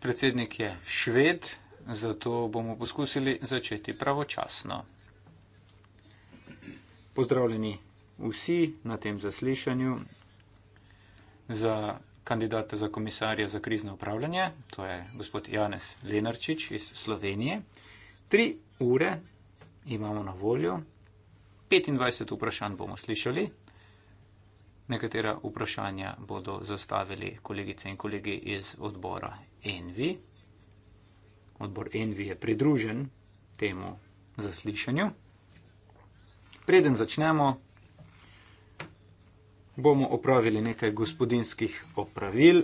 Predsednik je šved, zato bomo poskusili začeti pravočasno. Pozdravljeni vsi na tem zaslišanju za kandidata za komisarja za krizno upravljanje, to je gospod Janez Lenarčič iz Slovenije. Tri ure imamo na voljo, 25 vprašanj bomo slišali, Nekatera vprašanja bodo zastavili kolegice in kolegi iz odbora Envi. Odbor Envi je pridružen temu zaslišanju. Preden začnemo, bomo opravili nekaj gospodinskih opravil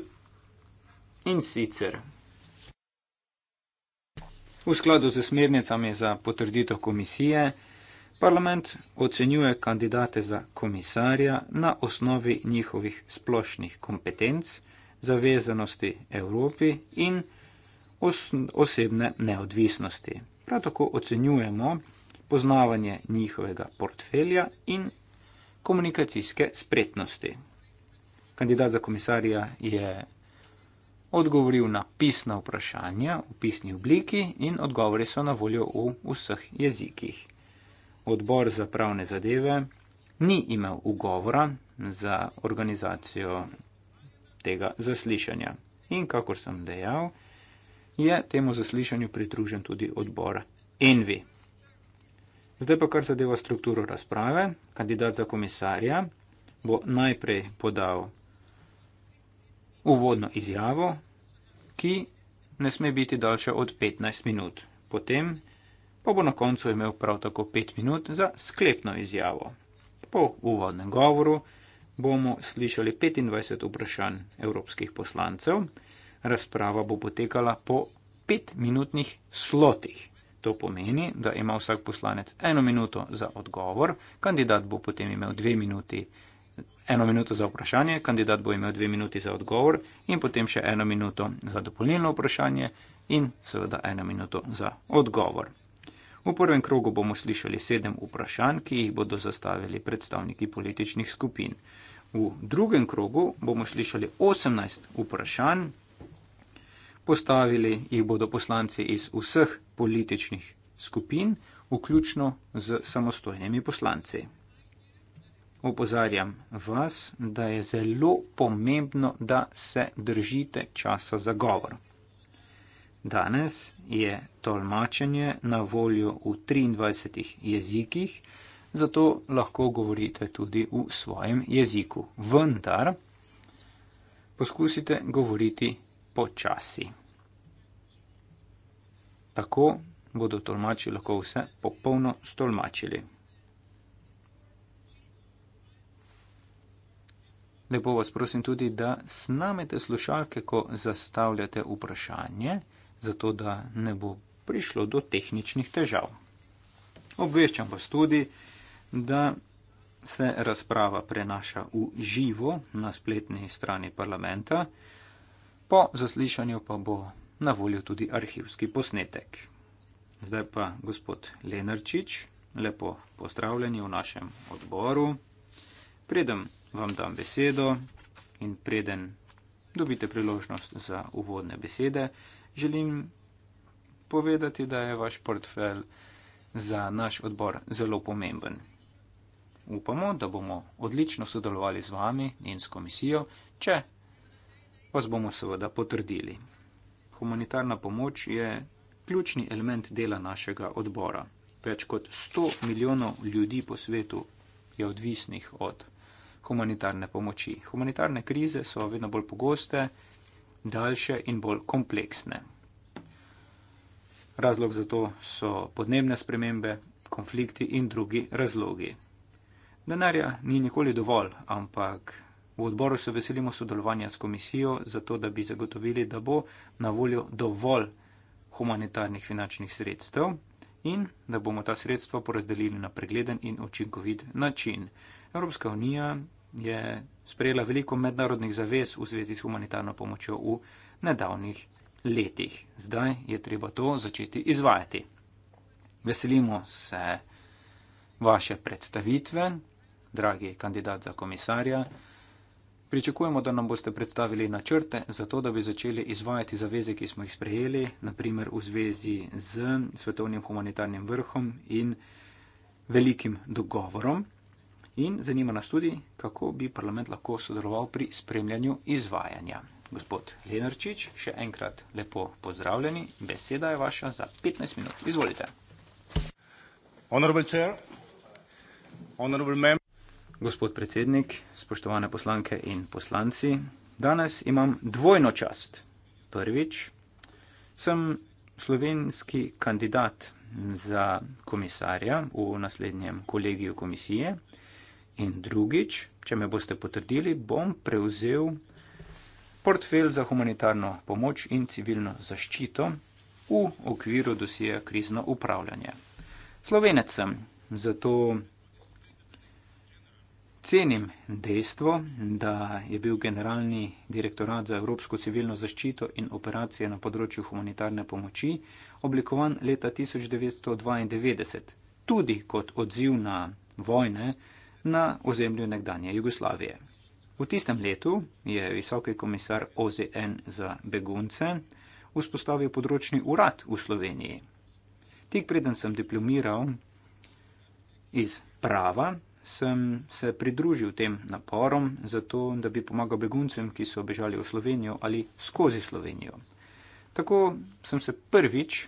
in sicer v skladu z smernicami za potrditev komisije. Parlament ocenjuje kandidate za komisarja na osnovi njihovih splošnih kompetenc, zavezanosti Evropi in osebne neodvisnosti. Prav tako ocenjujemo poznavanje njihovega portfelja in komunikacijske spretnosti. Kandidat za komisarja je odgovoril na pisna vprašanja v pisni obliki in odgovori so na voljo v vseh jezikih odbor za pravne zadeve ni imel ugovora za organizacijo tega zaslišanja. In kakor sem dejal, je temu zaslišanju pridružen tudi odbor NV. Zdaj pa kar zadeva strukturo razprave, kandidat za komisarja bo najprej podal uvodno izjavo, ki ne sme biti daljša od 15 minut. Potem pa bo na koncu imel prav tako pet minut za sklepno izjavo. Po uvodnem govoru bomo slišali 25 vprašanj evropskih poslancev, razprava bo potekala po petminutnih slotih. To pomeni, da ima vsak poslanec eno minuto za odgovor, kandidat bo potem imel dve minuti. Eno minuto za vprašanje, kandidat bo imel dve minuti za odgovor in potem še eno minuto za dopolnilno vprašanje in seveda eno minuto za odgovor. V prvem krogu bomo slišali sedem vprašanj, ki jih bodo zastavili predstavniki političnih skupin. V drugem krogu bomo slišali 18 vprašanj, postavili jih bodo poslanci iz vseh političnih skupin, vključno z samostojnimi poslanci. Opozarjam vas, da je zelo pomembno, da se držite časa za govor. Danes je tolmačenje na voljo v 23 jezikih, zato lahko govorite tudi v svojem jeziku. Vendar poskusite govoriti počasi. Tako bodo tolmači lahko vse popolno stolmačili. Lepo vas prosim tudi, da snamete slušalke, ko zastavljate vprašanje zato da ne bo prišlo do tehničnih težav. Obveščam vas tudi, da se razprava prenaša v živo na spletni strani parlamenta, po zaslišanju pa bo na voljo tudi arhivski posnetek. Zdaj pa gospod Lenarčič, lepo pozdravljeni v našem odboru. Predem vam dam besedo in preden dobite priložnost za uvodne besede, želim povedati, da je vaš portfelj za naš odbor zelo pomemben. Upamo, da bomo odlično sodelovali z vami in s komisijo, če vas bomo seveda potrdili. Humanitarna pomoč je ključni element dela našega odbora. Več kot 100 milijonov ljudi po svetu je odvisnih od humanitarne pomoči. Humanitarne krize so vedno bolj pogoste daljše in bolj kompleksne. Razlog za to so podnebne spremembe, konflikti in drugi razlogi. Denarja ni nikoli dovolj, ampak v odboru se veselimo sodelovanja s komisijo, zato da bi zagotovili, da bo na voljo dovolj humanitarnih finančnih sredstev in da bomo ta sredstva porazdelili na pregleden in očinkovit način. Evropska unija je sprejela veliko mednarodnih zavez v zvezi s humanitarno pomočjo v nedavnih letih. Zdaj je treba to začeti izvajati. Veselimo se vaše predstavitve, dragi kandidat za komisarja. Pričakujemo, da nam boste predstavili načrte za to, da bi začeli izvajati zaveze, ki smo jih sprejeli, naprimer v zvezi z svetovnim humanitarnim vrhom in velikim dogovorom in zanima nas tudi, kako bi parlament lahko sodeloval pri spremljanju izvajanja. Gospod Lenarčič, še enkrat lepo pozdravljeni. Beseda je vaša za 15 minut. Izvolite. Honorable chair, honorable member. Gospod predsednik, spoštovane poslanke in poslanci, danes imam dvojno čast. Prvič, sem slovenski kandidat za komisarja v naslednjem kolegiju komisije, In drugič, če me boste potrdili, bom prevzel portfelj za humanitarno pomoč in civilno zaščito v okviru dosija krizno upravljanje. Slovenec sem, zato cenim dejstvo, da je bil generalni direktorat za Evropsko civilno zaščito in operacije na področju humanitarne pomoči oblikovan leta 1992, tudi kot odziv na vojne, na ozemlju nekdanje Jugoslavije. V tistem letu je visoki komisar OZN za begunce vzpostavil področni urad v Sloveniji. Tik preden sem diplomiral iz prava, sem se pridružil tem naporom, zato da bi pomagal beguncem, ki so bežali v Slovenijo ali skozi Slovenijo. Tako sem se prvič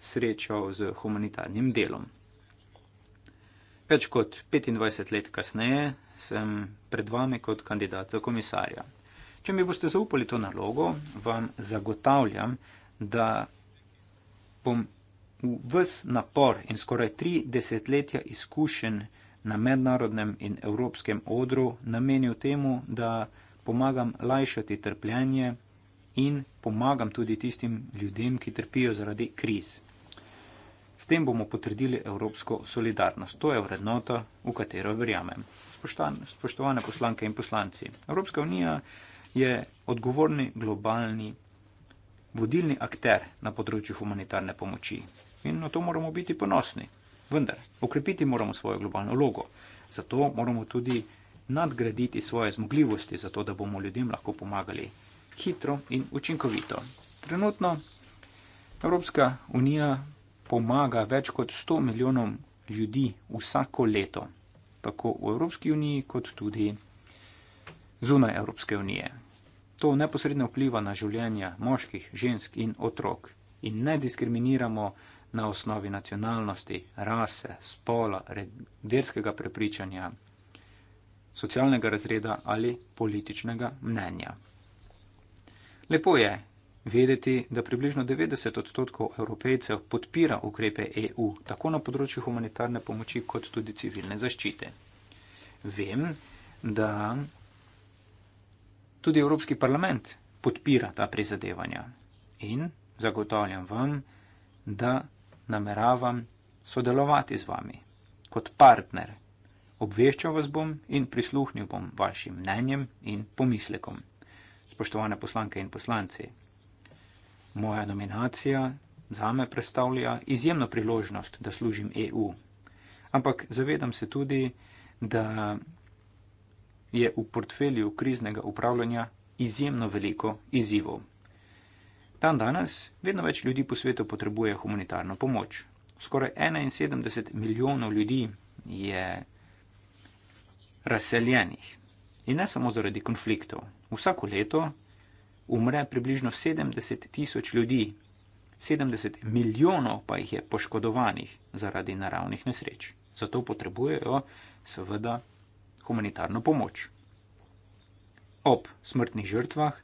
srečal z humanitarnim delom. Več kot 25 let kasneje sem pred vami kot kandidat za komisarja. Če mi boste zaupali to nalogo, vam zagotavljam, da bom v ves napor in skoraj tri desetletja izkušen na mednarodnem in evropskem odru namenil temu, da pomagam lajšati trpljenje in pomagam tudi tistim ljudem, ki trpijo zaradi kriz. S tem bomo potrdili evropsko solidarnost. To je vrednota, v katero verjamem. Spoštovane poslanke in poslanci, Evropska unija je odgovorni globalni vodilni akter na področju humanitarne pomoči in na to moramo biti ponosni. Vendar, okrepiti moramo svojo globalno logo. Zato moramo tudi nadgraditi svoje zmogljivosti, zato da bomo ljudem lahko pomagali hitro in učinkovito. Trenutno Evropska unija pomaga več kot 100 milijonom ljudi vsako leto, tako v Evropski uniji, kot tudi zunaj Evropske unije. To neposredno vpliva na življenja moških, žensk in otrok in ne diskriminiramo na osnovi nacionalnosti, rase, spola, verskega prepričanja, socialnega razreda ali političnega mnenja. Lepo je, vedeti, da približno 90 odstotkov evropejcev podpira ukrepe EU, tako na področju humanitarne pomoči, kot tudi civilne zaščite. Vem, da tudi Evropski parlament podpira ta prizadevanja in zagotavljam vam, da nameravam sodelovati z vami kot partner. Obveščal vas bom in prisluhnil bom vašim mnenjem in pomislekom. Spoštovane poslanke in poslanci, moja nominacija zame predstavlja izjemno priložnost, da služim EU. Ampak zavedam se tudi, da je v portfelju kriznega upravljanja izjemno veliko izzivov. Dan danes vedno več ljudi po svetu potrebuje humanitarno pomoč. Skoraj 71 milijonov ljudi je razseljenih. In ne samo zaradi konfliktov. Vsako leto umre približno 70 tisoč ljudi, 70 milijonov pa jih je poškodovanih zaradi naravnih nesreč. Zato potrebujejo seveda humanitarno pomoč. Ob smrtnih žrtvah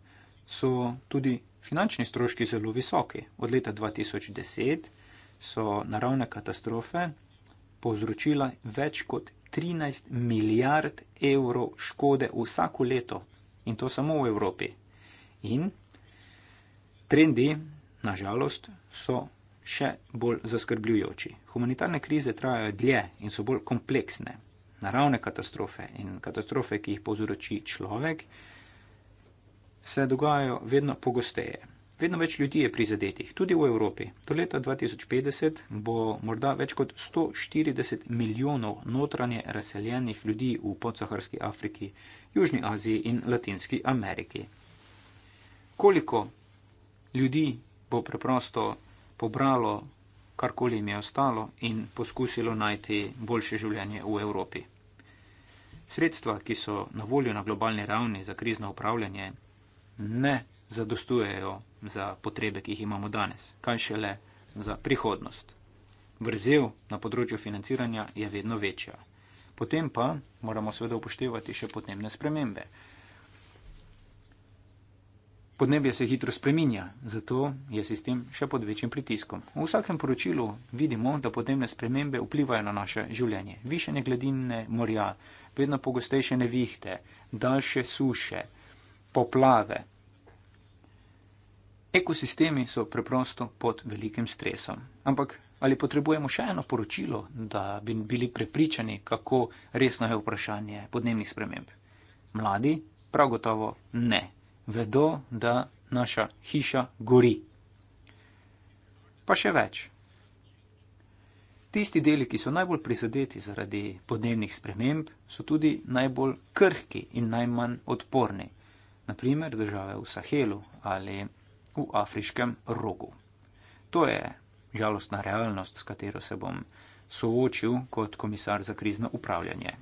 so tudi finančni stroški zelo visoki. Od leta 2010 so naravne katastrofe povzročila več kot 13 milijard evrov škode vsako leto in to samo v Evropi. In trendi, nažalost, so še bolj zaskrbljujoči. Humanitarne krize trajajo dlje in so bolj kompleksne. Naravne katastrofe in katastrofe, ki jih povzroči človek, se dogajajo vedno pogosteje. Vedno več ljudi je prizadetih, tudi v Evropi. Do leta 2050 bo morda več kot 140 milijonov notranje razseljenih ljudi v podsaharski Afriki, Južni Aziji in Latinski Ameriki koliko ljudi bo preprosto pobralo, karkoli jim je ostalo, in poskusilo najti boljše življenje v Evropi. Sredstva, ki so na voljo na globalni ravni za krizno upravljanje, ne zadostujejo za potrebe, ki jih imamo danes, kaj šele za prihodnost. Vrzel na področju financiranja je vedno večja. Potem pa moramo seveda upoštevati še podnebne spremembe. Podnebje se hitro spreminja, zato je sistem še pod večjim pritiskom. V vsakem poročilu vidimo, da podnebne spremembe vplivajo na naše življenje. Višene gladine morja, vedno pogostejše nevihte, daljše suše, poplave. Ekosistemi so preprosto pod velikim stresom. Ampak ali potrebujemo še eno poročilo, da bi bili prepričani, kako resno je vprašanje podnebnih sprememb? Mladi? Prav gotovo ne vedo, da naša hiša gori. Pa še več. Tisti deli, ki so najbolj prizadeti zaradi podnebnih sprememb, so tudi najbolj krhki in najmanj odporni, naprimer države v Sahelu ali v afriškem rogu. To je žalostna realnost, s katero se bom soočil kot komisar za krizno upravljanje.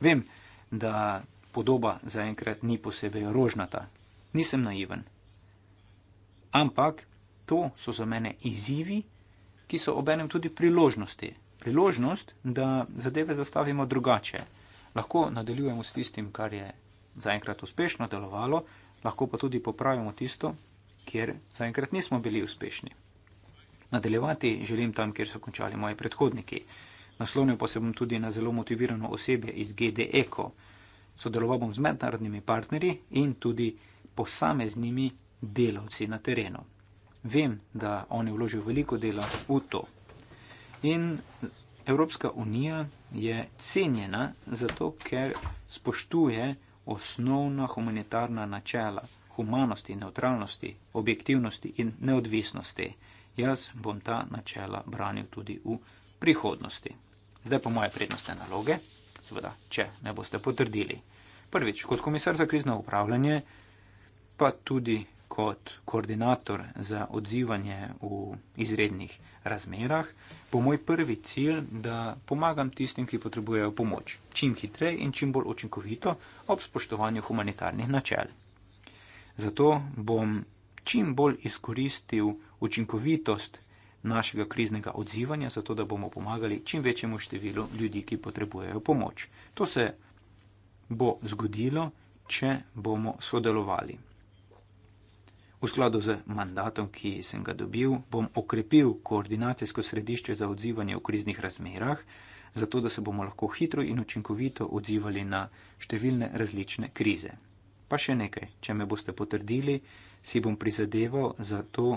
Vem, da podoba zaenkrat ni posebej rožnata, nisem naiven. Ampak to so za mene izzivi, ki so obenem tudi priložnosti. Priložnost, da zadeve zastavimo drugače. Lahko nadaljujemo s tistim, kar je zaenkrat uspešno delovalo, lahko pa tudi popravimo tisto, kjer zaenkrat nismo bili uspešni. Nadaljevati želim tam, kjer so končali moji predhodniki. Naslovnil pa se bom tudi na zelo motivirano osebje iz GDE-ko. Sodeloval bom z mednarodnimi partnerji in tudi posameznimi delavci na terenu. Vem, da oni vložijo veliko dela v to. In Evropska unija je cenjena zato, ker spoštuje osnovna humanitarna načela humanosti, neutralnosti, objektivnosti in neodvisnosti. Jaz bom ta načela branil tudi v prihodnosti. Zdaj pa moje prednostne naloge, seveda, če me boste potrdili. Prvič, kot komisar za krizno upravljanje pa tudi kot koordinator za odzivanje v izrednih razmerah, bo moj prvi cilj, da pomagam tistim, ki potrebujejo pomoč, čim hitreje in čim bolj učinkovito, ob spoštovanju humanitarnih načel. Zato bom čim bolj izkoristil učinkovitost našega kriznega odzivanja, zato da bomo pomagali čim večjemu številu ljudi, ki potrebujejo pomoč. To se bo zgodilo, če bomo sodelovali. V skladu z mandatom, ki sem ga dobil, bom okrepil koordinacijsko središče za odzivanje v kriznih razmerah, zato da se bomo lahko hitro in učinkovito odzivali na številne različne krize. Pa še nekaj, če me boste potrdili, si bom prizadeval za to,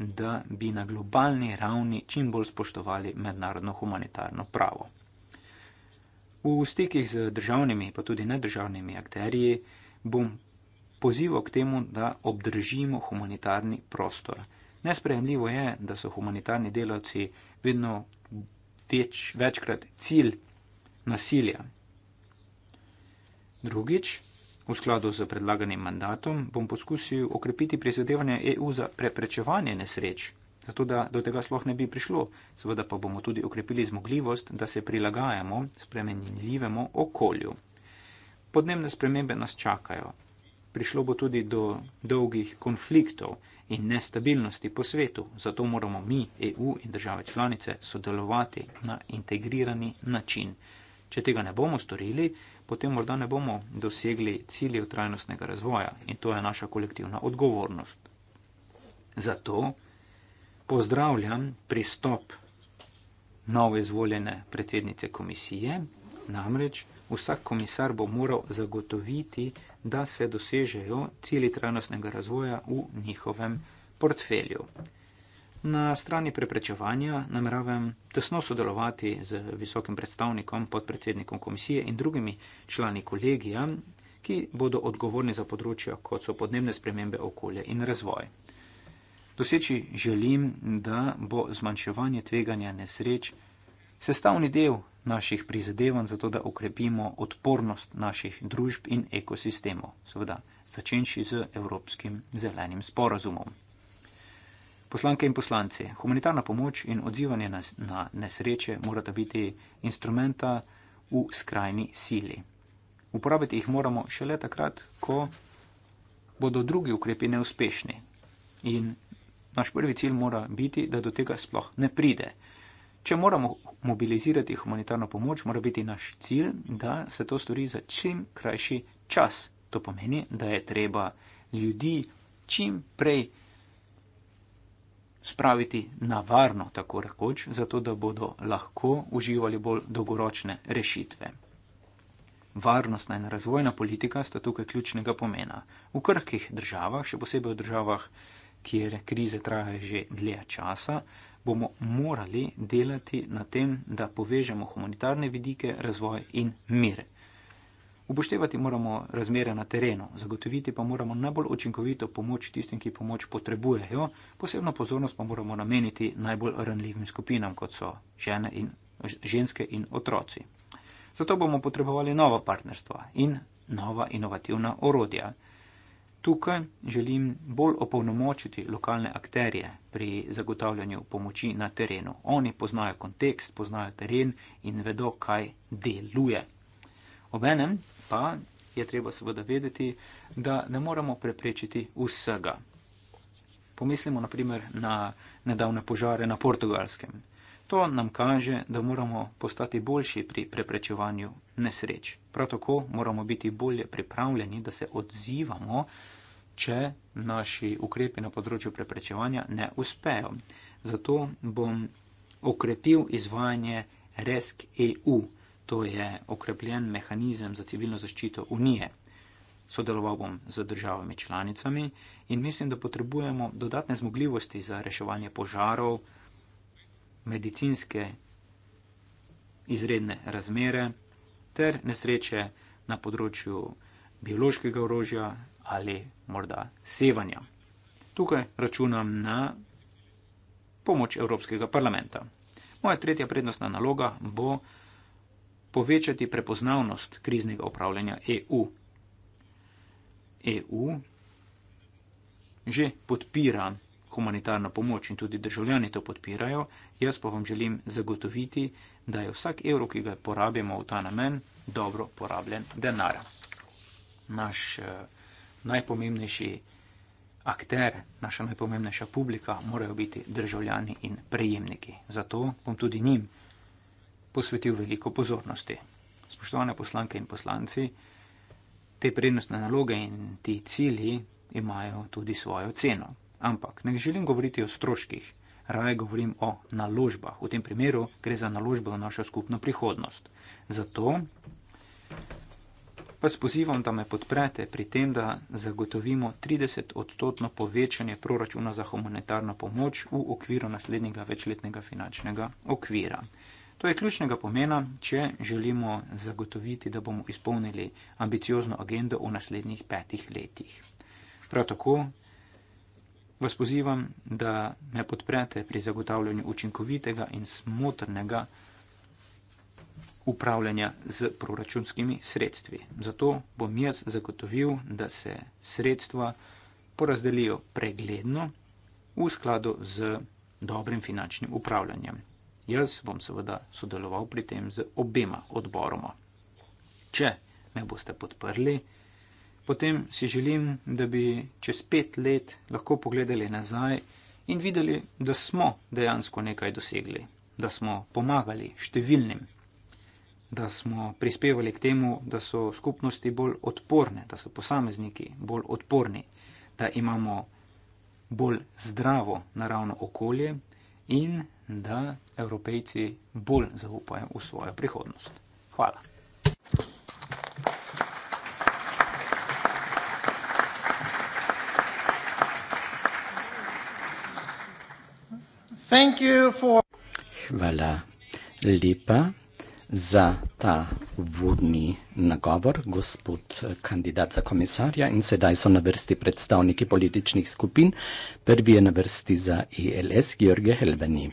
da bi na globalni ravni čim bolj spoštovali mednarodno humanitarno pravo. V stikih z državnimi, pa tudi nedržavnimi akterji, bom pozivo k temu, da obdržimo humanitarni prostor. Nesprejemljivo je, da so humanitarni delavci vedno več, večkrat cilj nasilja. Drugič, v skladu z predlaganim mandatom, bom poskusil okrepiti prizadevanje EU za preprečevanje nesreč, zato da do tega sploh ne bi prišlo. Seveda pa bomo tudi okrepili zmogljivost, da se prilagajamo spremenljivemu okolju. Podnebne spremembe nas čakajo, prišlo bo tudi do dolgih konfliktov in nestabilnosti po svetu. Zato moramo mi, EU in države članice, sodelovati na integrirani način. Če tega ne bomo storili, potem morda ne bomo dosegli ciljev trajnostnega razvoja in to je naša kolektivna odgovornost. Zato pozdravljam pristop novoizvoljene predsednice komisije, namreč Vsak komisar bo moral zagotoviti, da se dosežejo cilji trajnostnega razvoja v njihovem portfelju. Na strani preprečevanja nameravam tesno sodelovati z visokim predstavnikom, podpredsednikom komisije in drugimi člani kolegija, ki bodo odgovorni za področja, kot so podnebne spremembe, okolje in razvoj. Doseči želim, da bo zmanjševanje tveganja nesreč sestavni del naših prizadevanj za to, da okrepimo odpornost naših družb in ekosistemov, seveda začenši z Evropskim zelenim sporazumom. Poslanke in poslanci, humanitarna pomoč in odzivanje na, na nesreče morata biti instrumenta v skrajni sili. Uporabiti jih moramo šele takrat, ko bodo drugi ukrepi neuspešni. In naš prvi cilj mora biti, da do tega sploh ne pride. Če moramo mobilizirati humanitarno pomoč, mora biti naš cilj, da se to stori za čim krajši čas. To pomeni, da je treba ljudi čim prej spraviti na varno, tako rekoč, zato da bodo lahko uživali bolj dolgoročne rešitve. Varnostna in razvojna politika sta tukaj ključnega pomena. V krhkih državah, še posebej v državah, kjer krize traja že dlje časa, bomo morali delati na tem, da povežemo humanitarne vidike, razvoj in mire. Upoštevati moramo razmere na terenu, zagotoviti pa moramo najbolj učinkovito pomoč tistim, ki pomoč potrebujejo, posebno pozornost pa moramo nameniti najbolj ranljivim skupinam, kot so žene in, ženske in otroci. Zato bomo potrebovali nova partnerstva in nova inovativna orodja. Tukaj želim bolj opolnomočiti lokalne akterje pri zagotavljanju pomoči na terenu. Oni poznajo kontekst, poznajo teren in vedo, kaj deluje. Obenem pa je treba seveda vedeti, da ne moremo preprečiti vsega. Pomislimo naprimer na nedavne požare na portugalskem. To nam kaže, da moramo postati boljši pri preprečevanju nesreč. Prav tako moramo biti bolje pripravljeni, da se odzivamo, če naši ukrepi na področju preprečevanja ne uspejo. Zato bom okrepil izvajanje RESC-EU, to je okrepljen mehanizem za civilno zaščito Unije. Sodeloval bom z državami članicami in mislim, da potrebujemo dodatne zmogljivosti za reševanje požarov, medicinske izredne razmere ter nesreče na področju biološkega orožja ali morda sevanja. Tukaj računam na pomoč Evropskega parlamenta. Moja tretja prednostna naloga bo povečati prepoznavnost kriznega upravljanja EU. EU že podpira humanitarno pomoč in tudi državljani to podpirajo, jaz pa vam želim zagotoviti, da je vsak evro, ki ga porabimo v ta namen, dobro porabljen denar. Naš eh, najpomembnejši akter, naša najpomembnejša publika morajo biti državljani in prejemniki. Zato bom tudi njim posvetil veliko pozornosti. Spoštovane poslanke in poslanci, te prednostne naloge in ti cilji imajo tudi svojo ceno. Ampak ne želim govoriti o stroških, raje govorim o naložbah. V tem primeru gre za naložbe v našo skupno prihodnost. Zato vas pozivam, da me podprete pri tem, da zagotovimo 30 odstotno povečanje proračuna za humanitarno pomoč v okviru naslednjega večletnega finančnega okvira. To je ključnega pomena, če želimo zagotoviti, da bomo izpolnili ambiciozno agendo v naslednjih petih letih. Prav tako Vas pozivam, da me podprete pri zagotavljanju učinkovitega in smotrnega upravljanja z proračunskimi sredstvi. Zato bom jaz zagotovil, da se sredstva porazdelijo pregledno v skladu z dobrim finančnim upravljanjem. Jaz bom seveda sodeloval pri tem z obema odboroma. Če me boste podprli, potem si želim, da bi čez pet let lahko pogledali nazaj in videli, da smo dejansko nekaj dosegli, da smo pomagali številnim, da smo prispevali k temu, da so skupnosti bolj odporne, da so posamezniki bolj odporni, da imamo bolj zdravo naravno okolje in da Evropejci bolj zaupajo v svojo prihodnost. Hvala. Thank you for... Hvala lepa za ta vodni nagovor, gospod kandidat za komisarja. In sedaj so na vrsti predstavniki političnih skupin. Prvi je na vrsti za ELS, Jorge Helveni.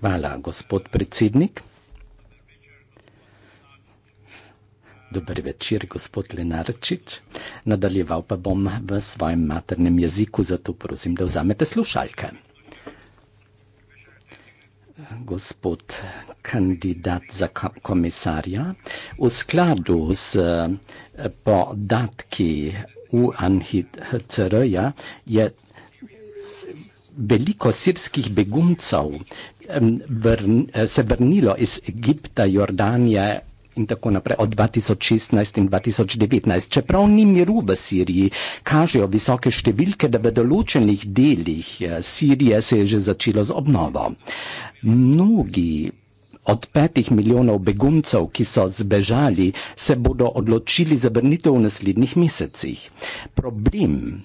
Hvala, gospod predsednik. Dober večer, gospod Lenarčič. Nadaljeval pa bom v svojem maternem jeziku, zato prosim, da vzamete slušalke gospod kandidat za komisarja. V skladu s eh, podatki UNHCR-ja je veliko sirskih beguncev se vrnilo iz Egipta, Jordanije, in tako naprej od 2016 in 2019. Čeprav ni miru v Siriji, kažejo visoke številke, da v določenih delih eh, Sirije se je že začelo z obnovo. Mnogi od petih milijonov beguncev, ki so zbežali, se bodo odločili za vrnitev v naslednjih mesecih. Problem.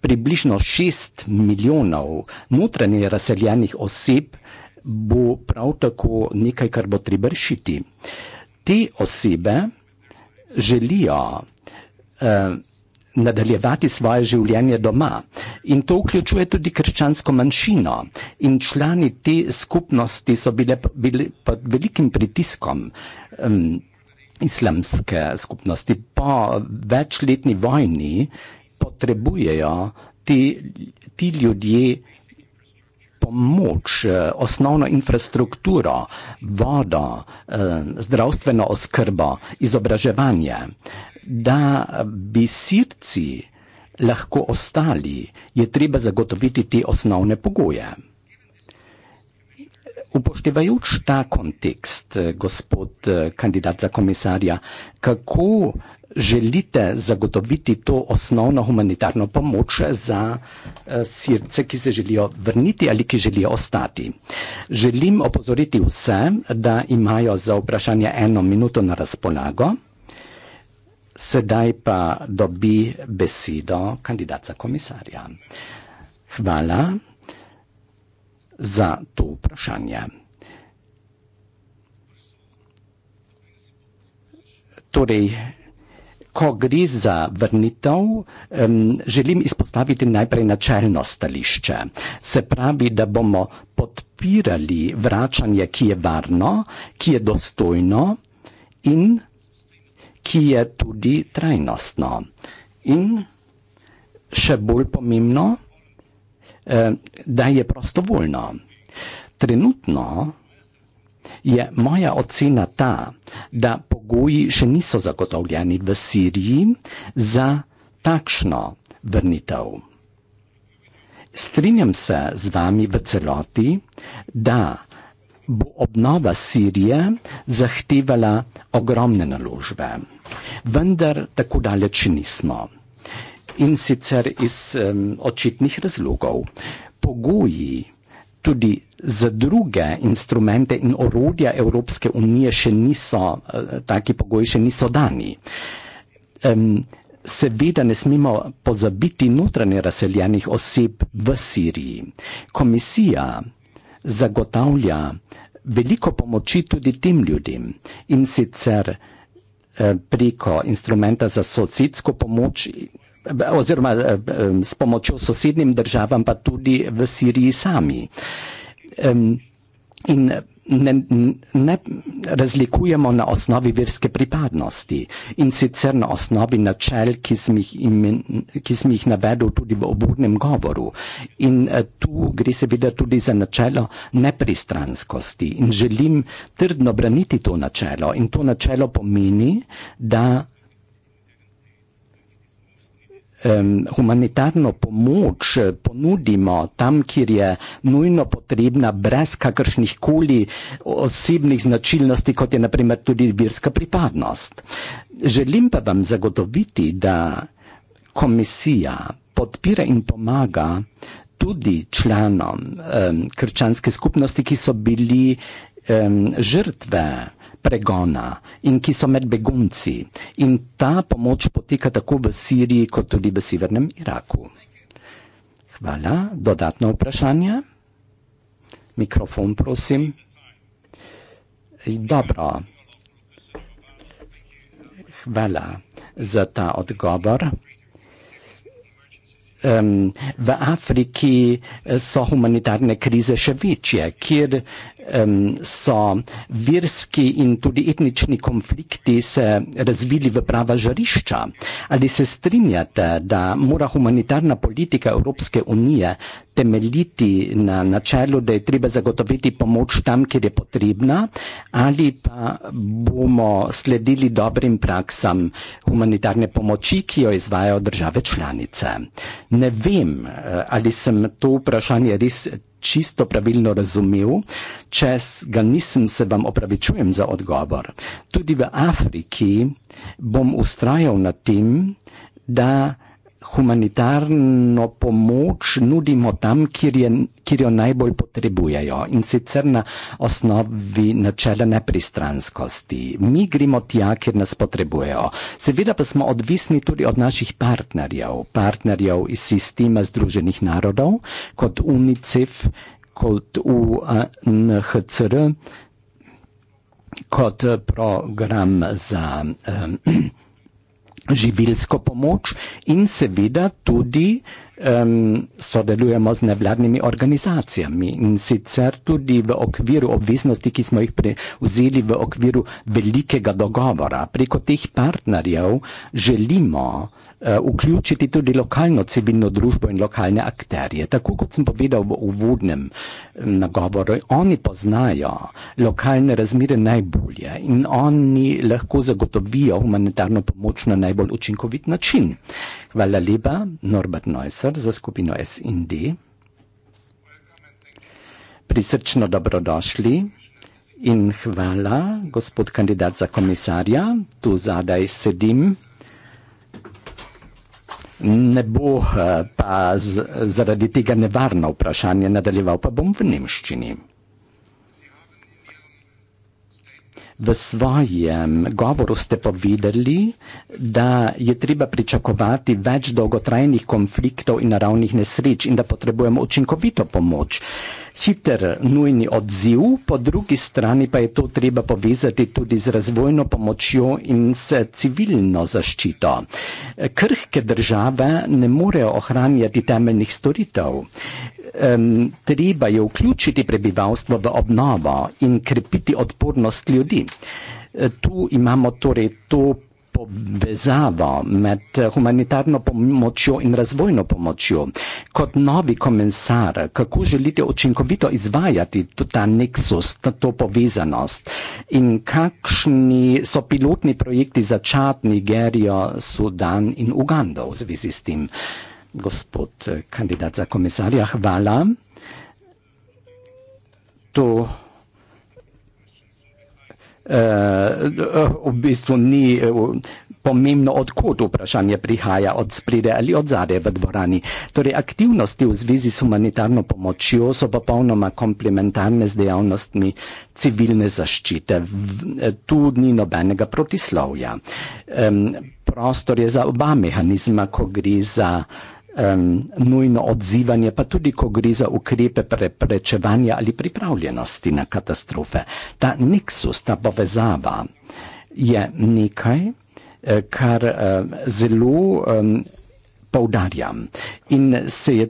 Približno šest milijonov notranje razseljenih oseb bo prav tako nekaj, kar bo treba rešiti te osebe želijo eh, nadaljevati svoje življenje doma in to vključuje tudi krščansko manjšino in člani te skupnosti so bile, bili pod velikim pritiskom eh, islamske skupnosti. Po večletni vojni potrebujejo ti, ti ljudje, pomoč, eh, osnovno infrastrukturo, vodo, eh, zdravstveno oskrbo, izobraževanje, da bi sirci lahko ostali, je treba zagotoviti te osnovne pogoje. Upoštevajoč ta kontekst, eh, gospod kandidat za komisarja, kako želite zagotoviti to osnovno humanitarno pomoč za uh, sirce, ki se želijo vrniti ali ki želijo ostati. Želim opozoriti vse, da imajo za vprašanje eno minuto na razpolago. Sedaj pa dobi besedo kandidata komisarja. Hvala za to vprašanje. Torej, ko gre za vrnitev, um, želim izpostaviti najprej načelno stališče. Se pravi, da bomo podpirali vračanje, ki je varno, ki je dostojno in ki je tudi trajnostno. In še bolj pomembno, eh, da je prostovoljno. Trenutno je moja ocena ta, da pogoji še niso zagotovljeni v Siriji za takšno vrnitev. Strinjam se z vami v celoti, da bo obnova Sirije zahtevala ogromne naložbe, vendar tako daleč nismo. In sicer iz um, očitnih razlogov. Pogoji tudi za druge instrumente in orodja Evropske unije še niso, eh, taki pogoji še niso dani. Um, seveda ne smemo pozabiti notranje razseljenih oseb v Siriji. Komisija zagotavlja veliko pomoči tudi tem ljudem in sicer eh, preko instrumenta za socijsko pomoč oziroma eh, s pomočjo sosednjim državam, pa tudi v Siriji sami. In ne, ne razlikujemo na osnovi verske pripadnosti in sicer na osnovi načel, ki sem jih, imen, ki sem jih navedel tudi v obudnem govoru. In eh, tu gre seveda tudi za načelo nepristranskosti in želim trdno braniti to načelo in to načelo pomeni, da humanitarno pomoč eh, ponudimo tam, kjer je nujno potrebna, brez kakršnih koli osebnih značilnosti, kot je naprimer tudi virska pripadnost. Želim pa vam zagotoviti, da komisija podpira in pomaga tudi članom um, krčanske skupnosti, ki so bili um, žrtve pregona in ki so med begunci. In ta pomoč poteka tako v Siriji, kot tudi v Severnem Iraku. Hvala. Dodatno vprašanje? Mikrofon, prosim. Dobro. Hvala za ta odgovor. V Afriki so humanitarne krize še večje, kjer um, so verski in tudi etnični konflikti se razvili v prava žarišča. Ali se strinjate, da mora humanitarna politika Evropske unije temeljiti na načelu, da je treba zagotoviti pomoč tam, kjer je potrebna, ali pa bomo sledili dobrim praksam humanitarne pomoči, ki jo izvajajo države članice? Ne vem, eh, ali sem to vprašanje res čisto pravilno razumel, če ga nisem, se vam opravičujem za odgovor. Tudi v Afriki bom ustrajal na tem, da humanitarno pomoč nudimo tam, kjer, je, kjer jo najbolj potrebujejo in sicer na osnovi načela nepristranskosti. Mi gremo tja, kjer nas potrebujejo. Seveda pa smo odvisni tudi od naših partnerjev, partnerjev iz sistema Združenih narodov, kot UNICEF, kot UNHCR, kot eh, program za. Um, živilsko pomoč in seveda tudi um, sodelujemo z nevladnimi organizacijami in sicer tudi v okviru obveznosti, ki smo jih prevzeli v okviru velikega dogovora. Preko teh partnerjev želimo uh, Eh, vključiti tudi lokalno civilno družbo in lokalne akterje. Tako kot sem povedal v uvodnem mm, nagovoru, oni poznajo lokalne razmire najbolje in oni lahko zagotovijo humanitarno pomoč na najbolj učinkovit način. Hvala lepa, Norbert Neusser za skupino SND. Prisrčno dobrodošli. In hvala, gospod kandidat za komisarja, tu zadaj sedim ne bo eh, pa z, zaradi tega nevarno vprašanje, nadaljeval pa bom v nemščini. V svojem govoru ste povedali, da je treba pričakovati več dolgotrajnih konfliktov in naravnih nesreč in da potrebujemo učinkovito pomoč. Uh, hiter, nujni odziv, po drugi strani pa je to treba povezati tudi z razvojno pomočjo in s civilno zaščito. Krhke države ne morejo ohranjati temeljnih storitev. Um, treba je vključiti prebivalstvo v obnovo in krepiti odpornost ljudi. E, tu imamo torej to povezavo med eh, humanitarno pomočjo in razvojno pomočjo. Kot novi komensar, kako želite učinkovito izvajati ta neksus, to povezanost in kakšni so pilotni projekti za Čad, Nigerijo, Sudan in Ugando v zvezi s tem? Gospod eh, kandidat za komisarja, hvala. To uh, v bistvu ni uh, pomembno, odkot vprašanje prihaja, od spride ali od zadeve v dvorani. Torej, aktivnosti v zvezi s humanitarno pomočjo so popolnoma komplementarne z dejavnostmi civilne zaščite. V, eh, tu ni nobenega protislovja. Um, prostor je za oba mehanizma, ko gre za um, nujno odzivanje, pa tudi, ko gre za ukrepe preprečevanja ali pripravljenosti na katastrofe. Ta neksus, ta povezava je nekaj, eh, kar uh, zelo um, poudarjam. In se je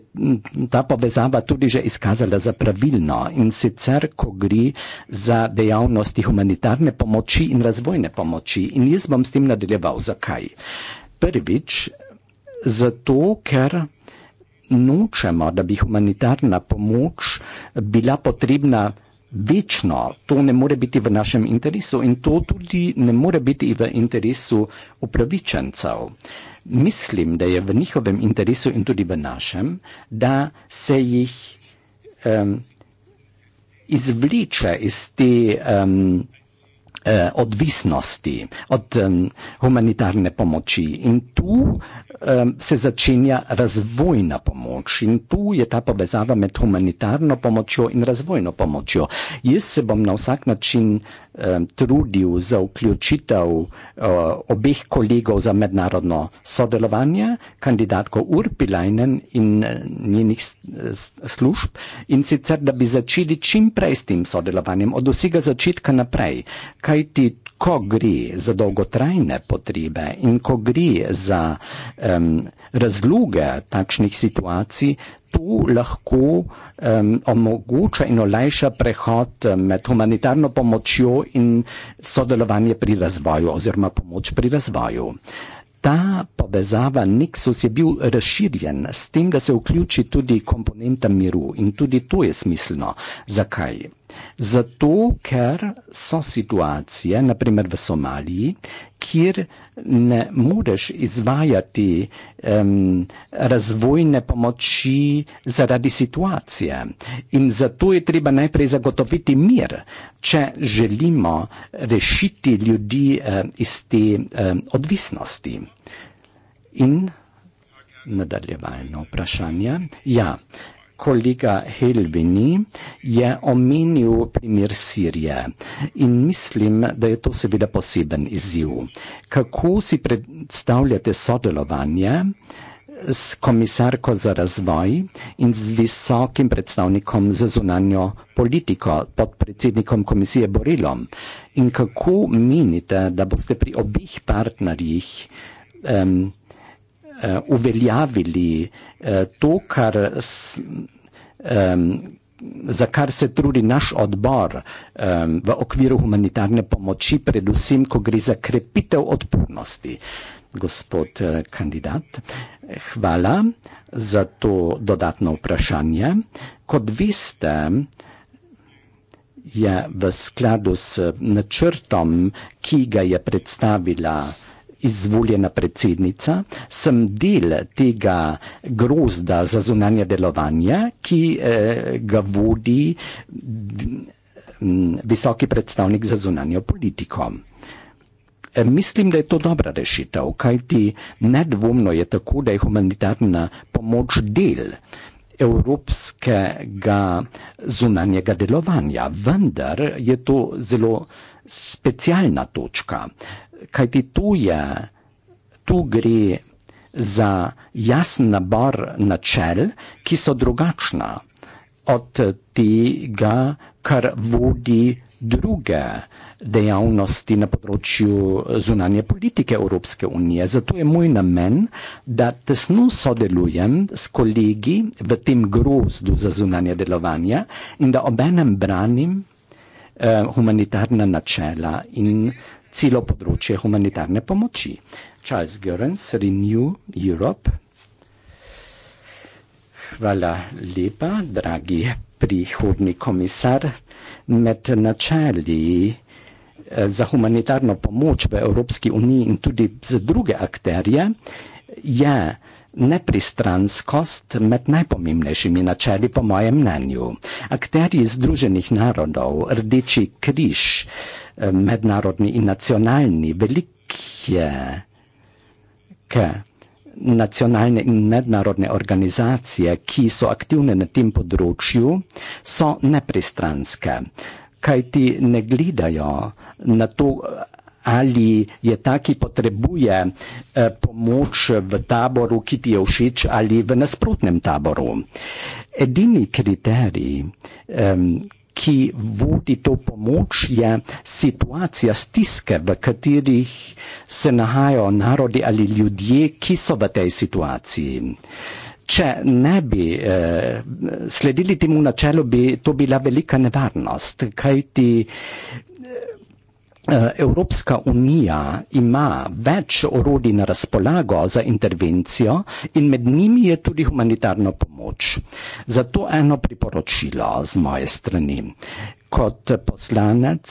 ta povezava tudi že izkazala za pravilno in sicer, ko gre za dejavnosti humanitarne pomoči in razvojne pomoči. In jaz bom s tem nadaljeval. Zakaj? Prvič, zato, ker nočemo, da bi humanitarna pomoč bila potrebna večno. To ne more biti v našem interesu in to tudi ne more biti v interesu upravičencev. Mislim, da je v njihovem interesu in tudi v našem, da se jih um, izvleče iz te. Um, eh, odvisnosti od eh, humanitarne pomoči. In tu eh, se začenja razvojna pomoč in tu je ta povezava med humanitarno pomočjo in razvojno pomočjo. Jaz se bom na vsak način eh, trudil za vključitev eh, obeh kolegov za mednarodno sodelovanje, kandidatko Urpilajnen in eh, njenih služb in sicer, da bi začeli čim prej s tem sodelovanjem, od vsega začetka naprej. Kar kajti ko gre za dolgotrajne potrebe in ko gre za um, razloge takšnih situacij, To lahko um, omogoča in olajša prehod med humanitarno pomočjo in sodelovanje pri razvoju oziroma pomoč pri razvoju. Ta povezava Nixus je bil razširjen s tem, da se vključi tudi komponenta miru in tudi to je smiselno. Zakaj? Zato, ker so situacije, naprimer v Somaliji, kjer ne moreš izvajati um, razvojne pomoči zaradi situacije. In zato je treba najprej zagotoviti mir, če želimo rešiti ljudi um, iz te um, odvisnosti. In nadaljevalno vprašanje. Ja kolega Helvini je omenil primer Sirije in mislim, da je to seveda poseben izziv. Kako si predstavljate sodelovanje s komisarko za razvoj in z visokim predstavnikom za zunanjo politiko pod predsednikom komisije Borilom? In kako menite, da boste pri obih partnerjih um, uh, uveljavili uh, to, kar s, um, za kar se trudi naš odbor um, v okviru humanitarne pomoči, predvsem, ko gre za krepitev odpornosti. Gospod uh, kandidat, hvala za to dodatno vprašanje. Kot veste, je v skladu s načrtom, ki ga je predstavila izvoljena predsednica, sem del tega grozda za zunanje delovanje, ki eh, ga vodi visoki predstavnik za zunanjo politiko. E, mislim, da je to dobra rešitev, kajti nedvomno je tako, da je humanitarna pomoč del evropskega zunanjega delovanja, vendar je to zelo specialna točka. Eh, kajti tu je, tu gre za jasen nabor načel, ki so drugačna od tega, kar vodi druge dejavnosti na področju zunanje politike Evropske unije. Zato je moj namen, da tesno sodelujem s kolegi v tem grozdu za zunanje delovanje in da obenem branim eh, humanitarna načela in celo področje humanitarne pomoči. Charles Gurens, Renew Europe. Hvala lepa, dragi prihodni komisar. Med načeli eh, za humanitarno pomoč v Evropski uniji in tudi za druge akterje je. Nepristranskost med najpomembnejšimi načeli, po mojem mnenju. Akterji Združenih narodov, Rdeči križ, eh, mednarodni in nacionalni, velike nacionalne in mednarodne organizacije, ki so aktivne na tem področju, so nepristranske, kaj ti ne gledajo na to, ali je ta, ki potrebuje eh, pomoč v taboru, ki ti je všeč ali v nasprotnem taboru. Edini kriterij, eh, ki vodi to pomoč, je situacija stiske, v katerih se nahajajo narodi ali ljudje, ki so v tej situaciji. Če ne bi eh, sledili temu načelu, bi to bila velika nevarnost, kajti Eh, Evropska unija ima več orodij na razpolago za intervencijo in med njimi je tudi humanitarna pomoč. Zato eno priporočilo z moje strani. Kot poslanec,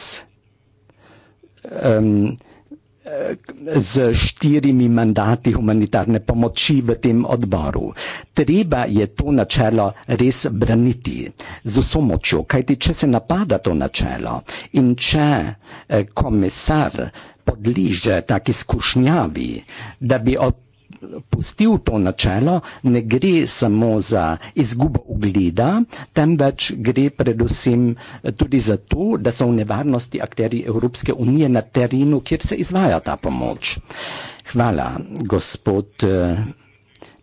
um, z štirimi mandati humanitarne pomoči v tem odboru. Treba je to načelo res braniti z vso močjo, kajti če se napada to načelo in če eh, komisar podliže tak izkušnjavi, da bi pustil to načelo, ne gre samo za izgubo ugleda, temveč gre predvsem eh, tudi za to, da so v nevarnosti akteri Evropske unije na terenu, kjer se izvaja ta pomoč. Hvala, gospod eh,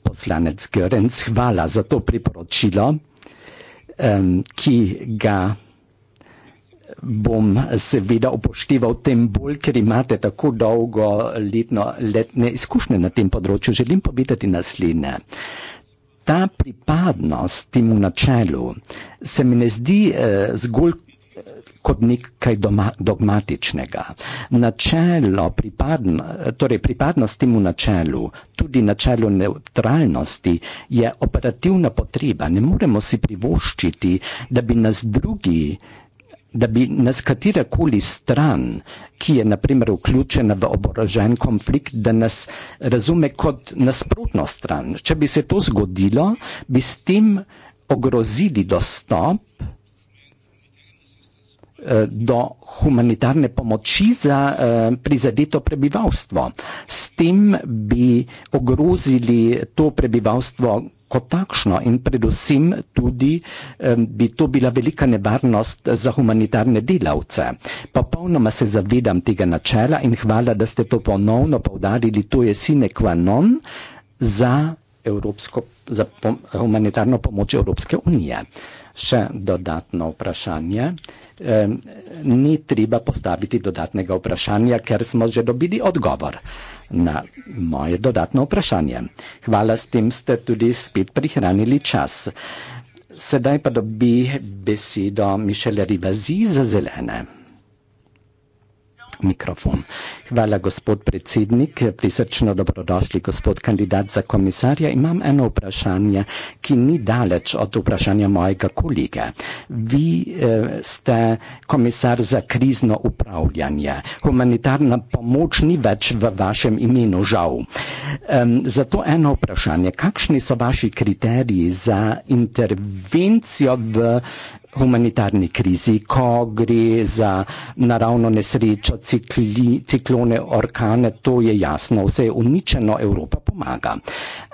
poslanec Görenc, hvala za to priporočilo, ki ga bom seveda upošteval tem bolj, ker imate tako dolgo letno letne izkušnje na tem področju. Želim povedati naslednje. Ta pripadnost temu načelu se mi ne zdi eh, zgolj eh, kot nekaj doma, dogmatičnega. Načelo pripadn, torej pripadnost temu načelu, tudi načelo neutralnosti, je operativna potreba. Ne moremo si privoščiti, da bi nas drugi eh, da bi nas katerakoli stran, ki je naprimer vključena v oborožen konflikt, da nas razume kot nasprotno stran. Če bi se to zgodilo, bi s tem ogrozili dostop eh, do humanitarne pomoči za eh, prizadeto prebivalstvo. S tem bi ogrozili to prebivalstvo kot takšno in predvsem tudi eh, bi to bila velika nevarnost za humanitarne delavce. Popolnoma se zavedam tega načela in hvala, da ste to ponovno povdarili, to je sine qua non za, Evropsko, za pom humanitarno pomoč Evropske unije. Še dodatno vprašanje. Eh, ni treba postaviti dodatnega vprašanja, ker smo že dobili odgovor na moje dodatno vprašanje. Hvala, s tem ste tudi spet prihranili čas. Sedaj pa dobi besedo Mišel Ribazi za zelene mikrofon. Hvala, gospod predsednik. Prisrčno dobrodošli, gospod kandidat za komisarja. Imam eno vprašanje, ki ni daleč od vprašanja mojega kolege. Vi eh, ste komisar za krizno upravljanje. Humanitarna pomoč ni več v vašem imenu, žal. Um, zato eno vprašanje. Kakšni so vaši kriteriji za intervencijo v humanitarni krizi, ko gre za naravno nesrečo, cikli, ciklone, orkane, to je jasno, vse je uničeno, Evropa pomaga.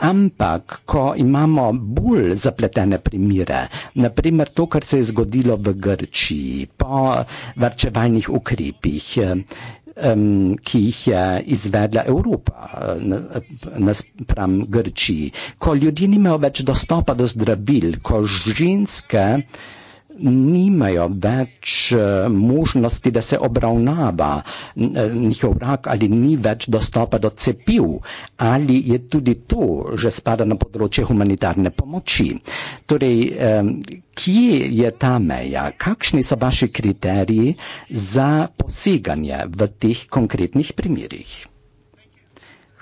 Ampak, ko imamo bolj zapletene primere, naprimer to, kar se je zgodilo v Grčiji po varčevalnih ukrepih, eh, ki jih je izvedla Evropa eh, nasprem Grčiji, ko ljudje nimajo več dostopa do zdravil, ko ženske nimajo več eh, možnosti, da se obravnava eh, njihov rak ali ni več dostopa do cepiv ali je tudi to, že spada na področje humanitarne pomoči. Torej, kje je ta meja? Kakšni so vaši kriteriji za poseganje v teh konkretnih primerih?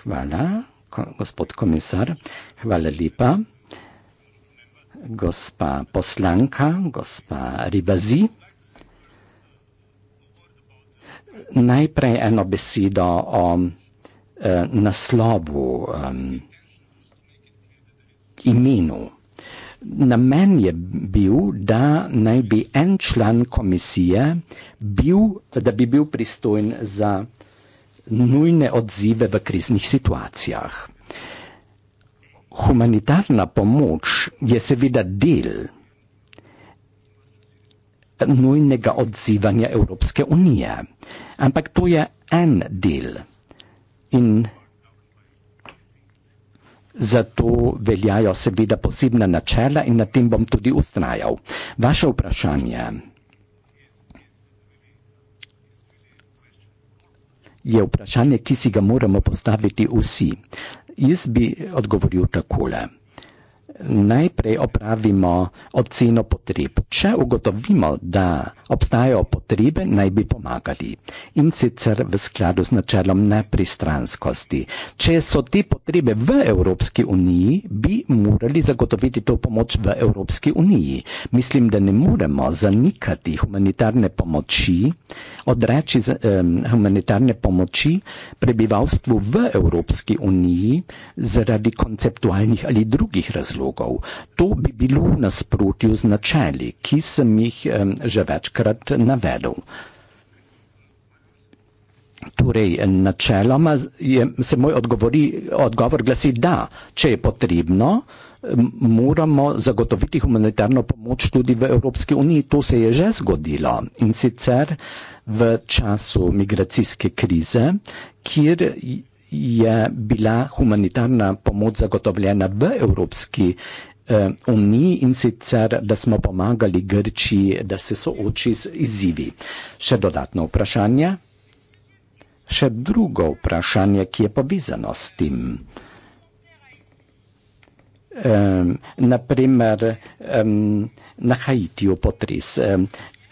Hvala, gospod komisar. Hvala lepa gospa poslanka, gospa Ribazi. Najprej eno besedo o eh, naslovu, eh, imenu. Namen je bil, da naj bi en član komisije bil, da bi bil pristojen za nujne odzive v kriznih situacijah humanitarna pomoč je seveda del nujnega odzivanja Evropske unije, ampak to je en del in zato veljajo seveda posebna načela in na tem bom tudi ustrajal. Vaše vprašanje je vprašanje, ki si ga moramo postaviti vsi. Jaz bi odgovoril takole najprej opravimo oceno potreb. Če ugotovimo, da obstajajo potrebe, naj bi pomagali. In sicer v skladu z načelom nepristranskosti. Če so te potrebe v Evropski uniji, bi morali zagotoviti to pomoč v Evropski uniji. Mislim, da ne moremo zanikati humanitarne pomoči, odreči z, um, humanitarne pomoči prebivalstvu v Evropski uniji zaradi konceptualnih ali drugih razlogov predlogov. To bi bilo nasprotju z načeli, ki sem jih že večkrat navedel. Torej, načeloma je, se moj odgovori, odgovor glasi, da če je potrebno, moramo zagotoviti humanitarno pomoč tudi v Evropski uniji. To se je že zgodilo in sicer v času migracijske krize, kjer je bila humanitarna pomoč zagotovljena v Evropski eh, uniji in sicer, da smo pomagali Grčiji, da se sooči z izzivi. Še dodatno vprašanje. Še drugo vprašanje, ki je povezano s tem. Um, naprimer, um, na Haitiju potres. Um,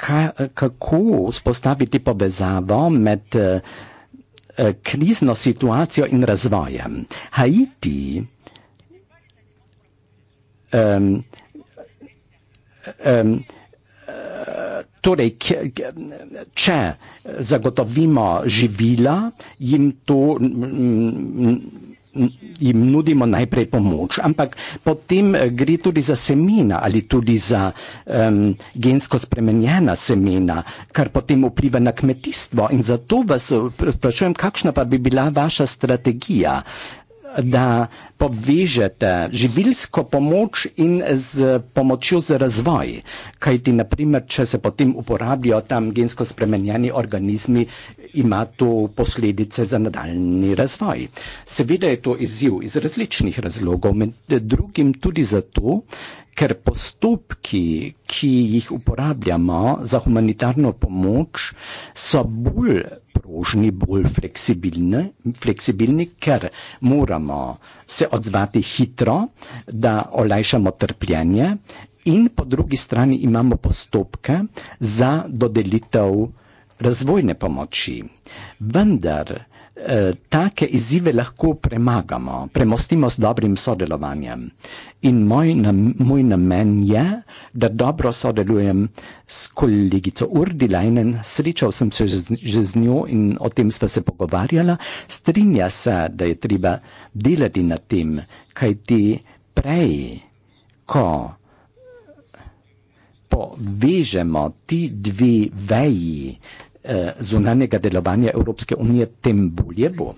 ka, kako spostaviti povezavo med uh, Eh, krizno situacijo in razvojem. Haiti um, um, Torej, če zagotovimo živila, jim to jim nudimo najprej pomoč, ampak potem eh, gre tudi za semena ali tudi za um, gensko spremenjena semena, kar potem vpliva na kmetijstvo. In zato vas eh, sprašujem, kakšna pa bi bila vaša strategija? Uh, da povežete živilsko pomoč in z pomočjo za razvoj. Kaj ti naprimer, če se potem uporabljajo tam gensko spremenjeni organizmi, ima to posledice za nadaljni razvoj. Seveda je to izziv iz različnih razlogov, med drugim tudi zato, ker postopki, ki jih uporabljamo za humanitarno pomoč, so bolj prožni, bolj fleksibilni, fleksibilni, ker moramo se odzvati hitro, da olajšamo trpljenje in po drugi strani imamo postopke za dodelitev razvojne pomoči. Vendar, Eh, take izzive lahko premagamo, premostimo s dobrim sodelovanjem. In moj, nam, moj namen je, da dobro sodelujem s kolegico Urdilajnen, srečal sem se že z njo in o tem sva se pogovarjala. Strinja se, da je treba delati na tem, kaj ti prej, ko povežemo ti dve veji, Eh, zunanjega delovanja Evropske unije, tem bolje bo.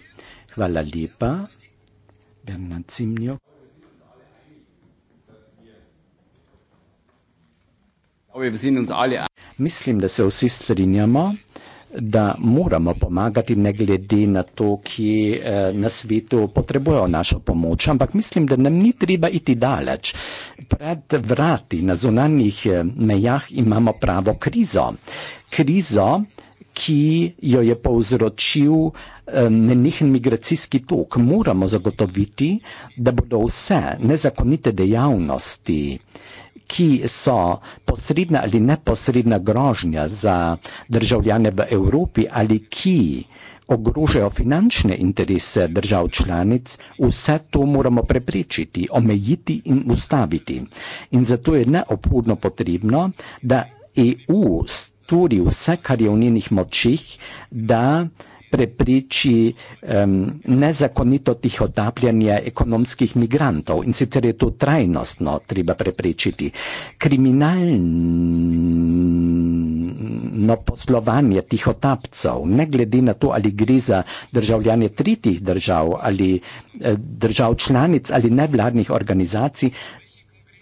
Hvala lepa, Bernard Cimnjok. Mislim, da se vsi strinjamo, da moramo pomagati ne glede na to, ki eh, na svetu potrebujejo našo pomoč, ampak mislim, da nam ni treba iti daleč. Pred vrati na zunanjih eh, mejah imamo pravo krizo. Krizo, ki jo je povzročil nenehen migracijski tok. Moramo zagotoviti, da bodo vse nezakonite dejavnosti, ki so posredna ali neposredna grožnja za državljane v Evropi ali ki ogrožajo finančne interese držav članic, vse to moramo preprečiti, omejiti in ustaviti. In zato je neobhodno potrebno, da EU stavlja tudi vse, kar je v njenih močih, da prepriči um, nezakonito tihotapljanje ekonomskih migrantov. In sicer je to trajnostno treba prepričiti. Kriminalno poslovanje tihotapcev, ne glede na to, ali gre za državljanje tretjih držav ali eh, držav članic ali nevladnih organizacij,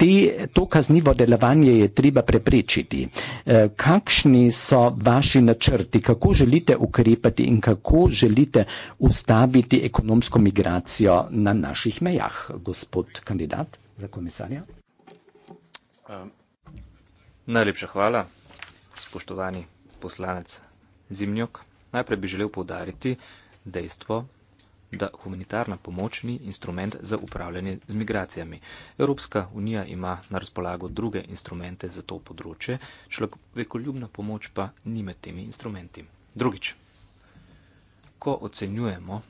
te, to kaznivo delovanje je treba preprečiti. Eh, kakšni so vaši načrti, kako želite ukrepati in kako želite ustaviti ekonomsko migracijo na naših mejah, gospod kandidat za komisarja? Ehm, najlepša hvala, spoštovani poslanec Zimnjok. Najprej bi želel povdariti dejstvo, da humanitarna pomoč ni instrument za upravljanje z migracijami. Evropska unija ima na razpolago druge instrumente za to področje, človekoljubna pomoč pa ni med temi instrumenti. Drugič, ko ocenjujemo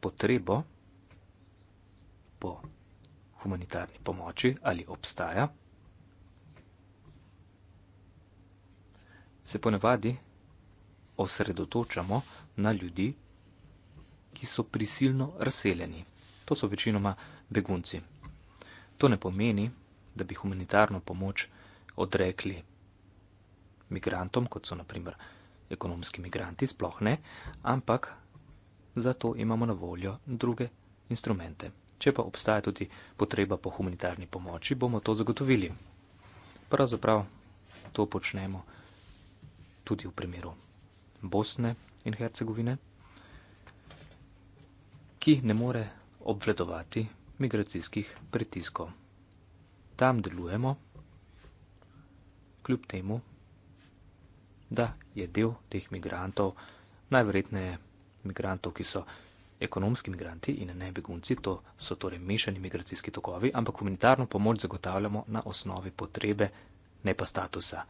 potrebo po humanitarni pomoči ali obstaja, se ponavadi osredotočamo na ljudi, ki so prisilno razseljeni. To so večinoma begunci. To ne pomeni, da bi humanitarno pomoč odrekli migrantom, kot so naprimer ekonomski migranti, sploh ne, ampak zato imamo na voljo druge instrumente. Če pa obstaja tudi potreba po humanitarni pomoči, bomo to zagotovili. Pravzaprav to počnemo tudi v primeru Bosne in Hercegovine, ki ne more obvladovati migracijskih pritiskov. Tam delujemo, kljub temu, da je del teh migrantov, najverjetneje migrantov, ki so ekonomski migranti in ne begunci, to so torej mešani migracijski tokovi, ampak humanitarno pomoč zagotavljamo na osnovi potrebe, ne pa statusa.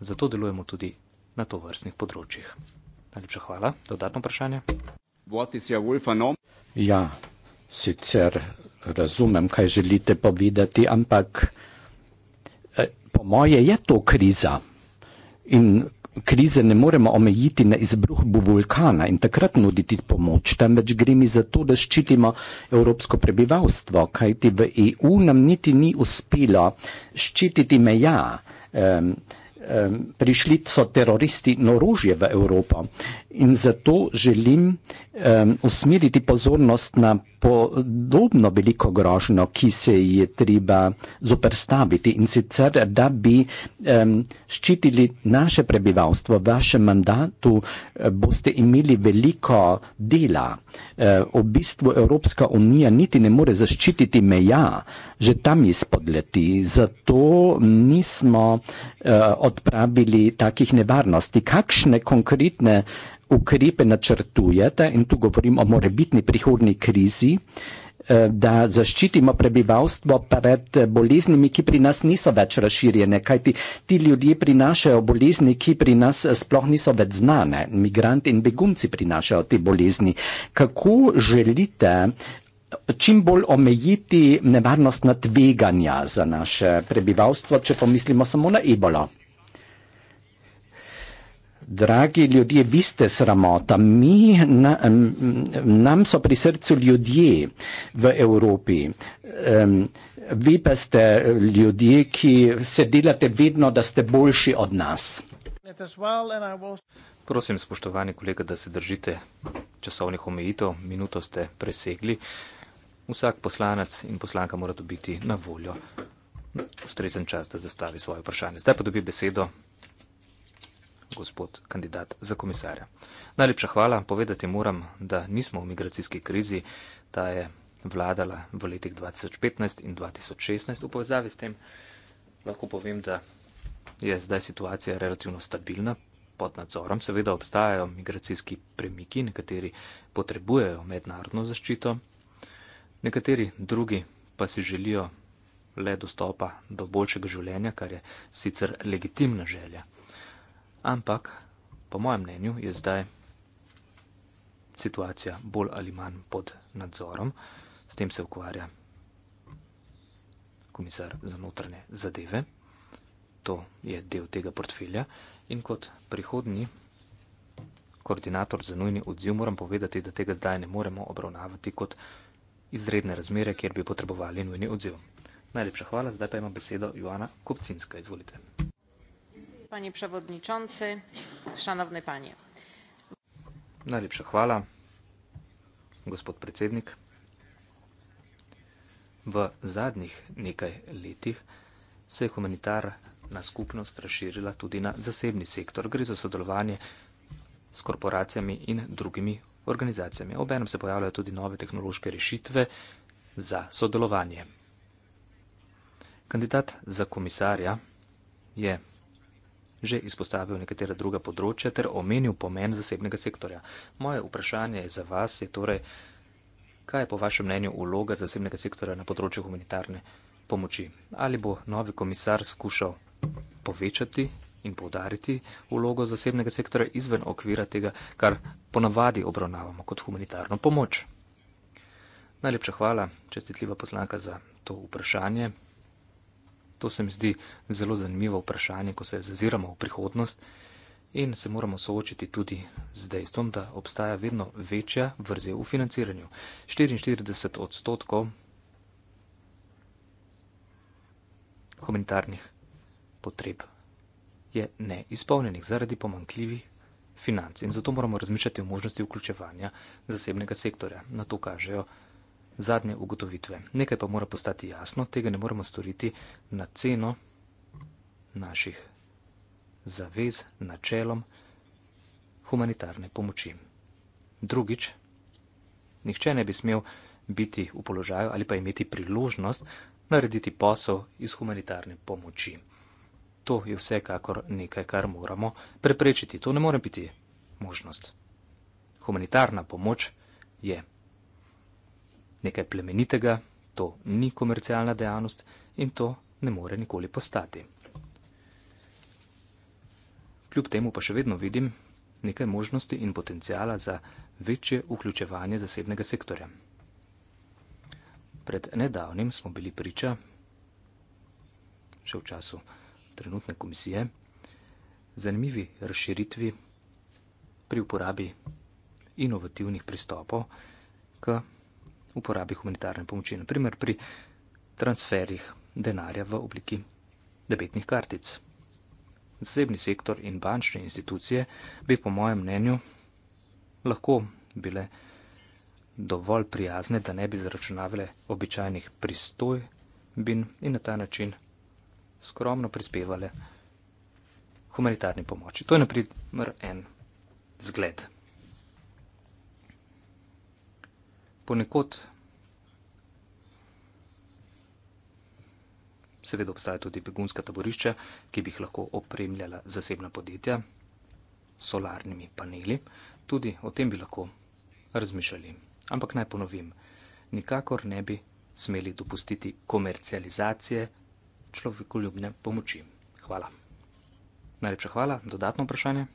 Zato delujemo tudi na to vrstnih področjih. Najlepša hvala, dodatno vprašanje. Ja, sicer razumem, kaj želite povedati, ampak eh, po moje je to kriza. In krize ne moremo omejiti na izbruh vulkana in takrat nuditi pomoč, temveč gre mi za to, da ščitimo evropsko prebivalstvo, kajti v EU nam niti ni uspelo ščititi meja. Um, um, prišli so teroristi na orožje v Evropo. In zato želim um, usmeriti pozornost na podobno veliko grožno, ki se je treba zoprstaviti in sicer, da bi um, ščitili naše prebivalstvo. V vašem mandatu eh, boste imeli veliko dela. Uh, v bistvu Evropska unija niti ne more zaščititi meja, že tam izpodleti. Zato nismo uh, odpravili takih nevarnosti. Kakšne konkretne uh, ukrepe načrtujete, in tu govorimo o morebitni prihodni krizi, eh, da zaščitimo prebivalstvo pred eh, boleznimi, ki pri nas niso več razširjene, kajti ti ljudje prinašajo bolezni, ki pri nas eh, sploh niso več znane. Migranti in begunci prinašajo te bolezni. Kako želite čim bolj omejiti nevarnost na tveganja za naše prebivalstvo, če pomislimo samo na ebolo? dragi ljudje, vi ste sramota. Mi, na, um, nam so pri srcu ljudje v Evropi. Um, vi pa ste ljudje, ki se delate vedno, da ste boljši od nas. Prosim, spoštovani kolega, da se držite časovnih omejitev. Minuto ste presegli. Vsak poslanec in poslanka mora dobiti na voljo ustrezen čas, da zastavi svoje vprašanje. Zdaj pa dobi besedo gospod kandidat za komisarja. Najlepša hvala. Povedati moram, da nismo v migracijski krizi. Ta je vladala v letih 2015 in 2016. V povezavi s tem lahko povem, da je zdaj situacija relativno stabilna pod nadzorom. Seveda obstajajo migracijski premiki, nekateri potrebujejo mednarodno zaščito, nekateri drugi pa si želijo le dostopa do boljšega življenja, kar je sicer legitimna želja. Ampak, po mojem mnenju, je zdaj situacija bolj ali manj pod nadzorom, s tem se ukvarja komisar za notrne zadeve, to je del tega portfelja in kot prihodni koordinator za nujni odziv moram povedati, da tega zdaj ne moremo obravnavati kot izredne razmere, kjer bi potrebovali nujni odziv. Najlepša hvala, zdaj pa ima besedo Joana Kopcinska, izvolite panie przewodniczący szanowny panie najlepsza chwała gospod predsednik v zadnjih nekaj letih se je humanitarna skupnost razširila tudi na zasebni sektor gre za sodelovanje s korporacijami in drugimi organizacijami obenem se pojavljajo tudi nove tehnološke rešitve za sodelovanje kandidat za komisarja je že izpostavil nekatera druga področja ter omenil pomen zasebnega sektorja. Moje vprašanje za vas je torej, kaj je po vašem mnenju uloga zasebnega sektorja na področju humanitarne pomoči? Ali bo novi komisar skušal povečati in povdariti ulogo zasebnega sektorja izven okvira tega, kar ponavadi obravnavamo kot humanitarno pomoč? Najlepša hvala, čestitljiva poslanka, za to vprašanje. To se mi zdi zelo zanimivo vprašanje, ko se zaziramo v prihodnost in se moramo soočiti tudi z dejstvom, da obstaja vedno večja vrzel v financiranju. 44 odstotkov humanitarnih potreb je neizpolnjenih zaradi pomankljivih financ in zato moramo razmišljati o možnosti vključevanja zasebnega sektorja. Na to kažejo zadnje ugotovitve. Nekaj pa mora postati jasno, tega ne moremo storiti na ceno naših zavez, načelom humanitarne pomoči. Drugič, nihče ne bi smel biti v položaju ali pa imeti priložnost narediti posel iz humanitarne pomoči. To je vsekakor nekaj, kar moramo preprečiti. To ne more biti možnost. Humanitarna pomoč je nekaj plemenitega, to ni komercialna dejavnost in to ne more nikoli postati. Kljub temu pa še vedno vidim nekaj možnosti in potencijala za večje vključevanje zasebnega sektorja. Pred nedavnim smo bili priča, še v času trenutne komisije, zanimivi razširitvi pri uporabi inovativnih pristopov k uporabi humanitarne pomoči, naprimer pri transferih denarja v obliki debetnih kartic. Zasebni sektor in bančne institucije bi po mojem mnenju lahko bile dovolj prijazne, da ne bi zaračunavale običajnih pristoj bin in na ta način skromno prispevale humanitarni pomoči. To je naprimer en zgled. ponekod. Seveda obstajajo tudi begunska taborišča, ki bi jih lahko opremljala zasebna podjetja s solarnimi paneli. Tudi o tem bi lahko razmišljali. Ampak naj ponovim, nikakor ne bi smeli dopustiti komercializacije človekoljubne pomoči. Hvala. Najlepša hvala. Dodatno vprašanje.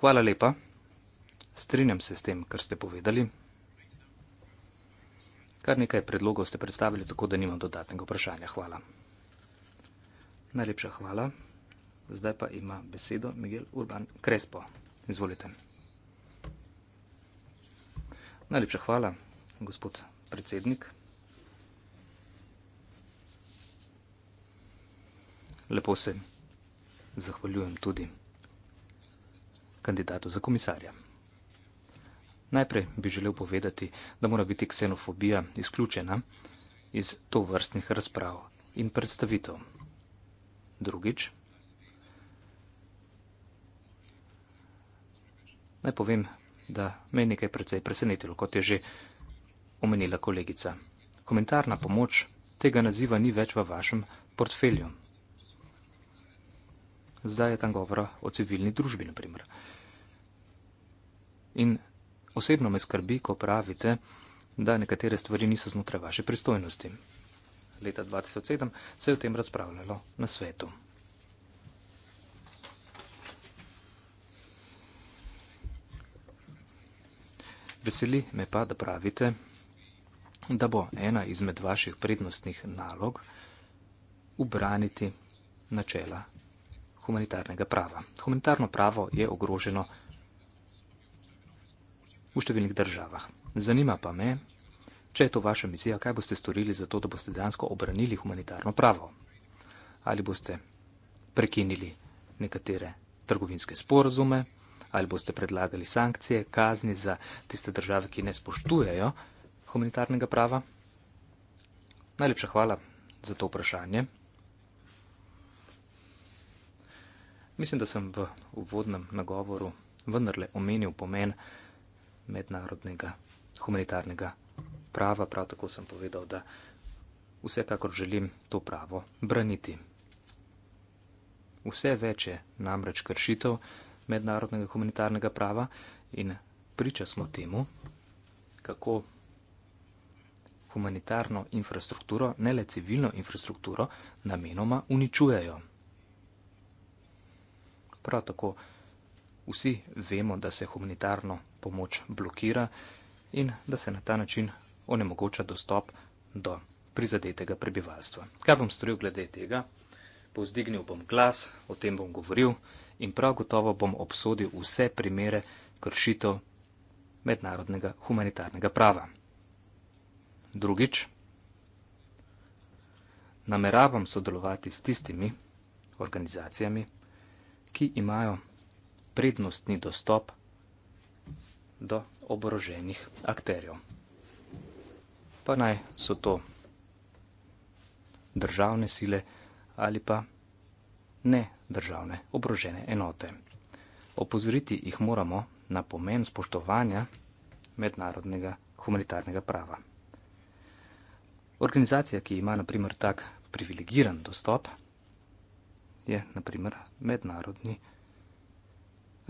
Hvala lepa. Strinjam se s tem, kar ste povedali. Kar nekaj predlogov ste predstavili, tako da nimam dodatnega vprašanja. Hvala. Najlepša hvala. Zdaj pa ima besedo Miguel Urban Crespo. Izvolite. Najlepša hvala, gospod predsednik. Lepo se zahvaljujem tudi kandidatu za komisarja. Najprej bi želel povedati, da mora biti ksenofobija izključena iz to vrstnih razprav in predstavitev. Drugič, naj povem, da me je nekaj precej presenetilo, kot je že omenila kolegica. Komentarna pomoč tega naziva ni več v vašem portfelju. Zdaj je tam govora o civilni družbi, naprimer. In Osebno me skrbi, ko pravite, da nekatere stvari niso znotraj vaše pristojnosti. Leta 2007 se je o tem razpravljalo na svetu. Veseli me pa, da pravite, da bo ena izmed vaših prednostnih nalog ubraniti načela humanitarnega prava. Humanitarno pravo je ogroženo v številnih državah. Zanima pa me, če je to vaša misija, kaj boste storili za to, da boste dejansko obranili humanitarno pravo? Ali boste prekinili nekatere trgovinske sporazume, ali boste predlagali sankcije, kazni za tiste države, ki ne spoštujejo humanitarnega prava? Najlepša hvala za to vprašanje. Mislim, da sem v uvodnem nagovoru vendarle omenil pomen, mednarodnega humanitarnega prava. Prav tako sem povedal, da vsekakor želim to pravo braniti. Vse več je namreč kršitev mednarodnega humanitarnega prava in priča smo temu, kako humanitarno infrastrukturo, ne le civilno infrastrukturo, namenoma uničujejo. Prav tako, vsi vemo, da se humanitarno pomoč blokira in da se na ta način onemogoča dostop do prizadetega prebivalstva. Kaj bom storil glede tega? Povzdignil bom glas, o tem bom govoril in prav gotovo bom obsodil vse primere kršitev mednarodnega humanitarnega prava. Drugič, nameravam sodelovati s tistimi organizacijami, ki imajo prednostni dostop do oboroženih akterjev. Pa naj so to državne sile ali pa ne državne oborožene enote. Opozoriti jih moramo na pomen spoštovanja mednarodnega humanitarnega prava. Organizacija, ki ima naprimer tak privilegiran dostop, je naprimer mednarodni humanitarni prava.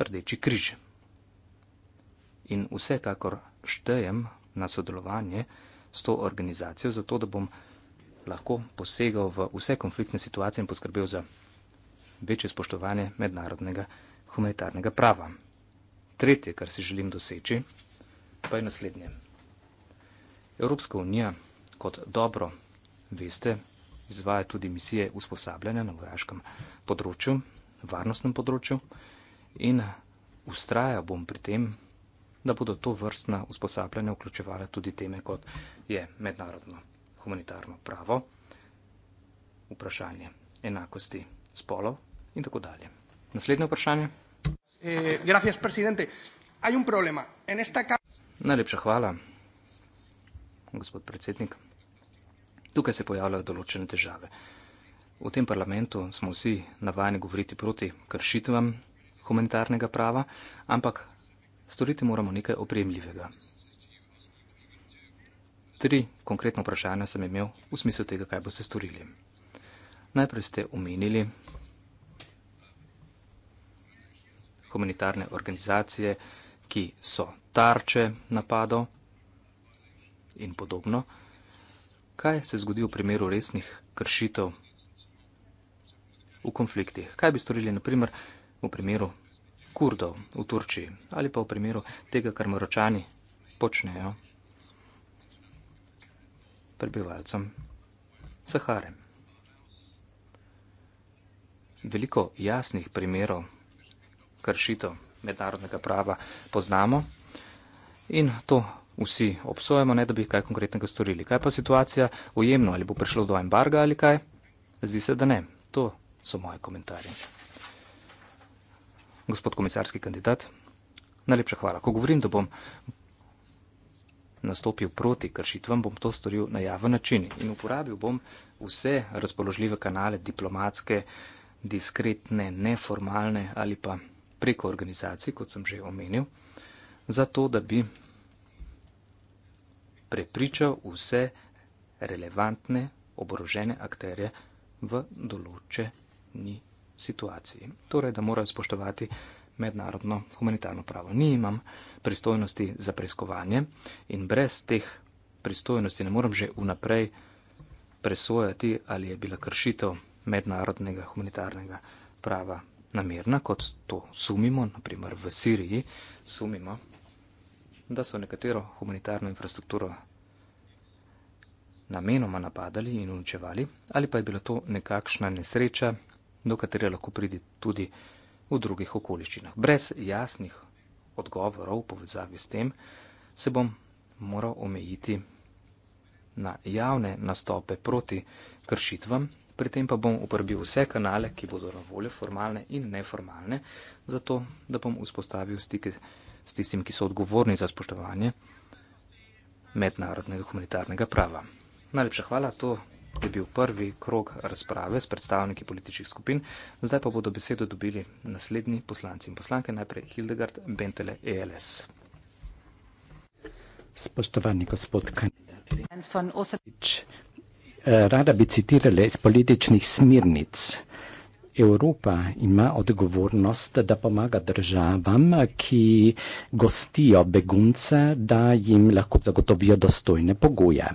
Rdeči križ. In vse, kakor štejem na sodelovanje s to organizacijo, zato da bom lahko posegal v vse konfliktne situacije in poskrbel za večje spoštovanje mednarodnega humanitarnega prava. Tretje, kar si želim doseči, pa je naslednje. Evropska unija, kot dobro veste, izvaja tudi misije usposabljanja na vojaškem področju, varnostnem področju in ustrajal bom pri tem, da bodo to vrstna usposabljanja vključevala tudi teme, kot je mednarodno humanitarno pravo, vprašanje enakosti spolov in tako dalje. Naslednje vprašanje. Eh, esta... Najlepša hvala, gospod predsednik. Tukaj se pojavljajo določene težave. V tem parlamentu smo vsi navajeni govoriti proti kršitvam humanitarnega prava, ampak storiti moramo nekaj opremljivega. Tri konkretno vprašanja sem imel v smislu tega, kaj boste storili. Najprej ste omenili humanitarne organizacije, ki so tarče napado in podobno. Kaj se zgodi v primeru resnih kršitev v konfliktih? Kaj bi storili, naprimer, v primeru Kurdov v Turčiji ali pa v primeru tega, kar Moročani počnejo prebivalcem Sahare. Veliko jasnih primerov kršito mednarodnega prava poznamo in to vsi obsojamo, ne da bi kaj konkretnega storili. Kaj pa situacija ujemno, ali bo prišlo do embarga ali kaj? Zdi se, da ne. To so moje komentarje gospod komisarski kandidat, najlepša hvala. Ko govorim, da bom nastopil proti kršitvam, bom to storil na javen način in uporabil bom vse razpoložljive kanale, diplomatske, diskretne, neformalne ali pa preko organizacij, kot sem že omenil, zato da bi prepričal vse relevantne oborožene akterje v določeni situaciji. Torej, da morajo spoštovati mednarodno humanitarno pravo. Ni imam pristojnosti za preiskovanje in brez teh pristojnosti ne morem že vnaprej presojati, ali je bila kršitev mednarodnega humanitarnega prava namerna, kot to sumimo, naprimer v Siriji sumimo, da so nekatero humanitarno infrastrukturo namenoma napadali in uničevali, ali pa je bila to nekakšna nesreča, do katere lahko pridi tudi v drugih okoliščinah. Brez jasnih odgovorov v povezavi s tem se bom moral omejiti na javne nastope proti kršitvam, pri tem pa bom uporabil vse kanale, ki bodo na voljo, formalne in neformalne, zato da bom vzpostavil stike s tistim, ki so odgovorni za spoštovanje mednarodnega humanitarnega prava. Najlepša hvala, to je bil prvi krok razprave s predstavniki političnih skupin, zdaj pa bodo besedo dobili naslednji poslanci in poslanke, najprej Hildegard Bentele ELS. Spoštovani gospod Kanič, rada bi citirala iz političnih smirnic. Evropa ima odgovornost, da pomaga državam, ki gostijo begunce, da jim lahko zagotovijo dostojne pogoje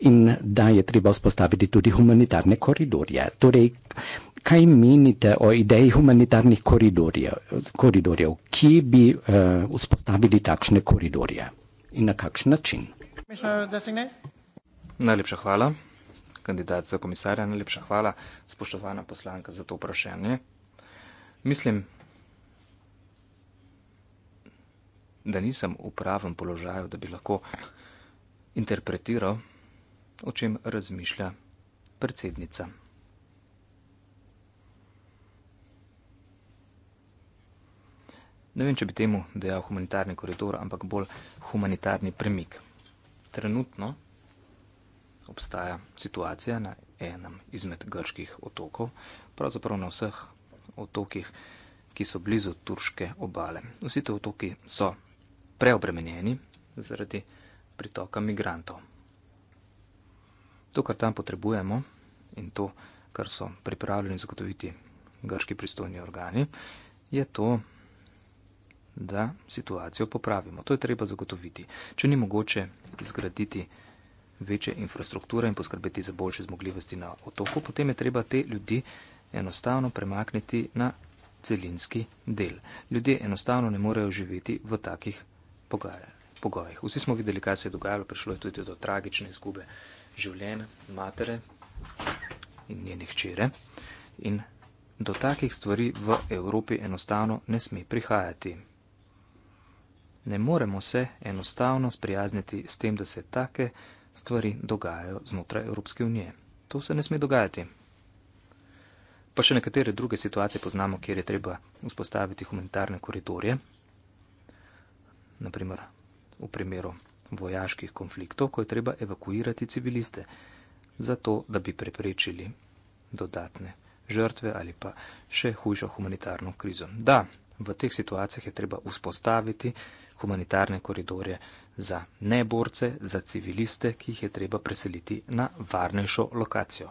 in da je treba vzpostaviti tudi humanitarne koridorje. Torej, kaj menite o ideji humanitarnih koridorjev, koridorjev ki bi uh, vzpostavili takšne koridorje in na kakšen način? Najlepša hvala kandidat za komisarja. Najlepša hvala, spoštovana poslanka, za to vprašanje. Mislim, da nisem v pravem položaju, da bi lahko interpretiral, o čem razmišlja predsednica. Ne vem, če bi temu dejal humanitarni koridor, ampak bolj humanitarni premik. Trenutno obstaja situacija na enem izmed grških otokov, pravzaprav na vseh otokih, ki so blizu turške obale. Vsi ti otoki so preobremenjeni zaradi pritoka migrantov. To, kar tam potrebujemo in to, kar so pripravljeni zagotoviti grški pristojni organi, je to, da situacijo popravimo. To je treba zagotoviti. Če ni mogoče zgraditi večje infrastrukture in poskrbeti za boljše zmogljivosti na otoku, potem je treba te ljudi enostavno premakniti na celinski del. Ljudje enostavno ne morejo živeti v takih pogojih. Vsi smo videli, kaj se je dogajalo, prišlo je tudi do tragične izgube življenja matere in njenih čere. In do takih stvari v Evropi enostavno ne sme prihajati. Ne moremo se enostavno sprijazniti s tem, da se take stvari stvari dogajajo znotraj Evropske unije. To se ne sme dogajati. Pa še nekatere druge situacije poznamo, kjer je treba vzpostaviti humanitarne koridorje, naprimer v primeru vojaških konfliktov, ko je treba evakuirati civiliste, zato da bi preprečili dodatne žrtve ali pa še hujšo humanitarno krizo. Da, v teh situacijah je treba vzpostaviti humanitarne koridorje za neborce, za civiliste, ki jih je treba preseliti na varnejšo lokacijo.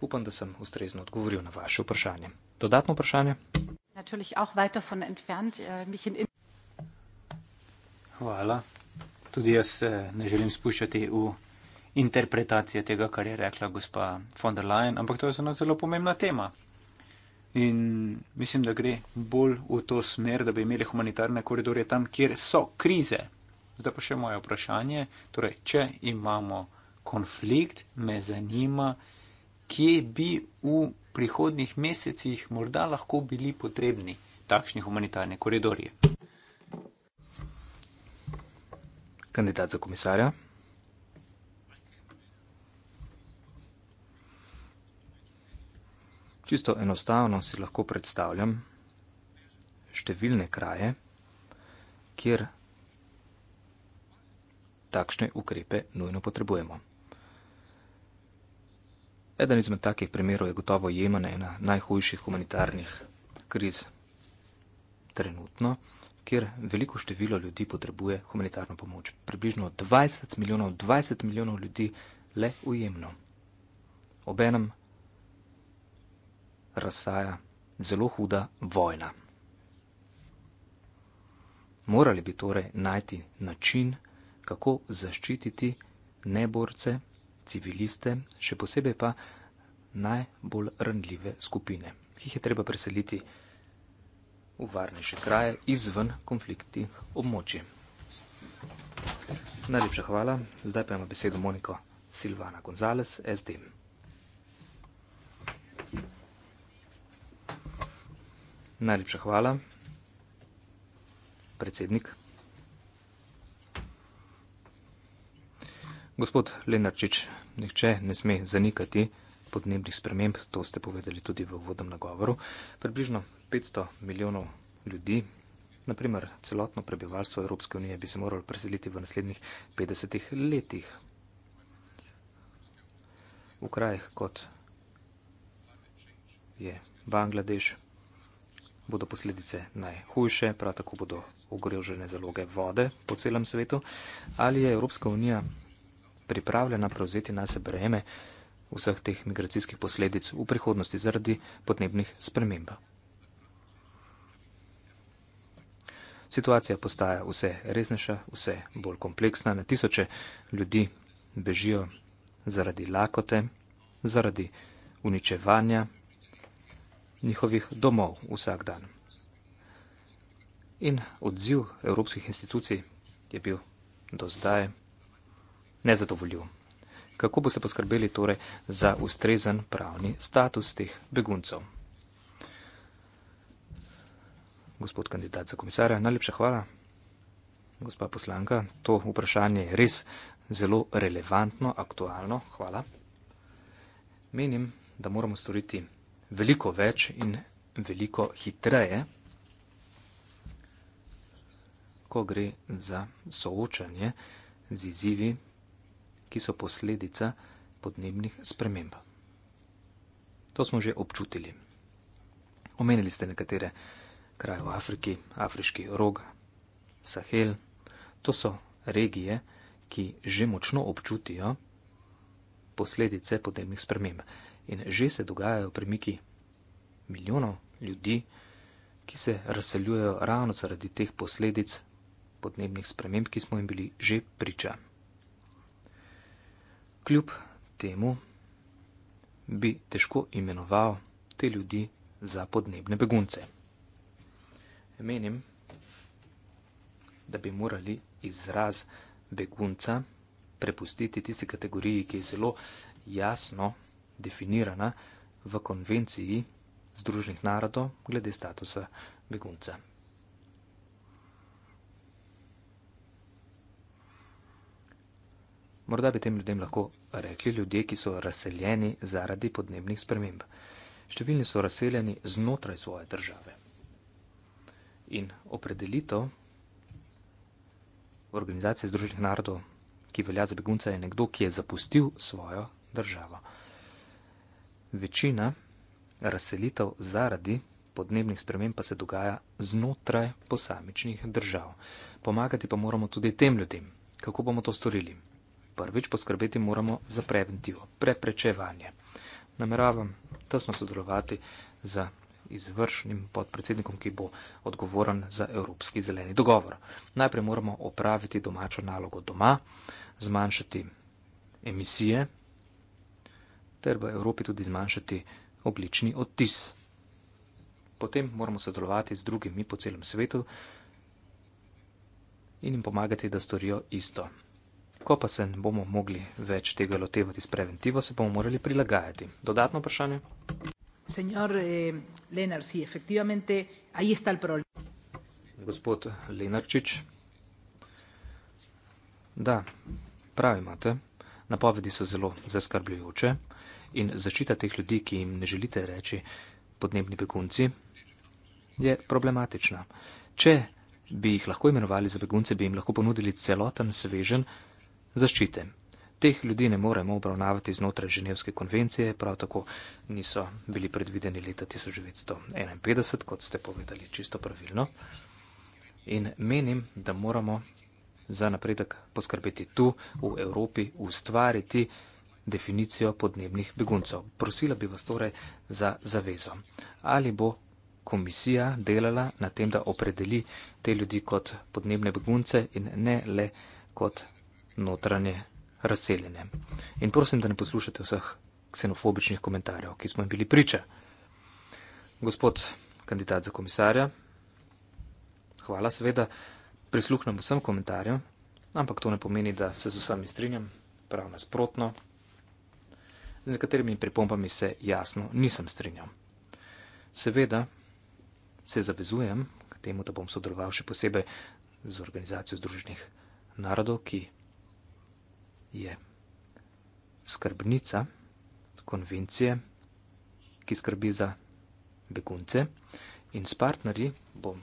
Upam, da sem ustrezno odgovoril na vaše vprašanje. Dodatno vprašanje? Äh, Hvala. Tudi jaz äh, ne želim spuščati v interpretacije tega, kar je rekla gospa von der Leyen, ampak to je za nas zelo pomembna tema. In mislim, da gre bolj v to smer, da bi imeli humanitarne koridore tam, kjer so krize. Zdaj pa še moje vprašanje. Torej, če imamo konflikt, me zanima, kje bi v prihodnih mesecih morda lahko bili potrebni takšni humanitarni koridorji. Kandidat za komisarja. Čisto enostavno si lahko predstavljam številne kraje, kjer takšne ukrepe nujno potrebujemo. Eden izmed takih primerov je gotovo Jemen, ena najhujših humanitarnih kriz trenutno, kjer veliko število ljudi potrebuje humanitarno pomoč. Približno 20 milijonov, 20 milijonov ljudi le ujemno. Obenem razsaja zelo huda vojna. Morali bi torej najti način, kako zaščititi neborce, civiliste, še posebej pa najbolj rnljive skupine, ki jih je treba preseliti v varnejše kraje izven konfliktnih območij. Najlepša hvala. Zdaj pa ima besedo Moniko Silvana Gonzales, SD. Najlepša hvala. Predsednik. Gospod Lenarčič, nihče ne sme zanikati podnebnih sprememb, to ste povedali tudi v vodnem nagovoru. Približno 500 milijonov ljudi, naprimer celotno prebivalstvo Evropske unije, bi se moralo preseliti v naslednjih 50 letih v krajih kot je Bangladeš. Bodo posledice najhujše, prav tako bodo ogrožene zaloge vode po celem svetu. Ali je Evropska unija pripravljena prevzeti na sebe breme vseh teh migracijskih posledic v prihodnosti zaradi podnebnih sprememb. Situacija postaja vse resnejša, vse bolj kompleksna. Na tisoče ljudi bežijo zaradi lakote, zaradi uničevanja njihovih domov vsak dan. In odziv evropskih institucij je bil do zdaj nezadovoljiv. Kako boste poskrbeli torej za ustrezen pravni status teh beguncev? Gospod kandidat za komisarja, najlepša hvala. Gospa poslanka, to vprašanje je res zelo relevantno, aktualno. Hvala. Menim, da moramo storiti veliko več in veliko hitreje, ko gre za soočanje z izzivi ki so posledica podnebnih sprememb. To smo že občutili. Omenili ste nekatere kraje v Afriki, afriški rog, Sahel. To so regije, ki že močno občutijo posledice podnebnih sprememb. In že se dogajajo premiki milijonov ljudi, ki se razseljujejo ravno zaradi teh posledic podnebnih sprememb, ki smo jim bili že priča kljub temu bi težko imenoval te ljudi za podnebne begunce. Menim, da bi morali izraz begunca prepustiti tisti kategoriji, ki je zelo jasno definirana v konvenciji Združenih narodov glede statusa begunca. Morda bi tem ljudem lahko rekli ljudje, ki so razseljeni zaradi podnebnih sprememb. Številni so razseljeni znotraj svoje države. In opredelitev organizacije Združenih narodov, ki velja za begunca, je nekdo, ki je zapustil svojo državo. Večina razselitev zaradi podnebnih sprememb pa se dogaja znotraj posamičnih držav. Pomagati pa moramo tudi tem ljudem. Kako bomo to storili? Prvič poskrbeti moramo za preventivo, preprečevanje. Nameravam tesno sodelovati z izvršnim podpredsednikom, ki bo odgovoren za evropski zeleni dogovor. Najprej moramo opraviti domačo nalogo doma, zmanjšati emisije ter v Evropi tudi zmanjšati oglični odtis. Potem moramo sodelovati z drugimi po celem svetu in jim pomagati, da storijo isto ko pa se bomo mogli več tega lotevati s preventivo, se bomo morali prilagajati. Dodatno vprašanje? Senor eh, Lenar, si, efektivamente, ahí está el problem. Gospod Lenarčič, da, pravi imate, napovedi so zelo zaskrbljujoče in zaščita teh ljudi, ki jim ne želite reči podnebni begunci, je problematična. Če bi jih lahko imenovali za begunce, bi jim lahko ponudili celoten svežen zaščite. Teh ljudi ne moremo obravnavati znotraj Ženevske konvencije, prav tako niso bili predvideni leta 1951, kot ste povedali čisto pravilno. In menim, da moramo za napredek poskrbeti tu v Evropi, ustvariti definicijo podnebnih beguncev. Prosila bi vas torej za zavezo. Ali bo komisija delala na tem, da opredeli te ljudi kot podnebne begunce in ne le kot notranje razseljene. In prosim, da ne poslušate vseh ksenofobičnih komentarjev, ki smo jim bili priča. Gospod kandidat za komisarja, hvala seveda, prisluhnem vsem komentarjem, ampak to ne pomeni, da se z vsemi strinjam, prav nasprotno. Z nekaterimi pripombami se jasno nisem strinjal. Seveda se zavezujem k temu, da bom sodeloval še posebej z organizacijo Združenih narodov, ki je skrbnica konvencije, ki skrbi za begunce in s partnerji bom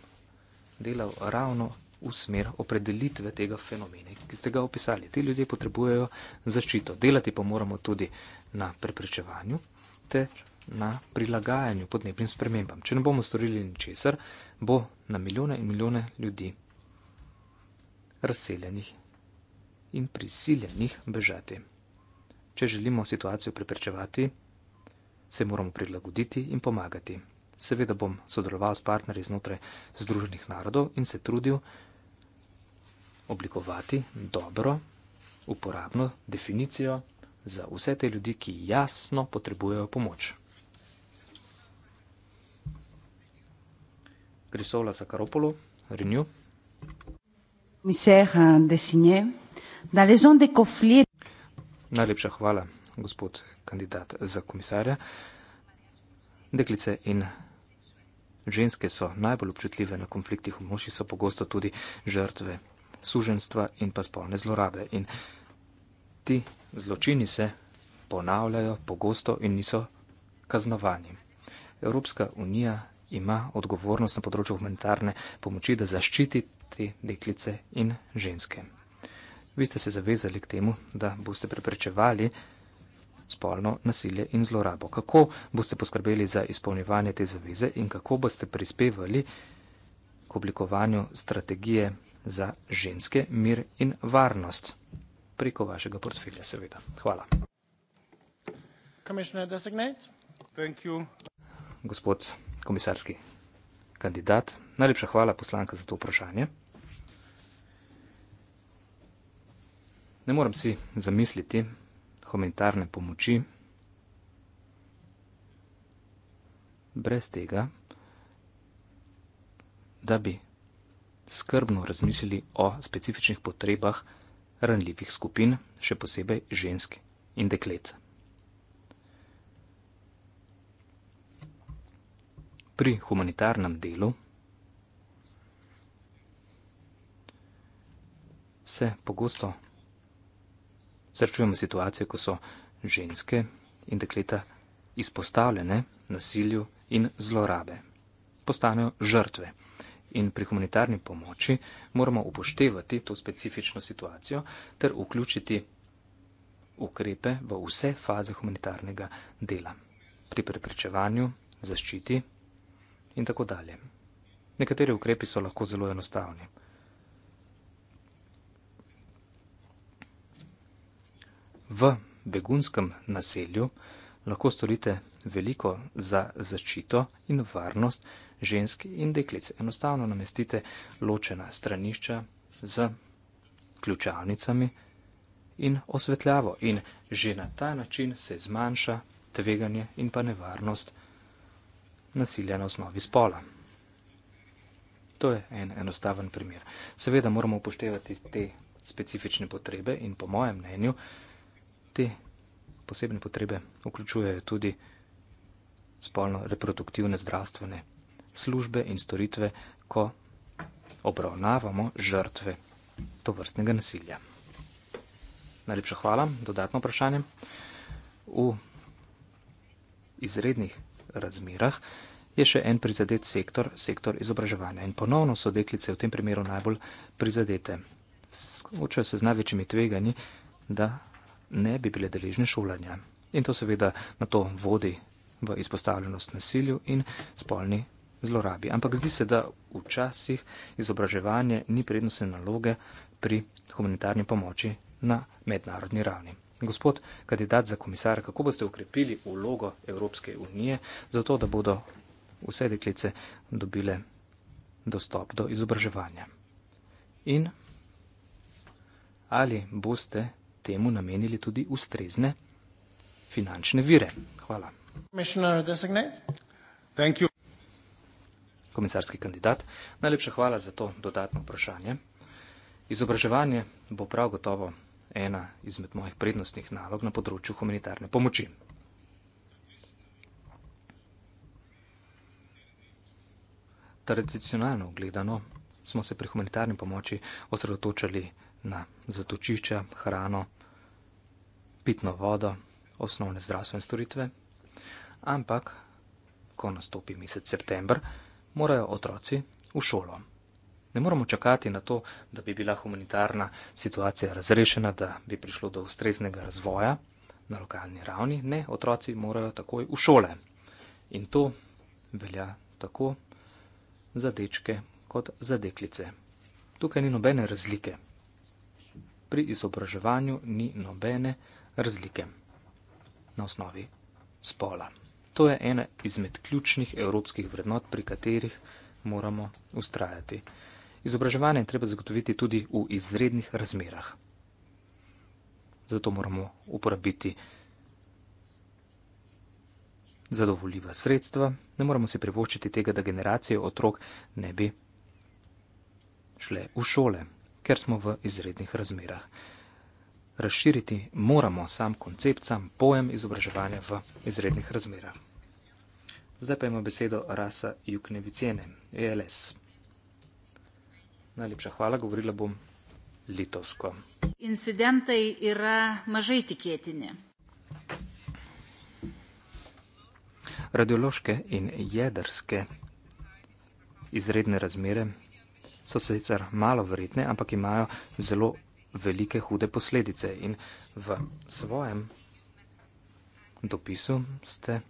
delal ravno v smer opredelitve tega fenomena, ki ste ga opisali. Ti ljudje potrebujejo zaščito, delati pa moramo tudi na preprečevanju ter na prilagajanju podnebnim spremembam. Če ne bomo storili ničesar, bo na milijone in milijone ljudi razseljenih in prisiljenih bežati. Če želimo situacijo preprečevati, se moramo prilagoditi in pomagati. Seveda bom sodeloval s partnerji znotraj Združenih narodov in se trudil oblikovati dobro, uporabno definicijo za vse te ljudi, ki jasno potrebujejo pomoč. Grisola Sakaropolo, Renew. Mi se je, da si nje da le zonde konflikt. Najlepša hvala, gospod kandidat za komisarja. Deklice in ženske so najbolj občutljive na konfliktih v moši, so pogosto tudi žrtve suženstva in pa spolne zlorabe. In ti zločini se ponavljajo pogosto in niso kaznovani. Evropska unija ima odgovornost na področju humanitarne pomoči, da zaščiti te deklice in ženske. Vi ste se zavezali k temu, da boste preprečevali spolno nasilje in zlorabo. Kako boste poskrbeli za izpolnjevanje te zaveze in kako boste prispevali k oblikovanju strategije za ženske mir in varnost preko vašega portfelja, seveda. Hvala. Gospod komisarski kandidat, najlepša hvala poslanka za to vprašanje. Ne morem si zamisliti humanitarne pomoči brez tega, da bi skrbno razmislili o specifičnih potrebah ranljivih skupin, še posebej žensk in deklet. Pri humanitarnem delu se pogosto srečujemo situacije, ko so ženske in dekleta izpostavljene nasilju in zlorabe, postanejo žrtve. In pri humanitarni pomoči moramo upoštevati to specifično situacijo ter vključiti ukrepe v vse faze humanitarnega dela, pri preprečevanju, zaščiti in tako dalje. Nekateri ukrepi so lahko zelo enostavni, v begunskem naselju lahko storite veliko za zaščito in varnost žensk in deklic. Enostavno namestite ločena stranišča z ključavnicami in osvetljavo in že na ta način se zmanjša tveganje in pa nevarnost nasilja na osnovi spola. To je en enostaven primer. Seveda moramo upoštevati te specifične potrebe in po mojem mnenju, otroci, posebne potrebe, vključujejo tudi spolno-reproduktivne zdravstvene službe in storitve, ko obravnavamo žrtve tovrstnega nasilja. Najlepša hvala, dodatno vprašanje. V izrednih razmerah je še en prizadet sektor, sektor izobraževanja. In ponovno so deklice v tem primeru najbolj prizadete. Učijo se z največjimi tveganji, da ne bi bile deležne šolanja. In to seveda na to vodi v izpostavljenost nasilju in spolni zlorabi. Ampak zdi se, da včasih izobraževanje ni prednostne naloge pri humanitarni pomoči na mednarodni ravni. Gospod kandidat za komisarja, kako boste ukrepili vlogo Evropske unije, zato da bodo vse deklice dobile dostop do izobraževanja? In ali boste temu namenili tudi ustrezne finančne vire. Hvala. Komisarski kandidat, najlepša hvala za to dodatno vprašanje. Izobraževanje bo prav gotovo ena izmed mojih prednostnih nalog na področju humanitarne pomoči. Tradicionalno ogledano smo se pri humanitarni pomoči osredotočali na zatočišča, hrano, pitno vodo, osnovne zdravstvene storitve, ampak, ko nastopi mesec september, morajo otroci v šolo. Ne moramo čakati na to, da bi bila humanitarna situacija razrešena, da bi prišlo do ustreznega razvoja na lokalni ravni. Ne, otroci morajo takoj v šole. In to velja tako za dečke kot za deklice. Tukaj ni nobene razlike. Pri izobraževanju ni nobene razlike razlike na osnovi spola. To je ena izmed ključnih evropskih vrednot, pri katerih moramo ustrajati. Izobraževanje je treba zagotoviti tudi v izrednih razmerah. Zato moramo uporabiti zadovoljiva sredstva, ne moramo si privoščiti tega, da generacije otrok ne bi šle v šole, ker smo v izrednih razmerah razširiti moramo sam koncept, sam pojem izobraževanja v izrednih razmerah. Zdaj pa ima besedo Rasa Juknevicene, ELS. Najlepša hvala, govorila bom litovsko. Incidentai yra mažai tikėtini. Radiološke in jedrske izredne razmere so sicer malo verjetne, ampak imajo zelo velike, hude posledice. In v svojem dopisu ste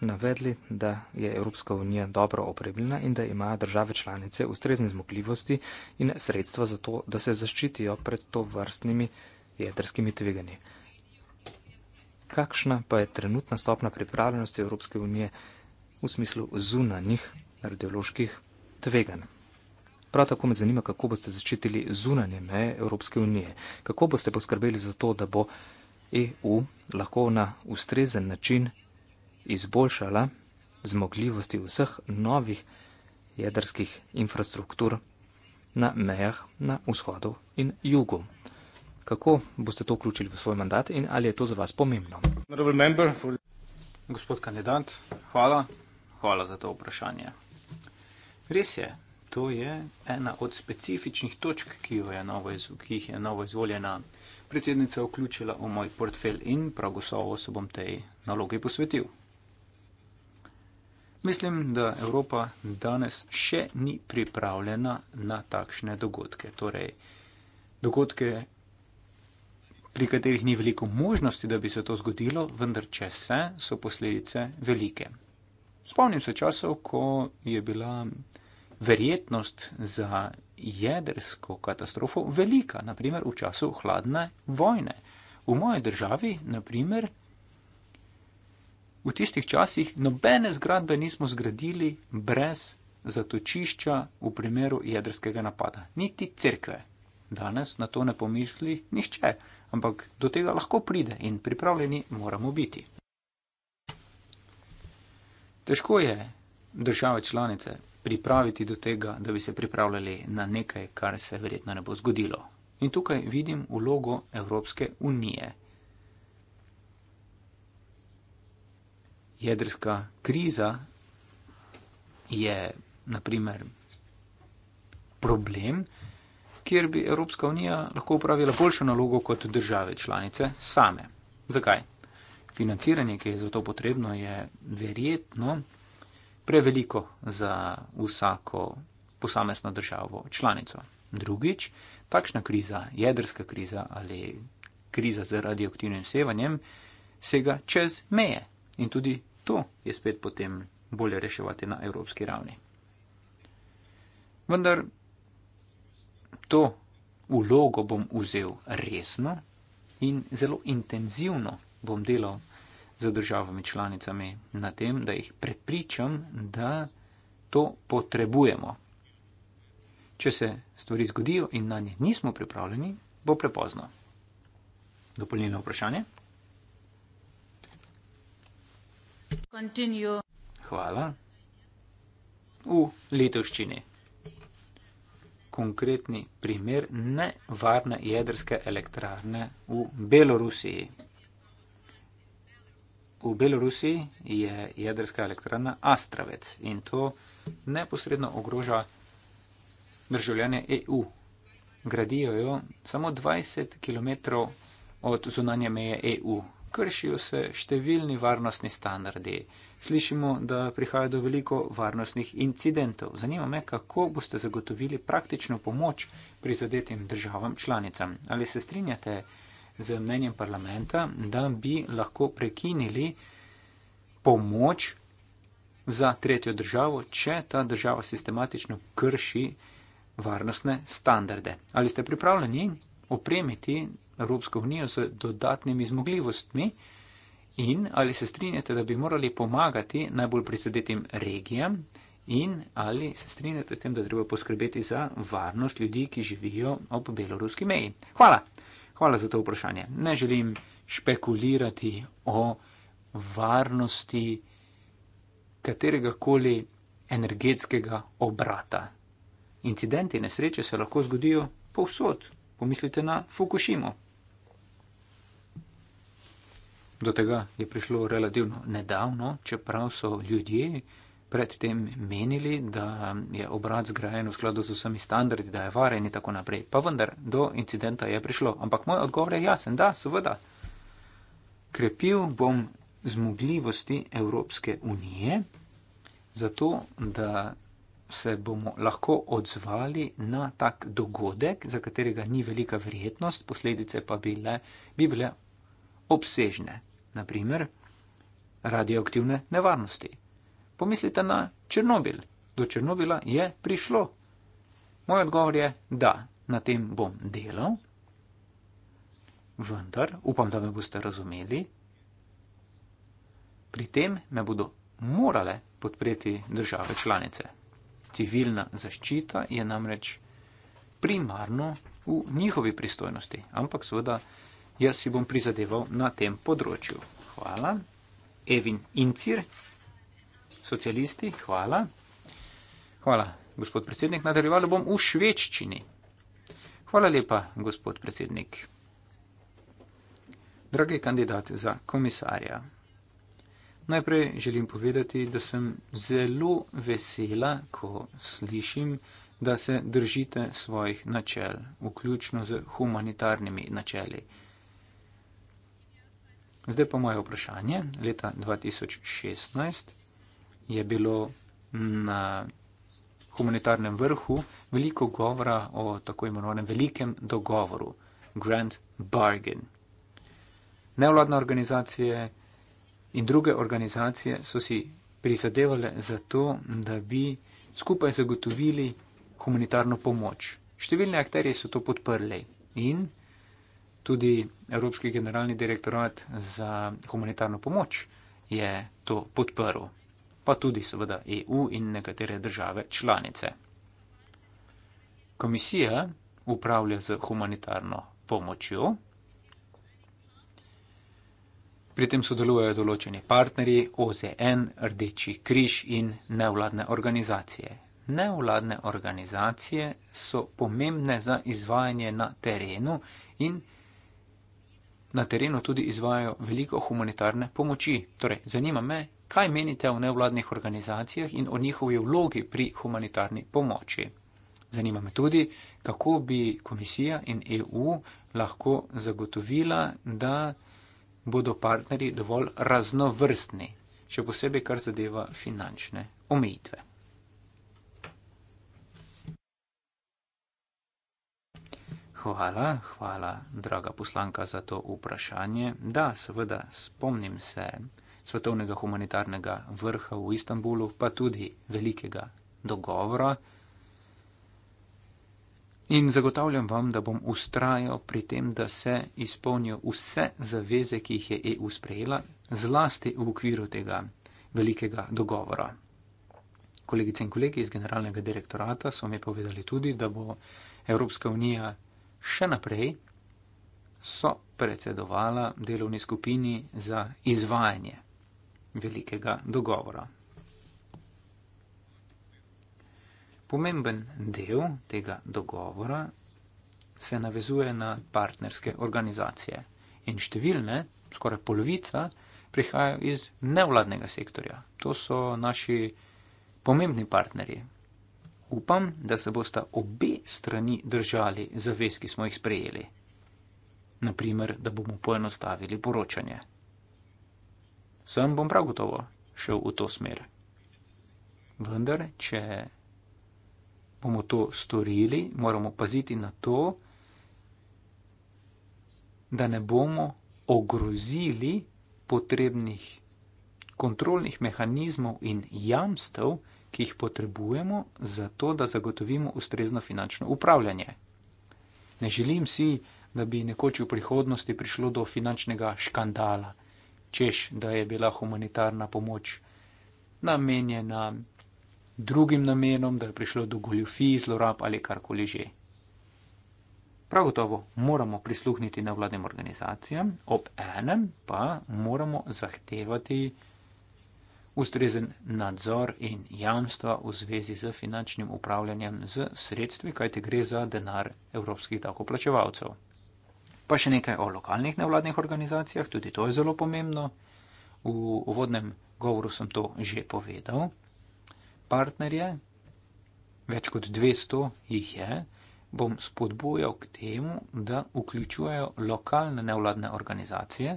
navedli, da je Evropska unija dobro opremljena in da ima države članice ustrezne zmogljivosti in sredstva za to, da se zaščitijo pred to vrstnimi jedrskimi tveganji. Kakšna pa je trenutna stopna pripravljenosti Evropske unije v smislu zunanjih radioloških tveganj? Prav tako me zanima, kako boste začetili zunanje meje Evropske unije. Kako boste poskrbeli za to, da bo EU lahko na ustrezen način izboljšala zmogljivosti vseh novih jedrskih infrastruktur na mejah na vzhodu in jugu. Kako boste to vključili v svoj mandat in ali je to za vas pomembno? Gospod kandidat, hvala. Hvala za to vprašanje. Res je, To je ena od specifičnih točk, ki, jo je ki jih je novo izvoljena predsednica vključila v moj portfelj in prav gotovo se bom tej nalogi posvetil. Mislim, da Evropa danes še ni pripravljena na takšne dogodke. Torej, dogodke, pri katerih ni veliko možnosti, da bi se to zgodilo, vendar če se, so posledice velike. Spomnim se časov, ko je bila verjetnost za jedrsko katastrofo velika, naprimer v času hladne vojne. V moji državi, naprimer, v tistih časih nobene zgradbe nismo zgradili brez zatočišča v primeru jedrskega napada, niti cerkve. Danes na to ne pomisli nihče, ampak do tega lahko pride in pripravljeni moramo biti. Težko je države članice pripraviti do tega, da bi se pripravljali na nekaj, kar se verjetno ne bo zgodilo. In tukaj vidim vlogo Evropske unije. Jedrska kriza je naprimer problem, kjer bi Evropska unija lahko upravila boljšo nalogo kot države članice same. Zakaj? Financiranje, ki je za to potrebno, je verjetno preveliko za vsako posamezno državo članico. Drugič, takšna kriza, jedrska kriza ali kriza z radioaktivnim sevanjem, sega čez meje in tudi to je spet potem bolje reševati na evropski ravni. Vendar to vlogo bom vzel resno in zelo intenzivno bom delal z državami članicami na tem, da jih prepričam, da to potrebujemo. Če se stvari zgodijo in na nje nismo pripravljeni, bo prepozno. Dopolnjeno vprašanje. Continue. Hvala. V letoščini. Konkretni primer nevarne jedrske elektrarne v Belorusiji v Belorusiji je jedrska elektrana Astravec in to neposredno ogroža državljane EU. Gradijo jo samo 20 km od zunanje meje EU. Kršijo se številni varnostni standardi. Slišimo, da prihaja do veliko varnostnih incidentov. Zanima me, kako boste zagotovili praktično pomoč prizadetim državam članicam. Ali se strinjate? z mnenjem parlamenta, da bi lahko prekinili pomoč za tretjo državo, če ta država sistematično krši varnostne standarde. Ali ste pripravljeni opremiti Evropsko unijo z dodatnimi zmogljivostmi in ali se strinjate, da bi morali pomagati najbolj prizadetim regijam in ali se strinjate s tem, da treba poskrbeti za varnost ljudi, ki živijo ob beloruski meji? Hvala! Hvala za to vprašanje. Ne želim špekulirati o varnosti katerega koli energetskega obrata. Incidenti, nesreče se lahko zgodijo povsod. Pomislite na Fukushimo. Do tega je prišlo relativno nedavno, čeprav so ljudje predtem menili, da je obrat zgrajen v skladu z vsemi standardi, da je varen in tako naprej. Pa vendar, do incidenta je prišlo. Ampak moj odgovor je jasen, da, seveda. Krepil bom zmogljivosti Evropske unije, zato da se bomo lahko odzvali na tak dogodek, za katerega ni velika verjetnost, posledice pa bile, bi bile obsežne, naprimer radioaktivne nevarnosti. Pomislite na Černobil. Do Černobila je prišlo. Moj odgovor je, da na tem bom delal, vendar upam, da me boste razumeli. Pri tem me bodo morale podpreti države članice. Civilna zaščita je namreč primarno v njihovi pristojnosti, ampak seveda jaz si bom prizadeval na tem področju. Hvala. Evin Incir socialisti, hvala. Hvala, gospod predsednik. Nadaljevalo bom v švečščini. Hvala lepa, gospod predsednik. Dragi kandidat za komisarja, najprej želim povedati, da sem zelo vesela, ko slišim, da se držite svojih načel, vključno z humanitarnimi načeli. Zdaj pa moje vprašanje. Leta 2016 je bilo na humanitarnem vrhu veliko govora o tako imenovanem velikem dogovoru, Grand Bargain. Nevladne organizacije in druge organizacije so si prizadevale za to, da bi skupaj zagotovili humanitarno pomoč. Številni akterji so to podprli in tudi Evropski generalni direktorat za humanitarno pomoč je to podprl pa tudi seveda EU in nekatere države članice. Komisija upravlja z humanitarno pomočjo, pri tem sodelujejo določeni partnerji, OZN, Rdeči križ in nevladne organizacije. Nevladne organizacije so pomembne za izvajanje na terenu in na terenu tudi izvajajo veliko humanitarne pomoči. Torej, zanima me, Kaj menite o nevladnih organizacijah in o njihovi vlogi pri humanitarni pomoči? Zanima me tudi, kako bi komisija in EU lahko zagotovila, da bodo partnerji dovolj raznovrstni, še posebej kar zadeva finančne omejitve. Hvala, hvala, draga poslanka, za to vprašanje. Da, seveda, spomnim se svetovnega humanitarnega vrha v Istanbulu, pa tudi velikega dogovora. In zagotavljam vam, da bom ustrajal pri tem, da se izpolnijo vse zaveze, ki jih je EU sprejela, zlasti v okviru tega velikega dogovora. Kolegice in kolegi iz generalnega direktorata so mi povedali tudi, da bo Evropska unija še naprej so predsedovala delovni skupini za izvajanje velikega dogovora. Pomemben del tega dogovora se navezuje na partnerske organizacije in številne, skoraj polovica, prihajajo iz nevladnega sektorja. To so naši pomembni partnerji. Upam, da se bosta obe strani držali zavez, ki smo jih sprejeli. Naprimer, da bomo poenostavili poročanje sem bom prav gotovo šel v to smer. Vendar, če bomo to storili, moramo paziti na to, da ne bomo ogrozili potrebnih kontrolnih mehanizmov in jamstev, ki jih potrebujemo za to, da zagotovimo ustrezno finančno upravljanje. Ne želim si, da bi nekoč v prihodnosti prišlo do finančnega škandala češ, da je bila humanitarna pomoč namenjena drugim namenom, da je prišlo do goljufij, zlorab ali karkoli že. Prav gotovo moramo prisluhniti nevladnim organizacijam, ob enem pa moramo zahtevati ustrezen nadzor in jamstva v zvezi z finančnim upravljanjem z sredstvi, kajte gre za denar evropskih davkoplačevalcev. Pa še nekaj o lokalnih nevladnih organizacijah, tudi to je zelo pomembno. V uvodnem govoru sem to že povedal. Partnerje, več kot 200 jih je, bom spodbujal k temu, da vključujejo lokalne nevladne organizacije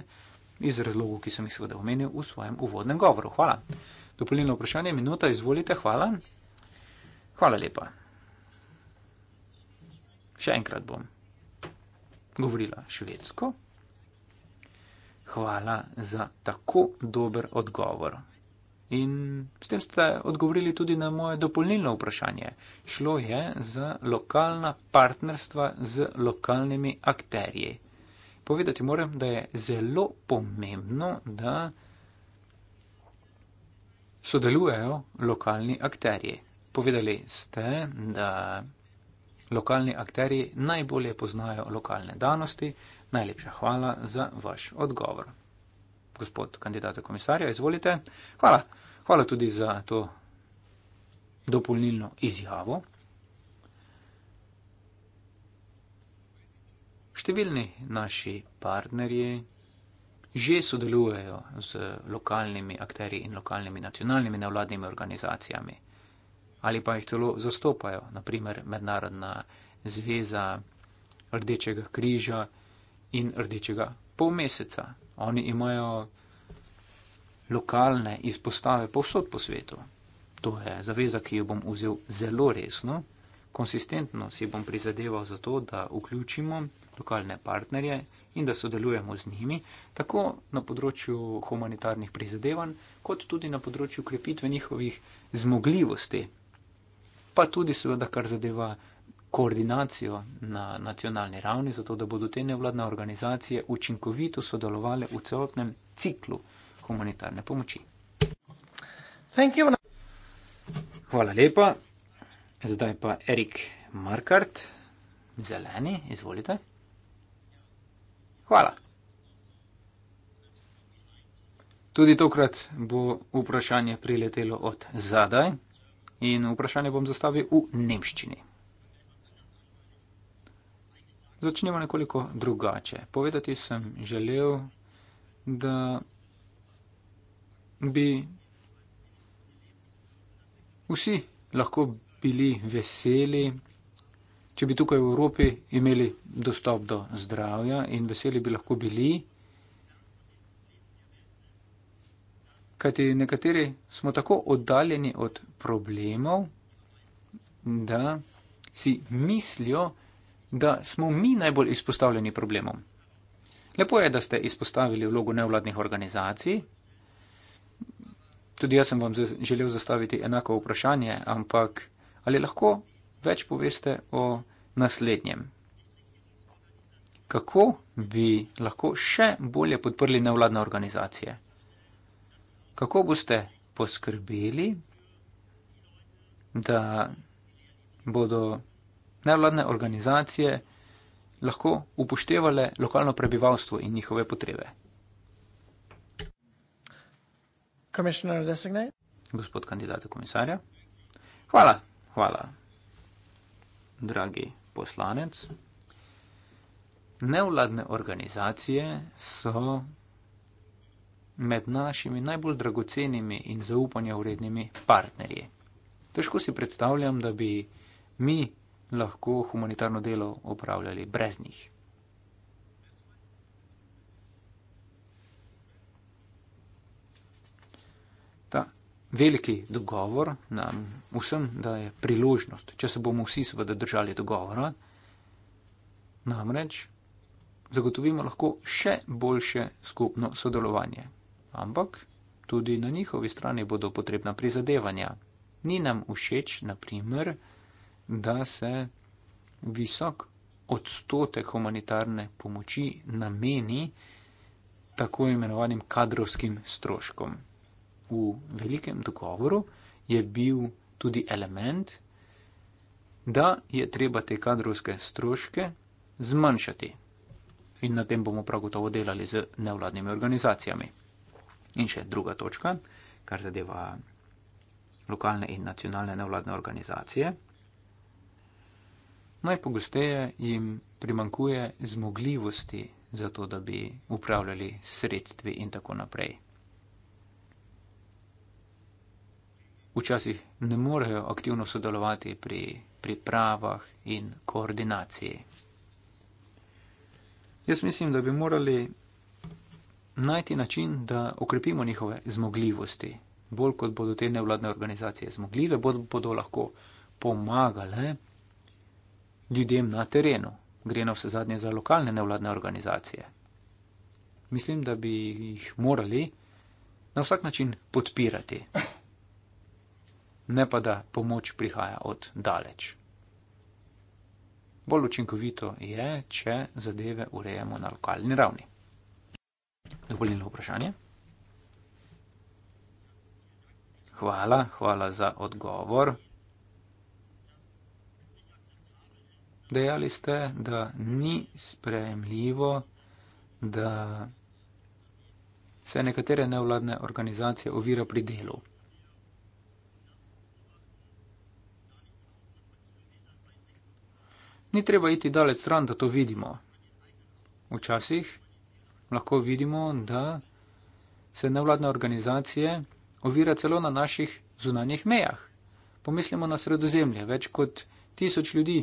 iz razlogov, ki sem jih seveda omenil v svojem uvodnem govoru. Hvala. Dopolnilno vprašanje, minuta, izvolite, hvala. Hvala lepa. Še enkrat bom govorila švedsko. Hvala za tako dober odgovor. In s tem ste odgovorili tudi na moje dopolnilno vprašanje. Šlo je za lokalna partnerstva z lokalnimi akterji. Povedati moram, da je zelo pomembno, da sodelujejo lokalni akterji. Povedali ste, da Lokalni akteri najbolje poznajo lokalne danosti. Najlepša hvala za vaš odgovor. Gospod kandidat za komisarja, izvolite. Hvala. Hvala tudi za to dopolnilno izjavo. Številni naši partnerji že sodelujejo z lokalnimi akteri in lokalnimi nacionalnimi nevladnimi organizacijami ali pa jih celo zastopajo, naprimer Mednarodna zveza Rdečega križa in Rdečega polmeseca. Oni imajo lokalne izpostave povsod po svetu. To je zaveza, ki jo bom vzel zelo resno. Konsistentno si bom prizadeval za to, da vključimo lokalne partnerje in da sodelujemo z njimi, tako na področju humanitarnih prizadevanj, kot tudi na področju krepitve njihovih zmogljivosti pa tudi, seveda, kar zadeva koordinacijo na nacionalni ravni, zato da bodo te nevladne organizacije učinkovito sodelovali v celotnem ciklu humanitarne pomoči. Hvala lepa. Zdaj pa Erik Markart, zeleni, izvolite. Hvala. Tudi tokrat bo vprašanje priletelo od zadaj. In vprašanje bom zastavil v nemščini. Začnemo nekoliko drugače. Povedati sem želel, da bi vsi lahko bili veseli, če bi tukaj v Evropi imeli dostop do zdravja in veseli bi lahko bili, Kajti nekateri smo tako oddaljeni od problemov, da si mislijo, da smo mi najbolj izpostavljeni problemom. Lepo je, da ste izpostavili vlogo nevladnih organizacij. Tudi jaz sem vam želel zastaviti enako vprašanje, ampak ali lahko več poveste o naslednjem? Kako bi lahko še bolje podprli nevladne organizacije? kako boste poskrbeli, da bodo nevladne organizacije lahko upoštevale lokalno prebivalstvo in njihove potrebe. Gospod kandidat za komisarja. Hvala, hvala, dragi poslanec. Nevladne organizacije so med našimi najbolj dragocenimi in zaupanja vrednimi partnerji. Težko si predstavljam, da bi mi lahko humanitarno delo opravljali brez njih. Ta veliki dogovor nam vsem daje priložnost, če se bomo vsi seveda držali dogovora, namreč zagotovimo lahko še boljše skupno sodelovanje ampak tudi na njihovi strani bodo potrebna prizadevanja. Ni nam všeč, na primer, da se visok odstotek humanitarne pomoči nameni tako imenovanim kadrovskim stroškom. V velikem dogovoru je bil tudi element, da je treba te kadrovske stroške zmanjšati. In na tem bomo prav gotovo delali z nevladnimi organizacijami. In še druga točka, kar zadeva lokalne in nacionalne nevladne organizacije. Najpogosteje jim primankuje zmogljivosti za to, da bi upravljali sredstvi in tako naprej. Včasih ne morejo aktivno sodelovati pri pripravah in koordinaciji. Jaz mislim, da bi morali najti način, da okrepimo njihove zmogljivosti. Bolj kot bodo te nevladne organizacije zmogljive, bodo lahko pomagale ljudem na terenu. Gre na vse zadnje za lokalne nevladne organizacije. Mislim, da bi jih morali na vsak način podpirati. Ne pa da pomoč prihaja od daleč. Bolj učinkovito je, če zadeve urejemo na lokalni ravni dopolnilno vprašanje? Hvala, hvala za odgovor. Dejali ste, da ni sprejemljivo, da se nekatere nevladne organizacije ovira pri delu. Ni treba iti daleč stran, da to vidimo. Včasih lahko vidimo, da se nevladne organizacije ovira celo na naših zunanjih mejah. Pomislimo na sredozemlje. Več kot tisoč ljudi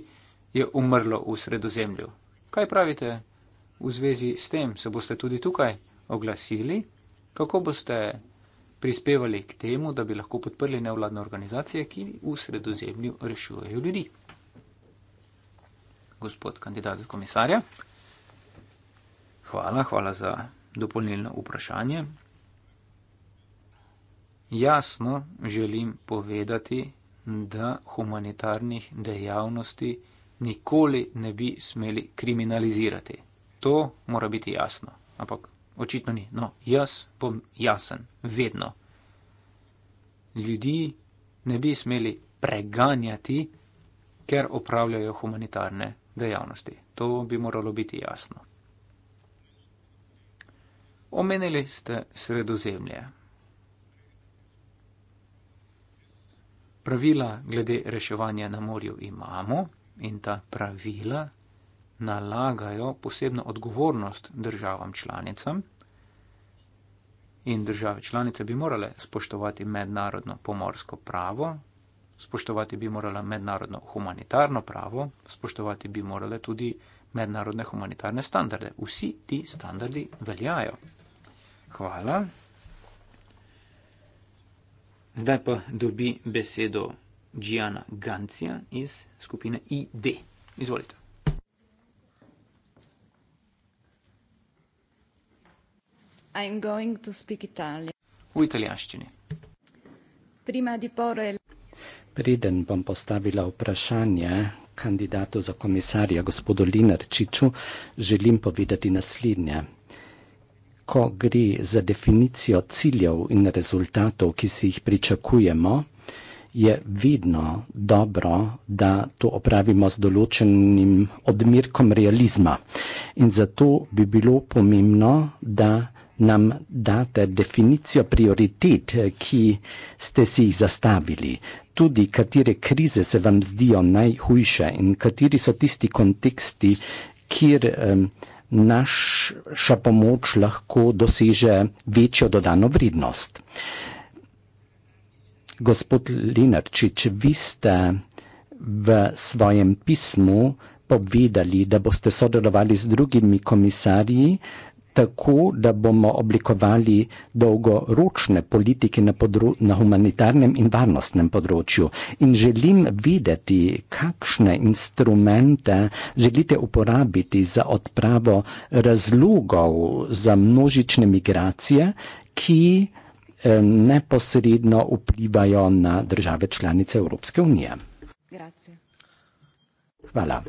je umrlo v sredozemlju. Kaj pravite v zvezi s tem? Se boste tudi tukaj oglasili? Kako boste prispevali k temu, da bi lahko podprli nevladne organizacije, ki v sredozemlju rešujejo ljudi? Gospod kandidat za komisarja. Hvala, hvala za dopolnilno vprašanje. Jasno želim povedati, da humanitarnih dejavnosti nikoli ne bi smeli kriminalizirati. To mora biti jasno, ampak očitno ni. No, jaz bom jasen, vedno. Ljudi ne bi smeli preganjati, ker opravljajo humanitarne dejavnosti. To bi moralo biti jasno omenili ste sredozemlje. Pravila glede reševanja na morju imamo in ta pravila nalagajo posebno odgovornost državam članicam in države članice bi morale spoštovati mednarodno pomorsko pravo, spoštovati bi morala mednarodno humanitarno pravo, spoštovati bi morale tudi mednarodne humanitarne standarde. Vsi ti standardi veljajo. Hvala. Zdaj pa dobi besedo Džijana Gancija iz skupine ID. Izvolite. I'm going to speak Italian. V italijanščini. Prima di porre... Preden bom postavila vprašanje kandidatu za komisarja gospodu Linarčiču, želim povedati naslednje ko gre za definicijo ciljev in rezultatov, ki si jih pričakujemo, je vedno dobro, da to opravimo z določenim odmerkom realizma. In zato bi bilo pomembno, da nam date definicijo prioritet, ki ste si jih zastavili. Tudi katere krize se vam zdijo najhujše in kateri so tisti konteksti, kjer um, naša pomoč lahko doseže večjo dodano vrednost. Gospod Linarčič, vi ste v svojem pismu povedali, da boste sodelovali z drugimi komisarji, tako, da bomo oblikovali dolgoročne politike na, na humanitarnem in varnostnem področju. In želim videti, kakšne instrumente želite uporabiti za odpravo razlogov za množične migracije, ki eh, neposredno vplivajo na države članice Evropske unije. Grazie. Hvala.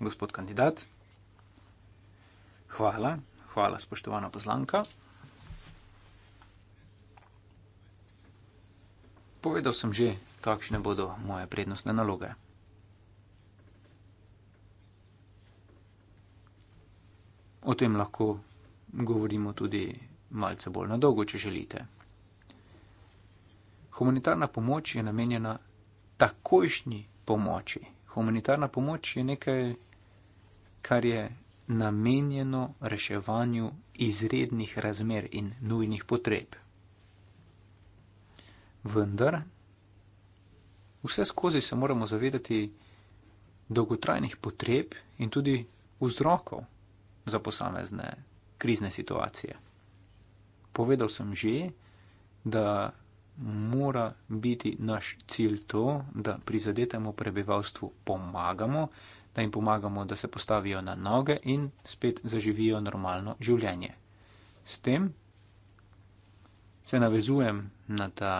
Gospod kandidat. Hvala, hvala, spoštovana poslanka. Povedal sem že, kakšne bodo moje prednostne naloge. O tem lahko govorimo tudi malce bolj na dolgo, če želite. Humanitarna pomoč je namenjena takojšnji pomoči. Humanitarna pomoč je nekaj, kar je namenjeno reševanju izrednih razmer in nujnih potreb. Vendar, vse skozi se moramo zavedati dolgotrajnih potreb in tudi vzrokov za posamezne krizne situacije. Povedal sem že, da mora biti naš cilj to, da prizadetemu prebivalstvu pomagamo, da jim pomagamo, da se postavijo na noge in spet zaživijo normalno življenje. S tem se navezujem na ta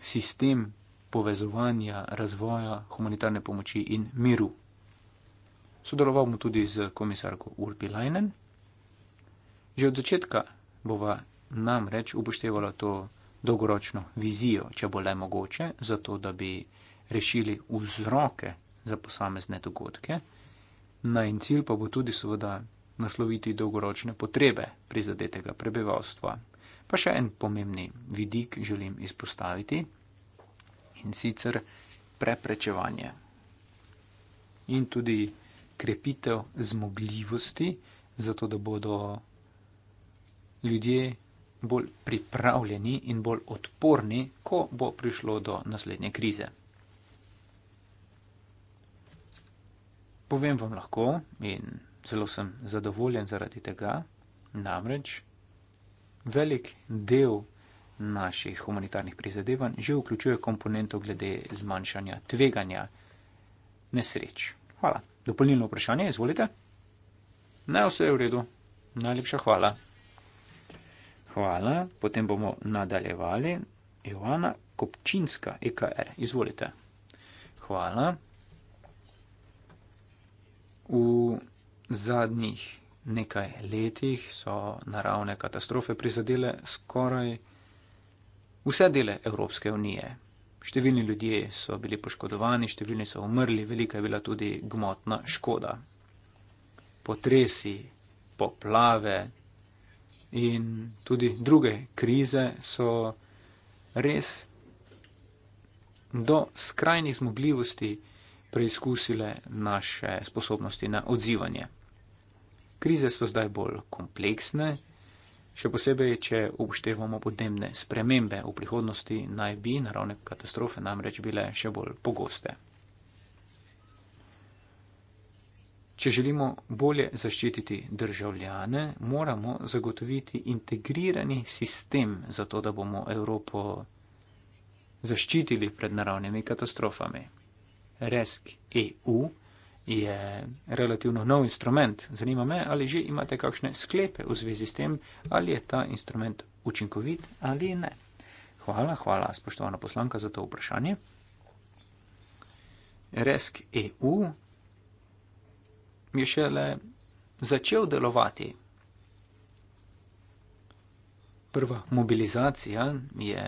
sistem povezovanja, razvoja humanitarne pomoči in miru. Sodeloval bom tudi z komisarko Urpi Leinen. Že od začetka bova nam reč upoštevala to dolgoročno vizijo, če bo le mogoče, zato da bi rešili vzroke za posamezne dogodke. Naj in cilj pa bo tudi seveda nasloviti dolgoročne potrebe prizadetega prebivalstva. Pa še en pomembni vidik želim izpostaviti in sicer preprečevanje in tudi krepitev zmogljivosti, zato da bodo ljudje bolj pripravljeni in bolj odporni, ko bo prišlo do naslednje krize. Povem vam lahko in zelo sem zadovoljen zaradi tega, namreč velik del naših humanitarnih prizadevanj že vključuje komponento glede zmanjšanja tveganja nesreč. Hvala. Dopolnilno vprašanje, izvolite. Ne, vse je v redu. Najlepša hvala. Hvala, potem bomo nadaljevali. Joana Kopčinska, EKR, izvolite. Hvala, V zadnjih nekaj letih so naravne katastrofe prizadele skoraj vse dele Evropske unije. Številni ljudje so bili poškodovani, številni so umrli, velika je bila tudi gmotna škoda. Potresi, poplave in tudi druge krize so res do skrajnih zmogljivosti preizkusile naše sposobnosti na odzivanje. Krize so zdaj bolj kompleksne, še posebej, če upoštevamo podnebne spremembe. V prihodnosti naj bi naravne katastrofe namreč bile še bolj pogoste. Če želimo bolje zaščititi državljane, moramo zagotoviti integrirani sistem, zato da bomo Evropo zaščitili pred naravnimi katastrofami. RESC-EU je relativno nov instrument. Zanima me, ali že imate kakšne sklepe v zvezi s tem, ali je ta instrument učinkovit ali ne. Hvala, hvala, spoštovana poslanka, za to vprašanje. RESC-EU je šele začel delovati. Prva mobilizacija je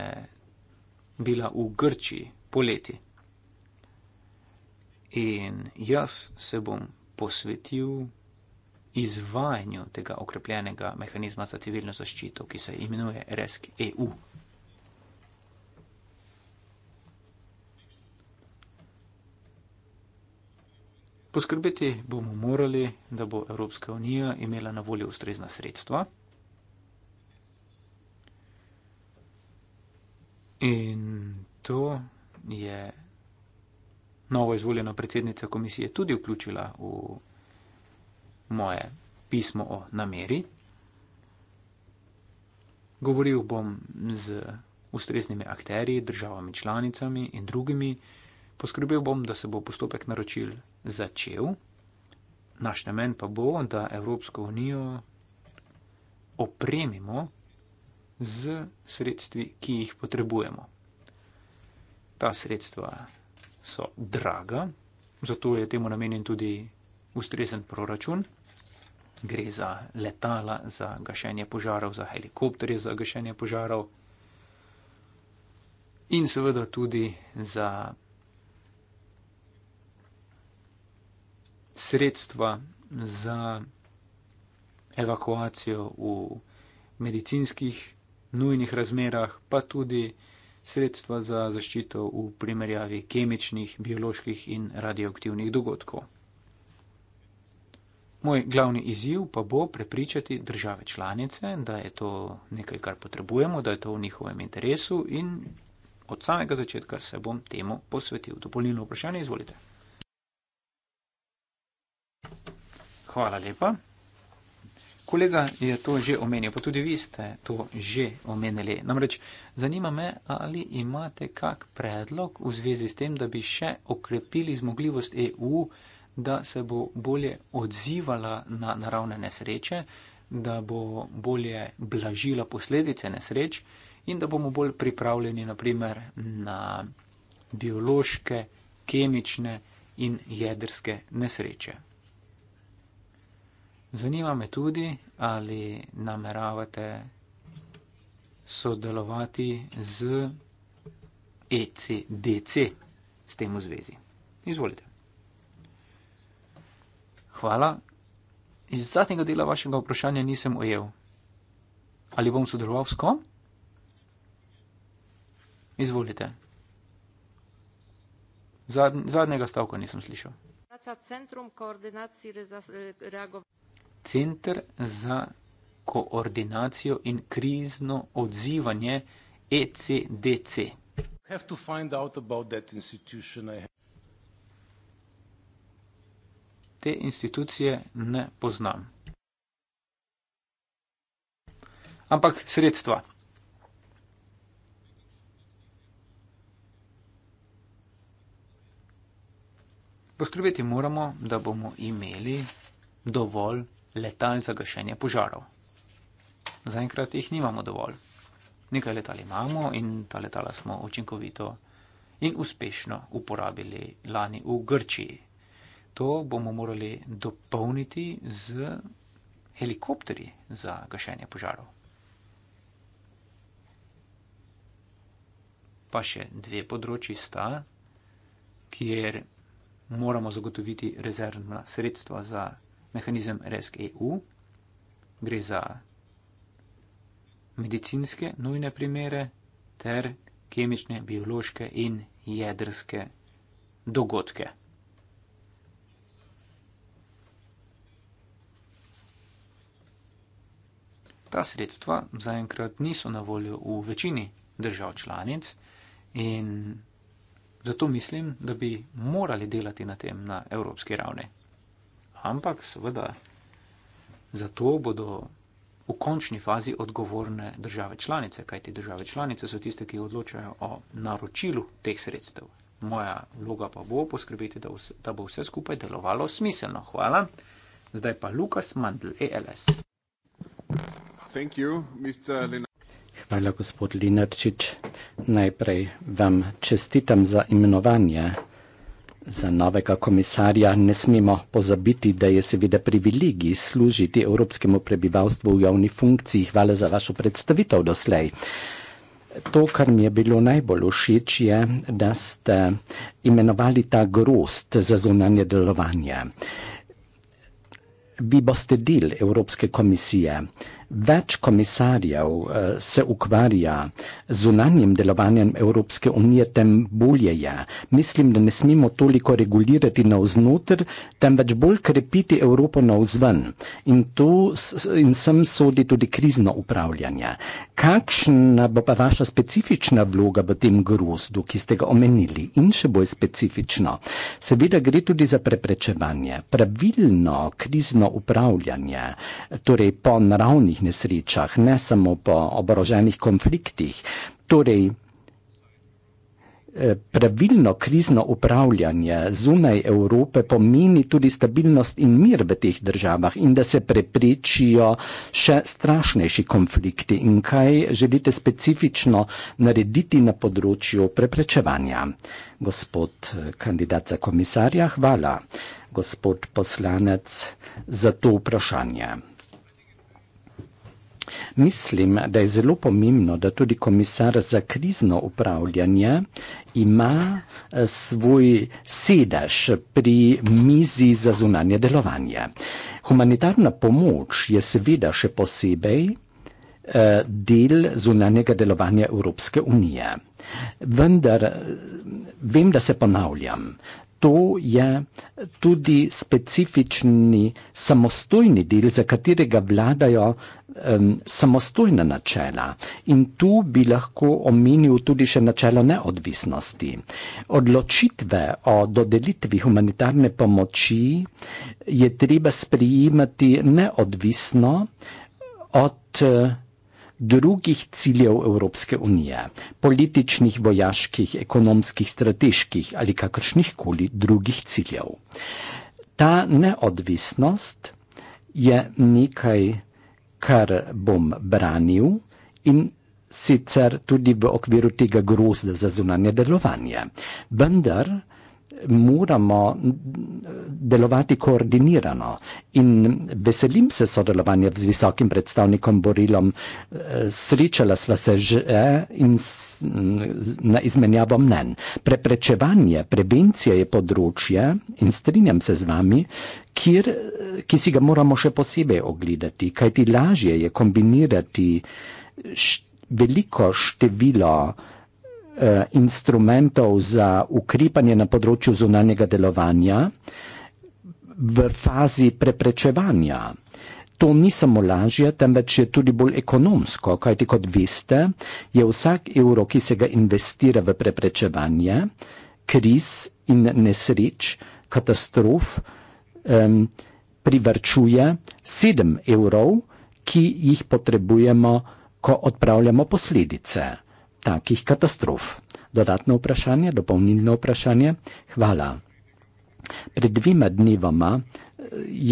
bila v Grčiji poleti in jaz se bom posvetil izvajanju tega okrepljenega mehanizma za civilno zaščito, ki se imenuje RESK EU. Poskrbeti bomo morali, da bo Evropska unija imela na voljo ustrezna sredstva. In to je novo izvoljena predsednica komisije tudi vključila v moje pismo o nameri. Govoril bom z ustreznimi akteri, državami članicami in drugimi. Poskrbel bom, da se bo postopek naročil začel. Naš namen pa bo, da Evropsko unijo opremimo z sredstvi, ki jih potrebujemo. Ta sredstva so draga, zato je temu namenjen tudi ustrezen proračun. Gre za letala, za gašenje požarov, za helikopterje za gašenje požarov in seveda tudi za sredstva za evakuacijo v medicinskih nujnih razmerah, pa tudi za sredstva za zaščito v primerjavi kemičnih, bioloških in radioaktivnih dogodkov. Moj glavni izziv pa bo prepričati države članice, da je to nekaj, kar potrebujemo, da je to v njihovem interesu in od samega začetka se bom temu posvetil. Dopolnilno vprašanje, izvolite. Hvala lepa. Kolega je to že omenil, pa tudi vi ste to že omenili. Namreč zanima me, ali imate kak predlog v zvezi s tem, da bi še okrepili zmogljivost EU, da se bo bolje odzivala na naravne nesreče, da bo bolje blažila posledice nesreč in da bomo bolj pripravljeni naprimer na biološke, kemične in jedrske nesreče. Zanima me tudi, ali nameravate sodelovati z ECDC s tem v zvezi. Izvolite. Hvala. Iz zadnjega dela vašega vprašanja nisem ojel. Ali bom sodeloval s kom? Izvolite. Zadn zadnjega stavka nisem slišal. Centrum koordinacije reagovanja. Center za koordinacijo in krizno odzivanje ECDC. Te institucije ne poznam. Ampak sredstva. Poskrbeti moramo, da bomo imeli dovolj letal za gašenje požarov. Zaenkrat jih nimamo dovolj. Nekaj letal imamo in ta letala smo učinkovito in uspešno uporabili lani v Grčiji. To bomo morali dopolniti z helikopteri za gašenje požarov. Pa še dve področji sta, kjer moramo zagotoviti rezervna sredstva za mehanizem RESC-EU, gre za medicinske nujne primere ter kemične, biološke in jedrske dogodke. Ta sredstva zaenkrat niso na voljo v večini držav članic in zato mislim, da bi morali delati na tem na evropski ravni ampak seveda za to bodo v končni fazi odgovorne države članice, kajti države članice so tiste, ki odločajo o naročilu teh sredstev. Moja vloga pa bo poskrbeti, da, vse, da bo vse skupaj delovalo smiselno. Hvala. Zdaj pa Lukas Mandl, ELS. Hvala, gospod Linarčič. Najprej vam čestitam za imenovanje Za novega komisarja ne smemo pozabiti, da je seveda privilegij služiti evropskemu prebivalstvu v javni funkciji. Hvala za vašo predstavitev doslej. To, kar mi je bilo najbolj všeč, je, da ste imenovali ta grost za zunanje delovanje. Vi boste del Evropske komisije. Več komisarjev uh, se ukvarja z zunanjim delovanjem Evropske unije, tem bolje je. Mislim, da ne smemo toliko regulirati navznoter, temveč bolj krepiti Evropo navzven. In tu in sem sodi tudi krizno upravljanje. Kakšna bo pa vaša specifična vloga v tem grozdu, ki ste ga omenili in še bolj specifično? Seveda gre tudi za preprečevanje. Pravilno krizno upravljanje, torej po naravnih prometnih nesrečah, ne samo po oboroženih konfliktih. Torej, eh, pravilno krizno upravljanje zunaj Evrope pomeni tudi stabilnost in mir v teh državah in da se preprečijo še strašnejši konflikti. In kaj želite specifično narediti na področju preprečevanja? Gospod eh, kandidat za komisarja, hvala. Gospod poslanec, za to vprašanje. Mislim, da je zelo pomembno, da tudi komisar za krizno upravljanje ima eh, svoj sedež pri mizi za zunanje delovanje. Humanitarna pomoč je seveda še posebej eh, del zunanjega delovanja Evropske unije. Vendar eh, vem, da se ponavljam, to je tudi specifični samostojni del, za katerega vladajo um, samostojna načela. In tu bi lahko omenil tudi še načelo neodvisnosti. Odločitve o dodelitvi humanitarne pomoči je treba sprijemati neodvisno od uh, drugih ciljev Evropske unije, političnih, vojaških, ekonomskih, strateških ali kakršnih koli drugih ciljev. Ta neodvisnost je nekaj, kar bom branil in sicer tudi v okviru tega grozda za zunanje delovanje. Vendar, moramo delovati koordinirano in veselim se sodelovanja z visokim predstavnikom Borilom. Eh, Sričala sva se že eh, in na izmenjavo mnen. Preprečevanje, prevencija je področje in strinjam se z vami, kjer, eh, ki si ga moramo še posebej ogledati, kajti lažje je kombinirati št, veliko število Eh, instrumentov za ukrepanje na področju zunanjega delovanja v fazi preprečevanja. To ni samo lažje, temveč je tudi bolj ekonomsko, kajti kot veste, je vsak evro, ki se ga investira v preprečevanje, kriz in nesreč, katastrof, um, privrčuje 7 evrov, ki jih potrebujemo, ko odpravljamo posledice takih katastrof? Dodatno vprašanje, dopolnilno vprašanje. Hvala. Pred dvima dnevama eh,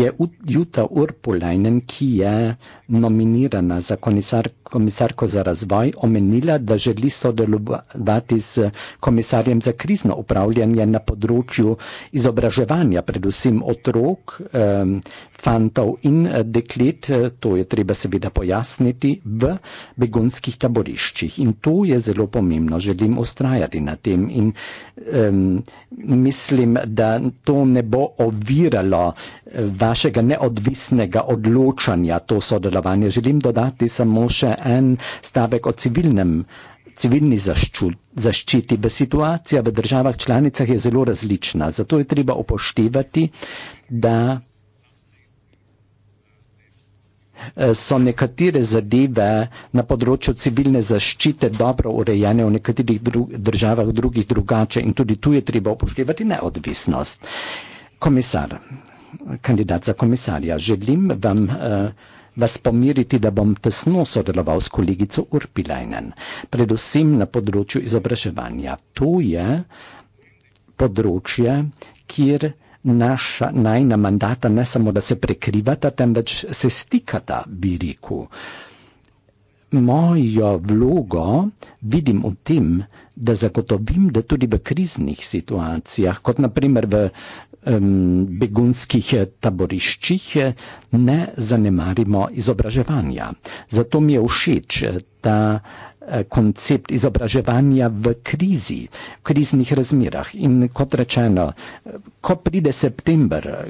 je Juta Urpulajnen, ki je nominirana za komisarko komisarko za razvoj omenila, da želi sodelovati z komisarjem za krizno upravljanje na področju izobraževanja, predvsem otrok, fantov in eh, deklet, to je treba seveda pojasniti, v begunskih taboriščih. In to je zelo pomembno, želim ustrajati na tem in um, mislim, da to ne bo oviralo eh, vašega neodvisnega odločanja to sodelovanje. Želim dodati samo še en stavek o civilnem, civilni zašču, zaščiti. Be situacija v državah članicah je zelo različna, zato je treba upoštevati, da eh, so nekatere zadeve na področju civilne zaščite dobro urejene v nekaterih dru državah drugih drugače in tudi tu je treba upoštevati neodvisnost. Komisar, kandidat za komisarja, želim vam uh, vas pomiriti, da bom tesno sodeloval s kolegico Urpilajnen, predvsem na področju izobraževanja. To je področje, kjer naša najna mandata ne samo, da se prekrivata, temveč se stikata, bi rekel. Mojo vlogo vidim v tem, da zagotovim, da tudi v kriznih situacijah, kot naprimer v begunskih eh, taboriščih, eh, ne zanemarimo izobraževanja. Zato mi je všeč eh, ta koncept izobraževanja v krizi, v kriznih razmerah. In kot rečeno, ko pride september,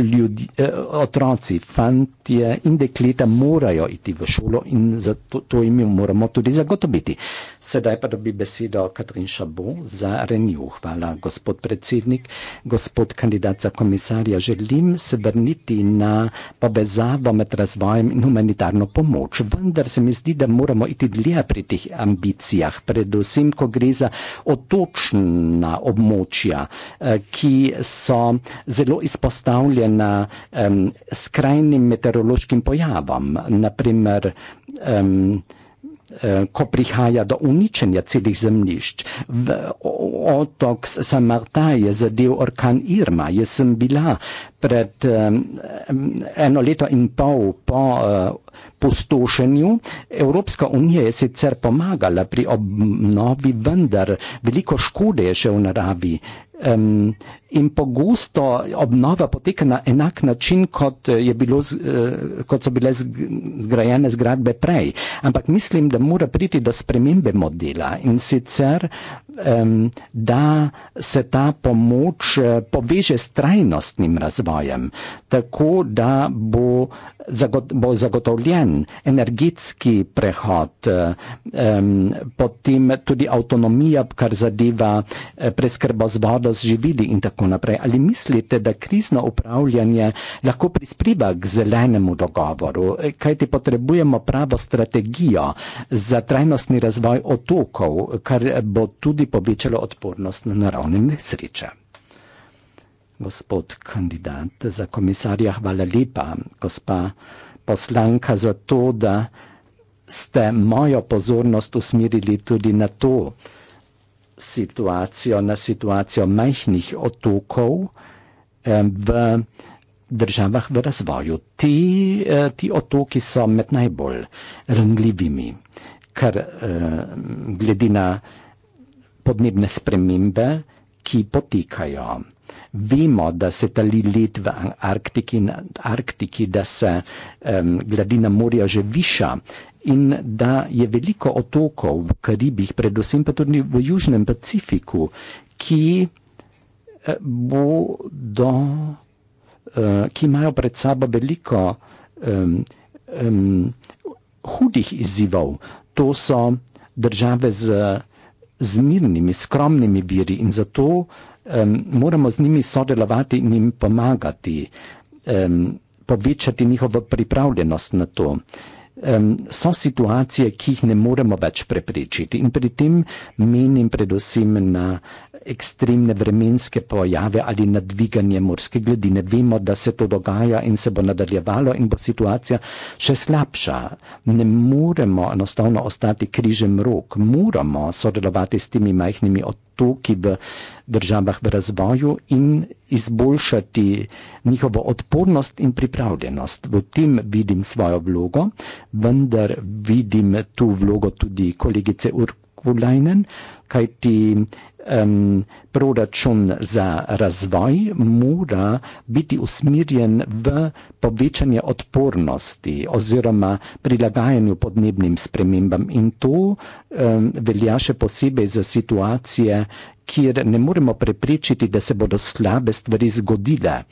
ljudi, eh, otroci, fantje eh, in dekleta morajo iti v šolo in zato to jim jo moramo tudi zagotoviti. Sedaj pa dobi besedo Katrin Šabo za Renju. Hvala, gospod predsednik, gospod kandidat za komisarja. Želim se vrniti na povezavo med razvojem in humanitarno pomoč, vendar se mi zdi, da moramo iti dlje pri teh ambicijah, predvsem, ko gre za otočna območja, eh, ki so zelo izpostavljena na um, eh, skrajnim meteorološkim pojavam, naprimer, um, eh, ko prihaja do uničenja celih zemljišč. V otok San Marta je zadev orkan Irma. Jaz sem bila pred um, eno leto in pol po uh, eh, postošenju. Evropska unija je sicer pomagala pri obnovi, vendar veliko škode je še v naravi. Um, in pogosto obnova poteka na enak način, kot, eh, bilo, eh, kot so bile zgrajene zgradbe prej. Ampak mislim, da mora priti do spremembe modela in sicer, da se ta pomoč eh, poveže s trajnostnim razvojem, tako da bo, zagot, bo zagotovljen energetski prehod, potem tudi avtonomija, kar zadeva preskrbo z vodo, z živili in tako tako naprej. Ali mislite, da krizno upravljanje lahko prispriva k zelenemu dogovoru, kajti potrebujemo pravo strategijo za trajnostni razvoj otokov, kar bo tudi povečalo odpornost na naravne nesreče? Gospod kandidat za komisarja, hvala lepa, gospa poslanka, za to, da ste mojo pozornost usmerili tudi na to, da situacijo, na situacijo majhnih otokov v državah v razvoju. Ti, eh, ti otoki so med najbolj rnljivimi, ker eh, glede na podnebne spremembe, ki potekajo. Vemo, da se tali let v Arktiki in Arktiki, da se um, gladina morja že viša, in da je veliko otokov v Karibih, predvsem pa tudi v Južnem Pacifiku, ki eh, bodo, eh, ki imajo pred sabo veliko um, um, hudih izzivov. To so države z, z mirnimi, skromnimi viri in zato um, moramo z njimi sodelovati in jim pomagati, um, povečati njihovo pripravljenost na to. Um, um, so situacije, ki jih ne moremo več preprečiti in pri tem menim predvsem na ekstremne vremenske pojave ali nadviganje morske gladine. Vemo, da se to dogaja in se bo nadaljevalo in bo situacija še slabša. Ne moremo enostavno ostati križem rok, moramo sodelovati s temi majhnimi otokami otoki v državah v razvoju in izboljšati njihovo odpornost in pripravljenost. V tem vidim svojo vlogo, vendar vidim tu vlogo tudi kolegice Urkulajnen, kajti um, proračun za razvoj mora biti usmerjen v povečanje odpornosti oziroma prilagajanju podnebnim spremembam in to um, velja še posebej za situacije, kjer ne moremo preprečiti, da se bodo slabe stvari zgodile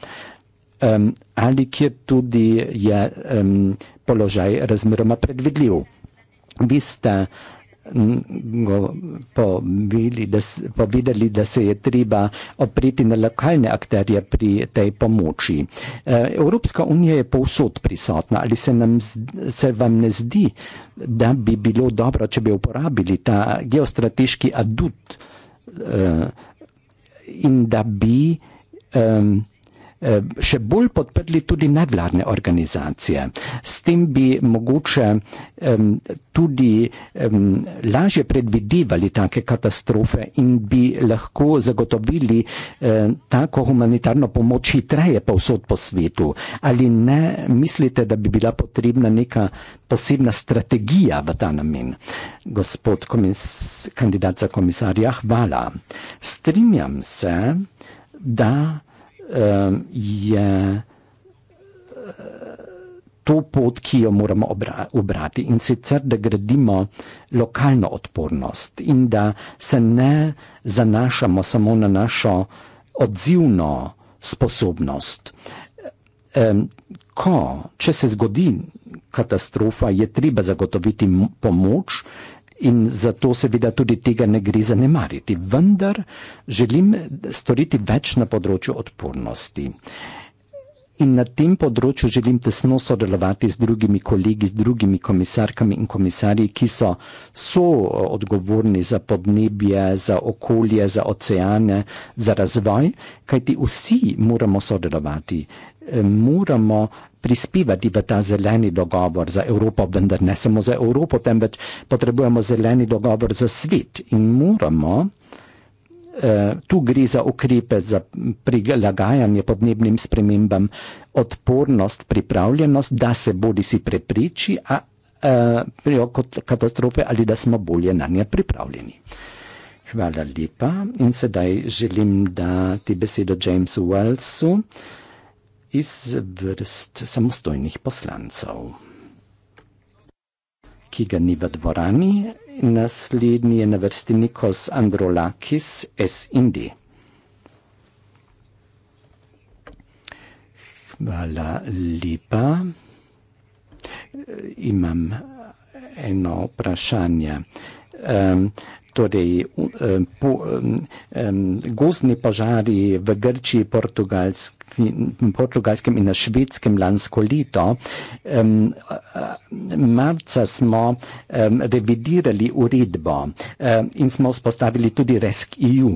um, ali kjer tudi je um, položaj razmeroma predvidljiv. Vi ste povedali, da se je treba opreti na lokalne akterje pri tej pomoči. Eh, Evropska unija je povsod prisotna. Ali se, nam, se vam ne zdi, da bi bilo dobro, če bi uporabili ta geostrateški adut eh, in da bi. Eh, še bolj podprli tudi nevladne organizacije. S tem bi mogoče um, tudi um, lažje predvidevali take katastrofe in bi lahko zagotovili um, tako humanitarno pomoč hitreje pa vsod po svetu. Ali ne mislite, da bi bila potrebna neka posebna strategija v ta namen? Gospod komis, kandidat za komisarja, hvala. Strinjam se, da um, je eh, to pot, ki jo moramo obra obrati in sicer, da gradimo lokalno odpornost in da se ne zanašamo samo na našo odzivno sposobnost. Um, ko, če se zgodi katastrofa, je treba zagotoviti pomoč, in zato seveda tudi tega ne gre zanemariti. Vendar želim storiti več na področju odpornosti. In na tem področju želim tesno sodelovati z drugimi kolegi, z drugimi komisarkami in komisarji, ki so soodgovorni eh, za podnebje, za okolje, za oceane, za razvoj, kajti vsi moramo sodelovati. Eh, moramo prispevati v ta zeleni dogovor za Evropo, vendar ne samo za Evropo, temveč potrebujemo zeleni dogovor za svet in moramo. Eh, tu gre za ukrepe za prilagajanje podnebnim spremembam, odpornost, pripravljenost, da se bodi si prepriči a, a, eh, prijo kot katastrofe ali da smo bolje na nje pripravljeni. Hvala lepa in sedaj želim dati besedo Jamesu Wellsu i z wyrst samostojnych poslanców. Kiga ni we dworami, naslednie na wersji Nikos Androlakis z Indii. Chwala lipa. I mam jedno pytanie. Um, torej um, um, po, um, um, gozdni požari v Grčiji, portugalski, portugalskem in na švedskem lansko leto. Um, marca smo um, revidirali uredbo um, in smo vzpostavili tudi RESC EU.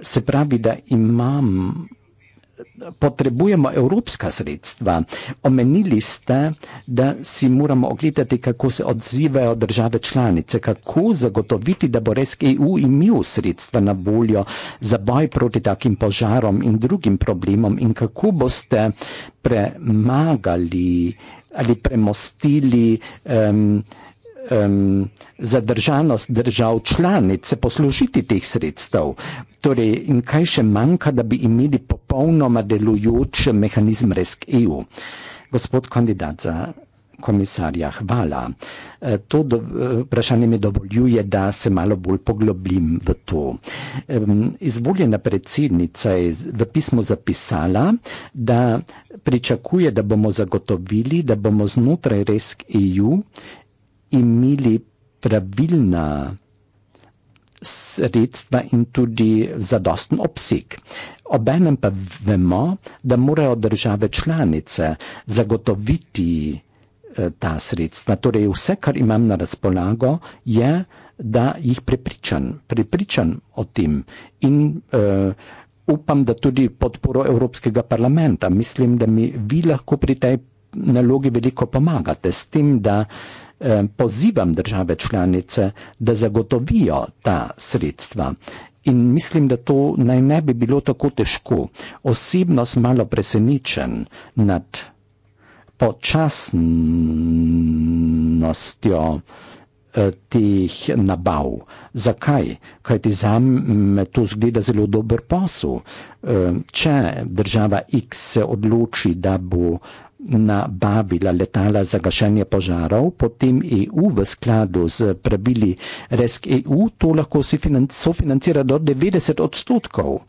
Se pravi, da imamo potrebujemo evropska sredstva. Omenili ste, da si moramo ogledati, kako se odzivajo države članice, kako zagotoviti, da bo res EU imel sredstva na voljo za boj proti takim požarom in drugim problemom in kako boste premagali ali premostili. Um, um, zadržanost držav članice poslužiti teh sredstev. Torej, in kaj še manjka, da bi imeli popolnoma delujoč mehanizem RESK EU? Gospod kandidat za komisarja, hvala. E, to do, e, vprašanje mi dovoljuje, da se malo bolj poglobim v to. Izvoljena predsednica je v pismu zapisala, da pričakuje, da bomo zagotovili, da bomo znotraj RESK EU imeli pravilna sredstva in tudi zadosten obseg. Obenem pa vemo, da morajo države članice zagotoviti eh, ta sredstva. Torej, vse, kar imam na razpolago, je, da jih prepričam, prepričam o tem in uh, upam, da tudi podporo Evropskega parlamenta. Mislim, da mi vi lahko pri tej nalogi veliko pomagate s tem, da uh, pozivam države članice, da zagotovijo ta sredstva. In mislim, da to naj ne bi bilo tako težko. Osebno sem malo presenečen nad počasnostjo e, teh nabav. Zakaj? Kaj ti za me to zgleda zelo dober posel? E, če država X se odloči, da bo nabavila letala za gašenje požarov, potem EU v skladu z pravili RESC-EU to lahko sofinancira do 90 odstotkov.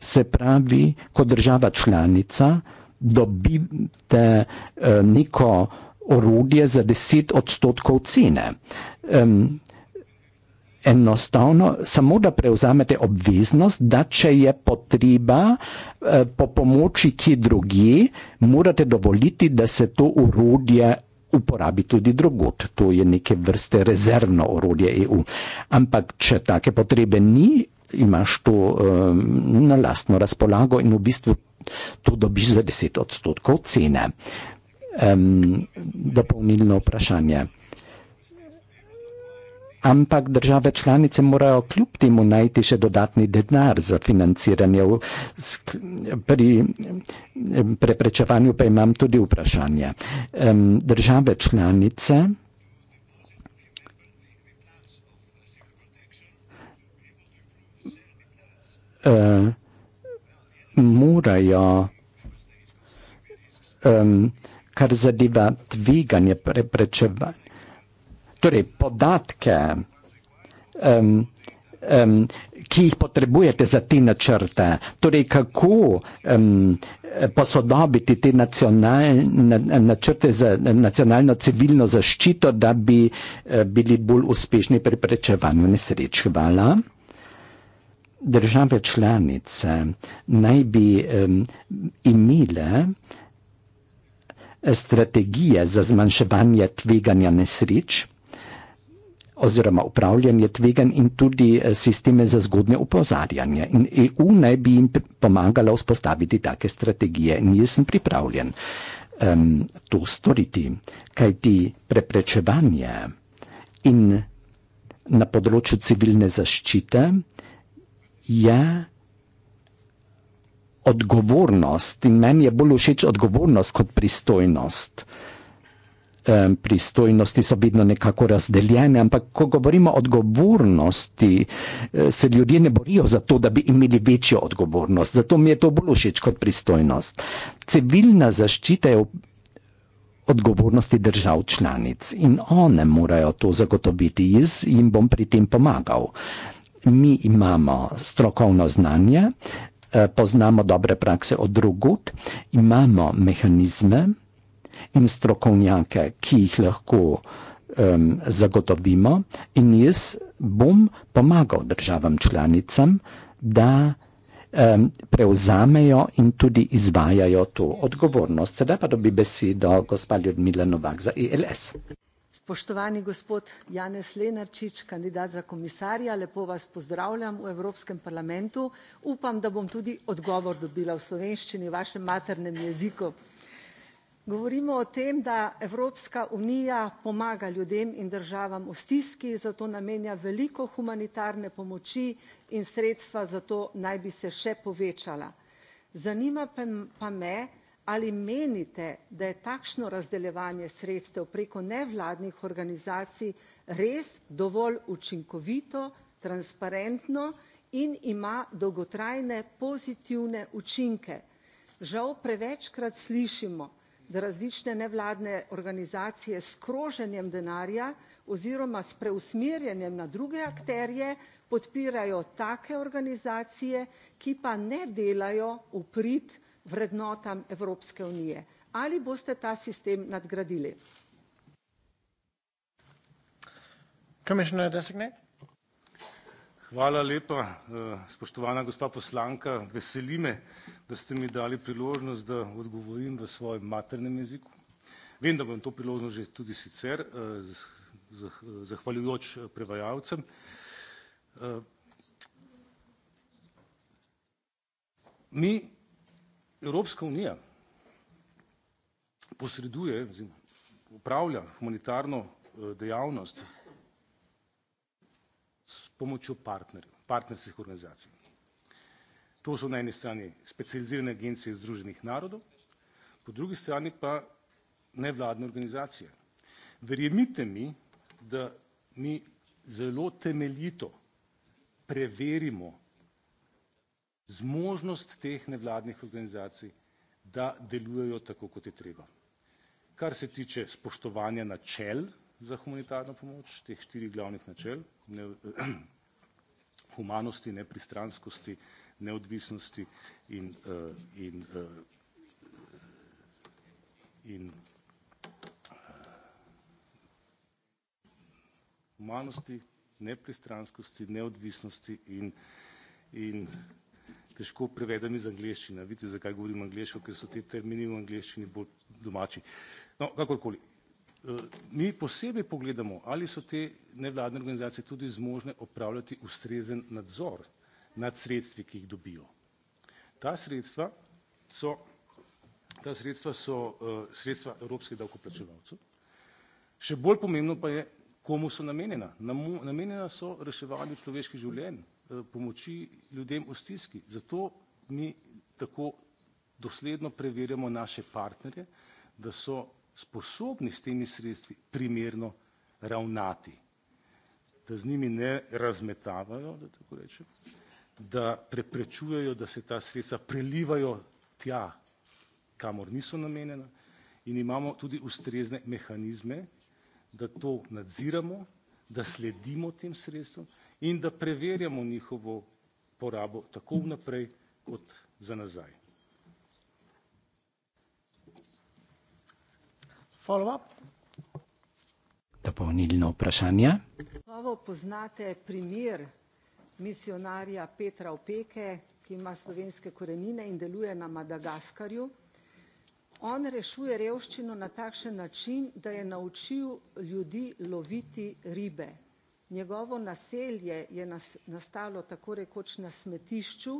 Se pravi, kot država članica dobite eh, neko orodje za 10 odstotkov cene enostavno, samo da prevzamete obveznost, da če je potreba eh, po pomoči, ki drugi, morate dovoliti, da se to urodje uporabi tudi drugot. To je neke vrste rezervno urodje EU. Ampak, če take potrebe ni, imaš to eh, na lastno razpolago in v bistvu to dobiš za 10 odstotkov cene. Um, dopolnilno vprašanje ampak države članice morajo kljub temu najti še dodatni denar za financiranje. Pri preprečevanju pa imam tudi vprašanje. Države članice e, morajo kar zadeva tveganje preprečevanja torej podatke, um, um, ki jih potrebujete za te načrte, torej kako um, posodobiti te načrte za nacionalno civilno zaščito, da bi eh, bili bolj uspešni pri preprečevanju nesreč. Hvala. Države članice naj bi um, imele eh, strategije za zmanjševanje tveganja nesreč oziroma upravljanje tvegan in tudi eh, sisteme za zgodnje upozarjanje. In EU naj bi jim pomagala vzpostaviti take strategije. Nisem sem pripravljen um, to storiti, kajti preprečevanje in na področju civilne zaščite je odgovornost in meni je bolj všeč odgovornost kot pristojnost pristojnosti so vedno nekako razdeljene, ampak ko govorimo o odgovornosti, eh, se ljudje ne borijo za to, da bi imeli večjo odgovornost. Zato mi je to bolj všeč kot pristojnost. Civilna zaščita je odgovornosti držav članic in one morajo to zagotoviti. Jaz jim bom pri tem pomagal. Mi imamo strokovno znanje, eh, poznamo dobre prakse od drugot, imamo mehanizme, in strokovnjake, ki jih lahko um, zagotovimo, in jaz bom pomagal državam članicam, da um, prevzamejo in tudi izvajajo to odgovornost. Sedaj pa dobi besedo gospa Ljudmila Novak za ELS. Poštovani gospod Janez Lenarčič, kandidat za komisarja, lepo vas pozdravljam v Evropskem parlamentu. Upam, da bom tudi odgovor dobila v slovenščini, vašem maternem jeziku. Govorimo o tem, da Evropska unija pomaga ljudem in državam v stiski, zato namenja veliko humanitarne pomoči in sredstva za to naj bi se še povečala. Zanima pa me, ali menite, da je takšno razdeljevanje sredstev preko nevladnih organizacij res dovolj učinkovito, transparentno in ima dolgotrajne pozitivne učinke. Žal prevečkrat slišimo, da različne nevladne organizacije s kroženjem denarja oziroma s preusmerjanjem na druge akterje podpirajo take organizacije, ki pa ne delajo v prid vrednotam Evropske unije. Ali boste ta sistem nadgradili? Hvala lepa, eh, spoštovana gospa poslanka. Veseli me, da ste mi dali priložnost, da odgovorim v svojem maternem jeziku. Vem, da bom to priložnost že tudi sicer, eh, zahvaljujoč eh, prevajalcem. Eh, mi, Evropska unija, posreduje, upravlja humanitarno dejavnost s pomočjo partnerjev, partnerskih organizacij. To so na eni strani specializirane agencije Združenih narodov, po drugi strani pa nevladne organizacije. Verjemite mi, da mi zelo temeljito preverimo zmožnost teh nevladnih organizacij, da delujejo tako, kot je treba. Kar se tiče spoštovanja načel za humanitarno pomoč, teh štirih glavnih načel, ne, humanosti, nepristranskosti, neodvisnosti in, uh, in, uh, in uh, humanosti, nepristranskosti, neodvisnosti in, in težko prevedem iz angleščine. Vidite, zakaj govorim angleško, ker so te termini v angleščini bolj domači. No, kakorkoli. Mi posebej pogledamo, ali so te nevladne organizacije tudi zmožne opravljati ustrezen nadzor nad sredstvi, ki jih dobijo. Ta sredstva so, ta sredstva so uh, sredstva evropskih davkoplačevalcev. Še bolj pomembno pa je, komu so namenjena. Namo, namenjena so reševanju človeških življenj, uh, pomoči ljudem v stiski. Zato mi tako dosledno preverjamo naše partnerje, da so sposobni s temi sredstvi primerno ravnati, da z njimi ne razmetavajo, da tako rečem, uh, da preprečujejo, da se ta sredstva prelivajo tja, kamor niso namenjena in imamo tudi ustrezne mehanizme, da to nadziramo, da sledimo tem sredstvom in da preverjamo njihovo porabo tako vnaprej kot za nazaj. Dopolnilno vprašanje. Pravo poznate primer misijonarja Petra Opeke, ki ima slovenske korenine in deluje na Madagaskarju. On rešuje revščino na takšen način, da je naučil ljudi loviti ribe. Njegovo naselje je nastalo tako rekoč na smetišču.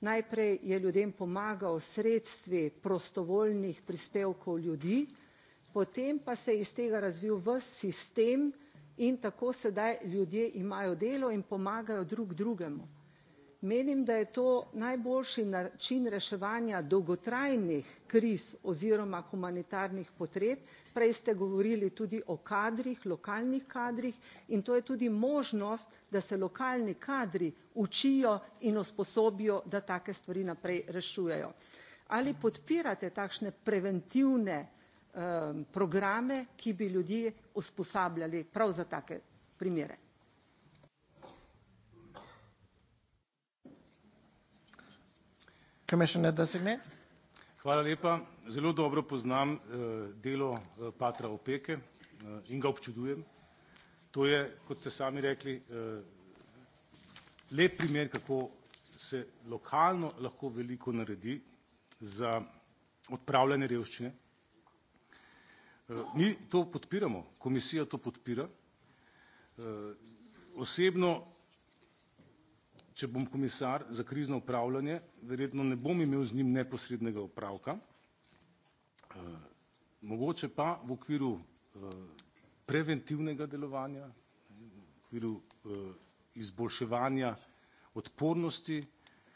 Najprej je ljudem pomagal sredstvi prostovoljnih prispevkov ljudi, potem pa se je iz tega razvil v sistem, in tako sedaj ljudje imajo delo in pomagajo drug drugemu. Menim, da je to najboljši način reševanja dolgotrajnih kriz oziroma humanitarnih potreb. Prej ste govorili tudi o kadrih, lokalnih kadrih in to je tudi možnost, da se lokalni kadri učijo in osposobijo, da take stvari naprej rešujejo. Ali podpirate takšne preventivne Um, programe, ki bi ljudi usposabljali prav za take primere. Hvala lepa. Zelo dobro poznam eh, delo eh, patra Opeke eh, in ga občudujem. To je, kot ste sami rekli, lep primer, kako se lokalno lahko veliko naredi za odpravljanje revščine. Mi to podpiramo, komisija to podpira. Eh, osebno, če bom komisar za krizno upravljanje, verjetno ne bom imel z njim neposrednega upravka. Eh, mogoče pa v okviru eh, preventivnega delovanja, v okviru izboljševanja odpornosti,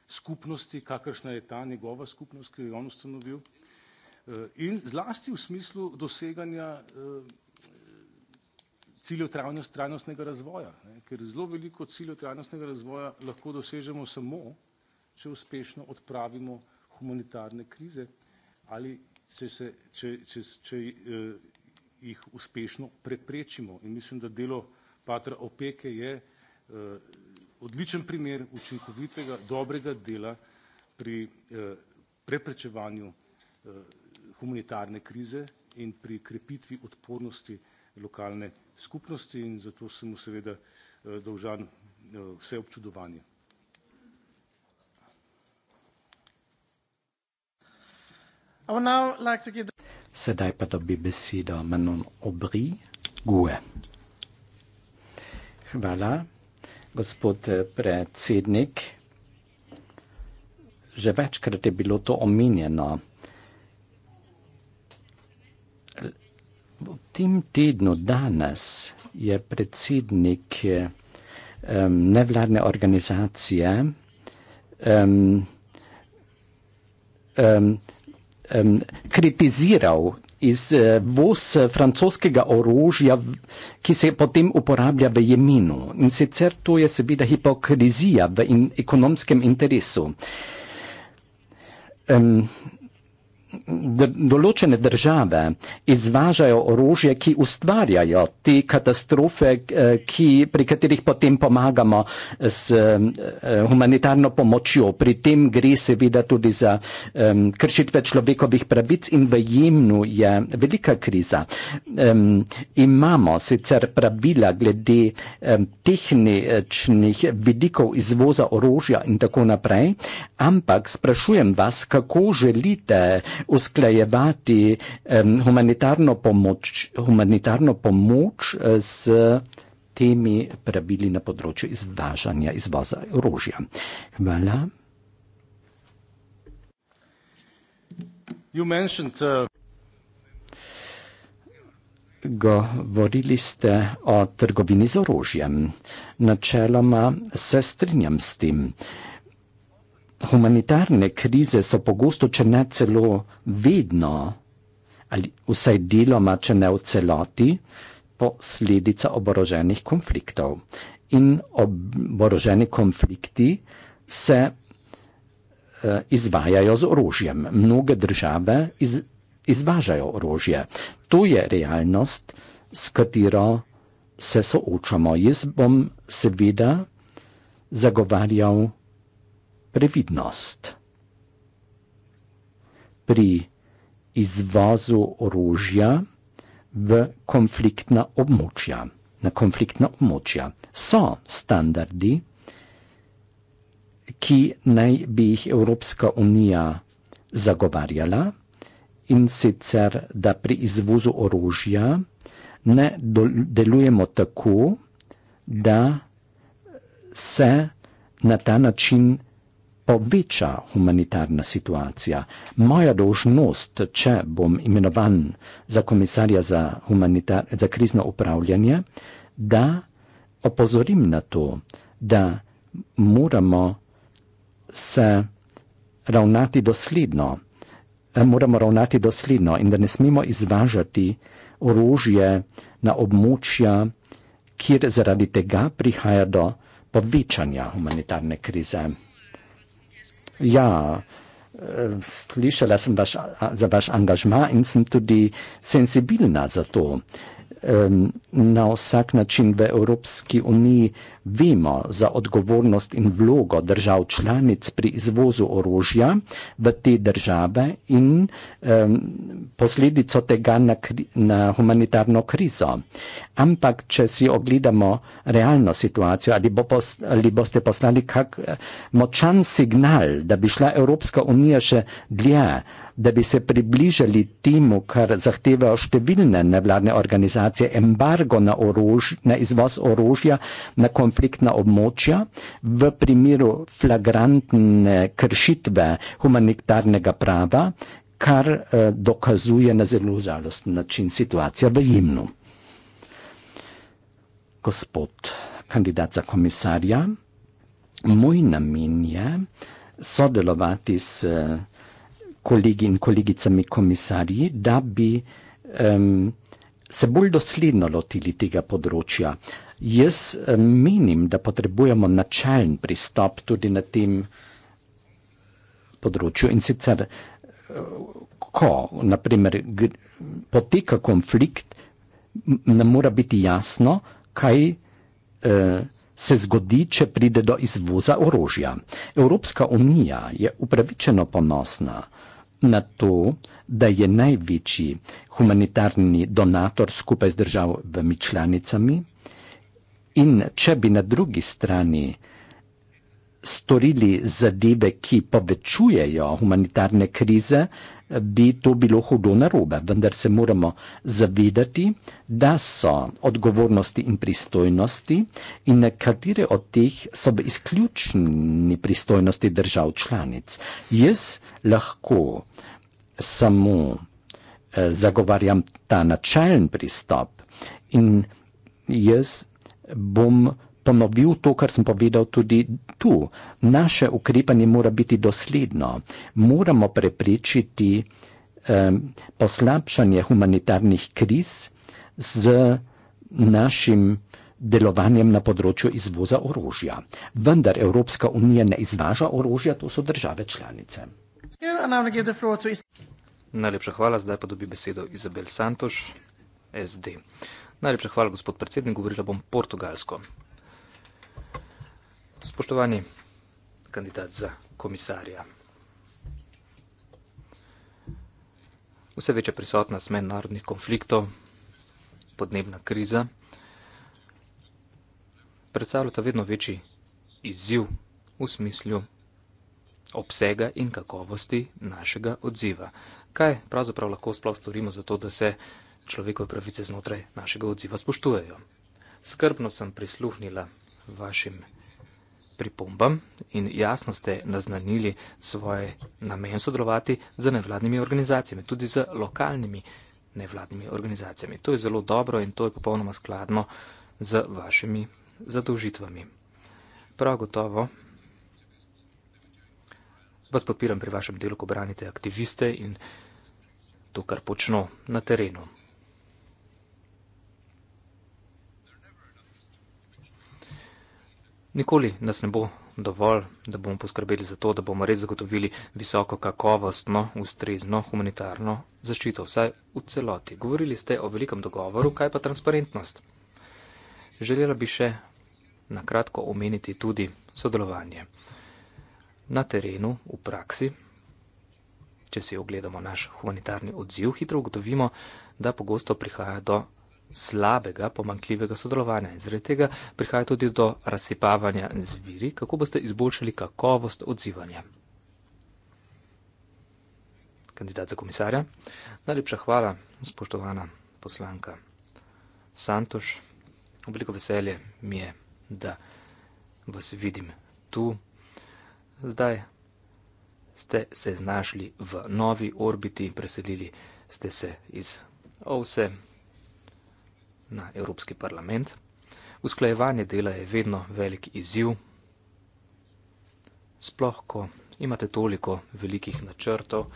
skupnosti, kakršna je ta njegova skupnost, ki jo je on ustanovil, Eh, in zlasti v smislu doseganja eh, ciljev trajnostnega razvoja, ker zelo veliko ciljev trajnostnega razvoja lahko dosežemo samo, če uspešno odpravimo humanitarne krize ali če eh, jih uspešno preprečimo. In mislim, da delo Patra Opeke je odličen primer učinkovitega, dobrega dela pri preprečevanju humanitarne krize in pri krepitvi odpornosti lokalne skupnosti in zato sem mu seveda eh, dolžan eh, vse občudovanje. Sedaj pa dobi besedo Manon Obri Gue. Hvala, gospod eh, predsednik. Že večkrat je bilo to omenjeno. V tem tednu danes je predsednik um, nevladne organizacije um, um, um, kritiziral iz uh, voz francoskega orožja, ki se potem uporablja v Jemenu. In sicer to je seveda hipokrizija v in, ekonomskem interesu. Um, določene države izvažajo orožje, ki ustvarjajo te katastrofe, eh, ki, pri katerih potem pomagamo z eh, humanitarno pomočjo. Pri tem gre seveda tudi za um, kršitve človekovih pravic in v Jemnu je velika kriza. Um, imamo sicer pravila glede um, tehničnih vidikov izvoza orožja in tako naprej, ampak sprašujem vas, kako želite, usklajevati eh, humanitarno pomoč, humanitarno pomoč eh, z temi pravili na področju izvažanja, izvoza orožja. Hvala. Uh, Govorili ste o trgovini z orožjem. Načeloma se strinjam s tem. Humanitarne krize so pogosto, če ne celo vedno, ali vsaj deloma, če ne v celoti, posledica oboroženih konfliktov. In oboroženi konflikti se eh, izvajajo z orožjem. Mnoge države iz, izvažajo orožje. To je realnost, s katero se soočamo. Jaz bom seveda zagovarjal previdnost. Pri izvozu orožja v konfliktna območja, na konfliktna območja so standardi, ki naj bi jih Evropska unija zagovarjala in sicer, da pri izvozu orožja ne delujemo tako, da se na ta način poveča humanitarna situacija. Moja dožnost, če bom imenovan za komisarja za, za krizno upravljanje, da opozorim na to, da moramo se ravnati dosledno, moramo ravnati dosledno in da ne smemo izvažati orožje na območja, kjer zaradi tega prihaja do povečanja humanitarne krize. Ja, eh, slišala sem vaš, za vaš angažma in sem tudi senzibilna za to um, na vsak način v Evropski uniji vemo za odgovornost in vlogo držav članic pri izvozu orožja v te države in um, posledico tega na, kri, na humanitarno krizo. Ampak, če si ogledamo realno situacijo, ali, bo pos, ali boste poslali kak močan signal, da bi šla Evropska unija še dlje, da bi se približali temu, kar zahtevajo številne nevladne organizacije, embargo na, orož, na izvoz orožja na konfliktna območja v primeru flagrantne kršitve humanitarnega prava, kar eh, dokazuje na zelo žalosten način situacija v Jimnu. Gospod kandidat za komisarja, moj namen je sodelovati s eh, kolegi in kolegicami komisarji, da bi um, se bolj dosledno lotili tega področja. Jaz um, menim, da potrebujemo načeljen pristop tudi na tem področju in sicer, ko naprimer poteka konflikt, ne mora biti jasno, kaj uh, se zgodi, če pride do izvoza orožja. Evropska unija je upravičeno ponosna na to, da je največji humanitarni donator skupaj z državami članicami in če bi na drugi strani storili zadeve, ki povečujejo humanitarne krize, bi to bilo hudo narobe. Vendar se moramo zavedati, da so odgovornosti in pristojnosti in nekatere od teh so v izključni pristojnosti držav članic. Jaz lahko samo eh, zagovarjam ta načelen pristop in jaz bom ponovil to, kar sem povedal tudi tu. Naše ukrepanje mora biti dosledno. Moramo preprečiti eh, poslabšanje humanitarnih kriz z našim delovanjem na področju izvoza orožja. Vendar Evropska unija ne izvaža orožja, to so države članice. Yeah, Najlepša hvala, zdaj pa dobi besedo Izabel Santoš, SD. Najlepša hvala, gospod predsednik, govorila bom portugalsko. Spoštovani kandidat za komisarja. Vse večja prisotnost mednarodnih konfliktov, podnebna kriza, predstavljata vedno večji izziv v smislu obsega in kakovosti našega odziva kaj pravzaprav lahko sploh storimo za to, da se človekove pravice znotraj našega odziva spoštujejo. Skrbno sem prisluhnila vašim pripombam in jasno ste naznanili svoje namen sodelovati z nevladnimi organizacijami, tudi z lokalnimi nevladnimi organizacijami. To je zelo dobro in to je popolnoma skladno z vašimi zadolžitvami. Prav gotovo vas podpiram pri vašem delu, ko branite aktiviste in to, kar počno na terenu. Nikoli nas ne bo dovolj, da bomo poskrbeli za to, da bomo res zagotovili visoko kakovostno, ustrezno humanitarno zaščito, vsaj v celoti. Govorili ste o velikem dogovoru, kaj pa transparentnost? Želela bi še na kratko omeniti tudi sodelovanje na terenu, v praksi, če si ogledamo naš humanitarni odziv, hitro ugotovimo, da pogosto prihaja do slabega, pomankljivega sodelovanja in zaradi tega prihaja tudi do razsipavanja zviri, kako boste izboljšali kakovost odzivanja. Kandidat za komisarja, najlepša hvala, spoštovana poslanka Santoš. Obliko veselje mi je, da vas vidim tu zdaj ste se znašli v novi orbiti, preselili ste se iz OVSE na Evropski parlament. Usklajevanje dela je vedno velik izziv, sploh ko imate toliko velikih načrtov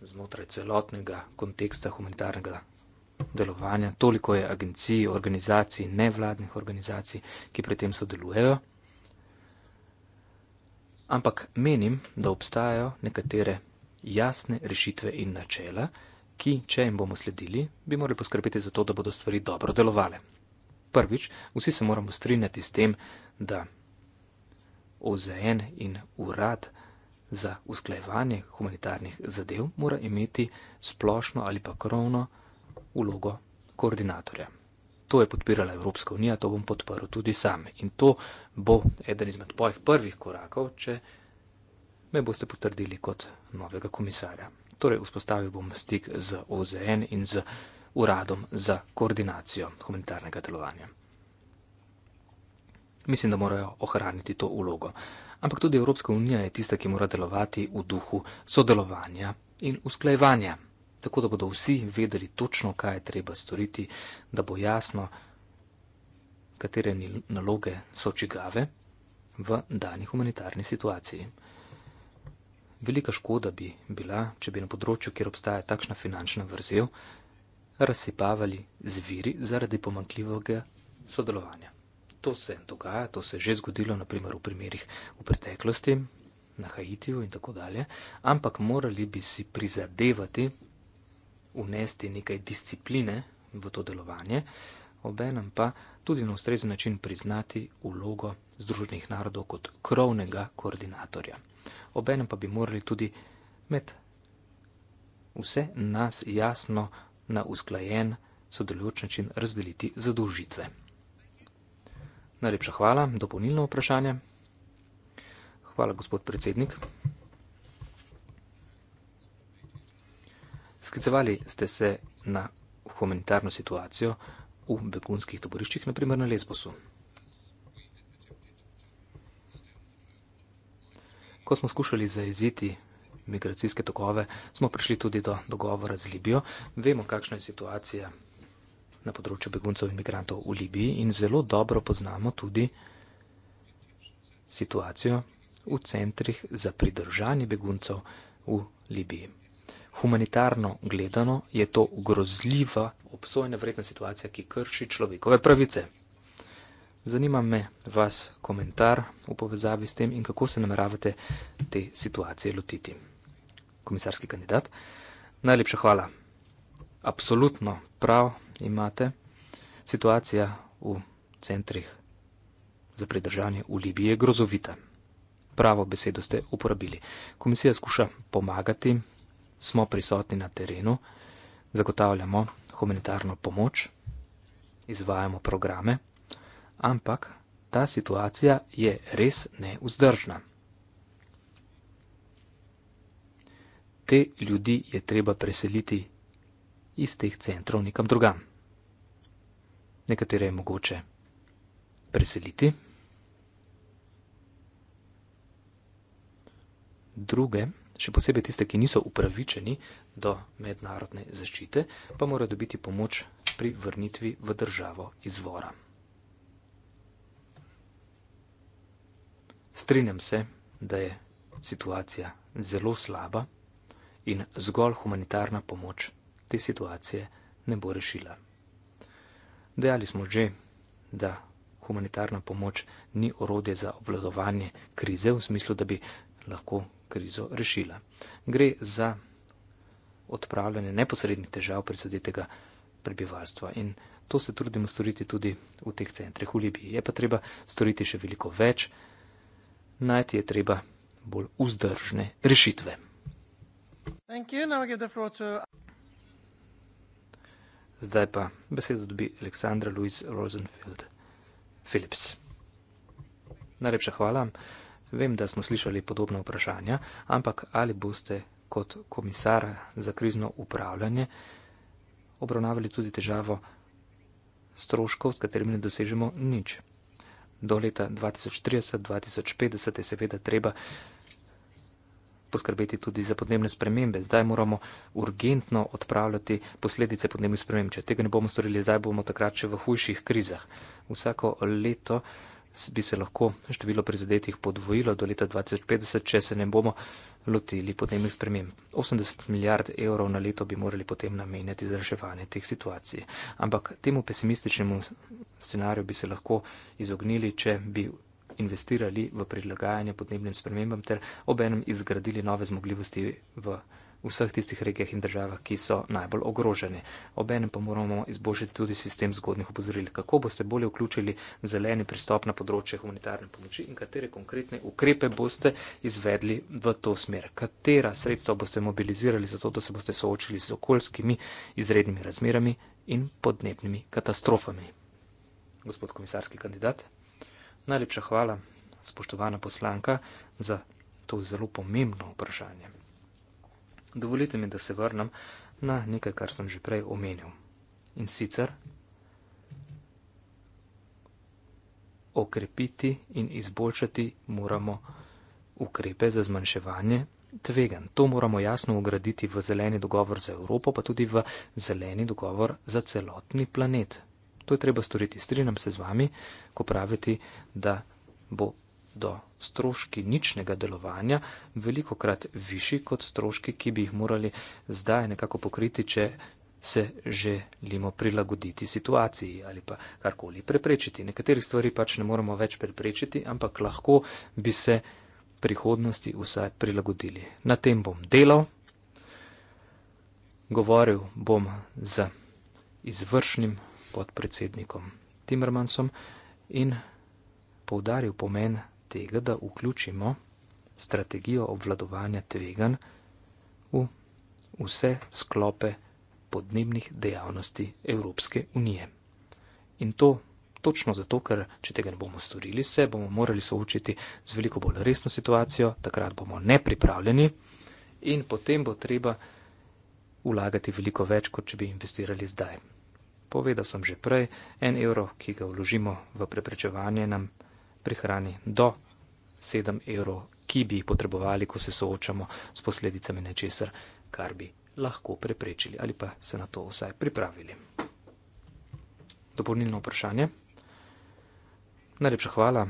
znotraj celotnega konteksta humanitarnega delovanja, toliko je agencij, organizacij, nevladnih organizacij, ki pri tem sodelujejo. Ampak menim, da obstajajo nekatere jasne rešitve in načela, ki, če jim bomo sledili, bi morali poskrbeti za to, da bodo stvari dobro delovale. Prvič, vsi se moramo strinjati s tem, da OZN in urad za usklajevanje humanitarnih zadev mora imeti splošno ali pa krovno ulogo koordinatorja to je podpirala Evropska unija, to bom podprl tudi sam. In to bo eden izmed mojih prvih korakov, če me boste potrdili kot novega komisarja. Torej, vzpostavil bom stik z OZN in z uradom za koordinacijo humanitarnega delovanja. Mislim, da morajo ohraniti to ulogo. Ampak tudi Evropska unija je tista, ki mora delovati v duhu sodelovanja in usklajevanja tako da bodo vsi vedeli točno, kaj je treba storiti, da bo jasno, katere naloge so čigave v dani humanitarni situaciji. Velika škoda bi bila, če bi na področju, kjer obstaja takšna finančna vrzel, razsipavali zviri zaradi pomankljivega sodelovanja. To se dogaja, to se je že zgodilo, naprimer v primerih v preteklosti, na Haitiju in tako dalje, ampak morali bi si prizadevati, unesti nekaj discipline v to delovanje, obenem pa tudi na ustrezen način priznati vlogo Združenih narodov kot krovnega koordinatorja. Obenem pa bi morali tudi med vse nas jasno na usklajen sodelujoč način razdeliti zadolžitve. Najlepša hvala, dopolnilno vprašanje. Hvala, gospod predsednik. Sklicevali ste se na humanitarno situacijo v begunskih taboriščih, naprimer na Lesbosu. Ko smo skušali zajeziti migracijske tokove, smo prišli tudi do dogovora z Libijo. Vemo, kakšna je situacija na področju beguncev in migrantov v Libiji in zelo dobro poznamo tudi situacijo v centrih za pridržanje beguncev v Libiji humanitarno gledano je to grozljiva, obsojena vredna situacija, ki krši človekove pravice. Zanima me vas komentar v povezavi s tem in kako se nameravate te situacije lotiti. Komisarski kandidat, najlepša hvala. Absolutno prav imate. Situacija v centrih za pridržanje v Libiji je grozovita. Pravo besedo ste uporabili. Komisija skuša pomagati smo prisotni na terenu, zagotavljamo humanitarno pomoč, izvajamo programe, ampak ta situacija je res neuzdržna. Te ljudi je treba preseliti iz teh centrov nekam drugam. Nekatere je mogoče preseliti, druge pa še posebej tiste, ki niso upravičeni do mednarodne zaščite, pa mora dobiti pomoč pri vrnitvi v državo izvora. Strinjam se, da je situacija zelo slaba in zgolj humanitarna pomoč te situacije ne bo rešila. Dejali smo že, da humanitarna pomoč ni orodje za obvladovanje krize v smislu, da bi lahko krizo rešila. Gre za odpravljanje neposrednih težav prizadetega prebivalstva in to se trudimo storiti tudi v teh centrih v Libiji. Je pa treba storiti še veliko več, najti je treba bolj vzdržne rešitve. Zdaj pa besedo dobi Aleksandra Louise Rosenfeld Philips. Najlepša hvala. Vem, da smo slišali podobna vprašanja, ampak ali boste kot komisar za krizno upravljanje obravnavali tudi težavo stroškov, s katerimi ne dosežemo nič. Do leta 2030-2050 je seveda treba poskrbeti tudi za podnebne spremembe. Zdaj moramo urgentno odpravljati posledice podnebnih sprememb. Če tega ne bomo storili, zdaj bomo takrat še v hujših krizah. Vsako leto bi se lahko število prizadetih podvojilo do leta 2050, če se ne bomo lotili podnebnih sprememb. 80 milijard evrov na leto bi morali potem namenjati za reševanje teh situacij. Ampak temu pesimističnemu scenariju bi se lahko izognili, če bi investirali v prilagajanje podnebnim spremembam ter obenem izgradili nove zmogljivosti v vseh tistih regijah in državah, ki so najbolj ogrožene. Obenem pa moramo izboljšati tudi sistem zgodnih upozoril, kako boste bolje vključili zeleni pristop na področje humanitarne pomoči in katere konkretne ukrepe boste izvedli v to smer. Katera sredstva boste mobilizirali za to, da se boste soočili z okoljskimi izrednimi razmerami in podnebnimi katastrofami. Gospod komisarski kandidat, najlepša hvala, spoštovana poslanka, za to zelo pomembno vprašanje dovolite mi, da se vrnem na nekaj, kar sem že prej omenil. In sicer okrepiti in izboljšati moramo ukrepe za zmanjševanje tvegan. To moramo jasno ugraditi v zeleni dogovor za Evropo, pa tudi v zeleni dogovor za celotni planet. To je treba storiti. Strinjam se z vami, ko pravite, da bo do stroški ničnega delovanja veliko krat višji kot stroški, ki bi jih morali zdaj nekako pokriti, če se želimo prilagoditi situaciji ali pa karkoli preprečiti. Nekaterih stvari pač ne moremo več preprečiti, ampak lahko bi se prihodnosti vsaj prilagodili. Na tem bom delal, govoril bom z izvršnim podpredsednikom Timmermansom in poudaril pomen tega, da vključimo strategijo obvladovanja tveganj v vse sklope podnebnih dejavnosti Evropske unije. In to točno zato, ker če tega ne bomo storili, se bomo morali soočiti z veliko bolj resno situacijo, takrat bomo nepripravljeni in potem bo treba vlagati veliko več, kot če bi investirali zdaj. Povedal sem že prej, en evro, ki ga vložimo v preprečevanje, nam prihrani do 7 evrov, ki bi jih potrebovali, ko se soočamo s posledicami nečesar, kar bi lahko preprečili ali pa se na to vsaj pripravili. Dopolnilno vprašanje. Najlepša hvala,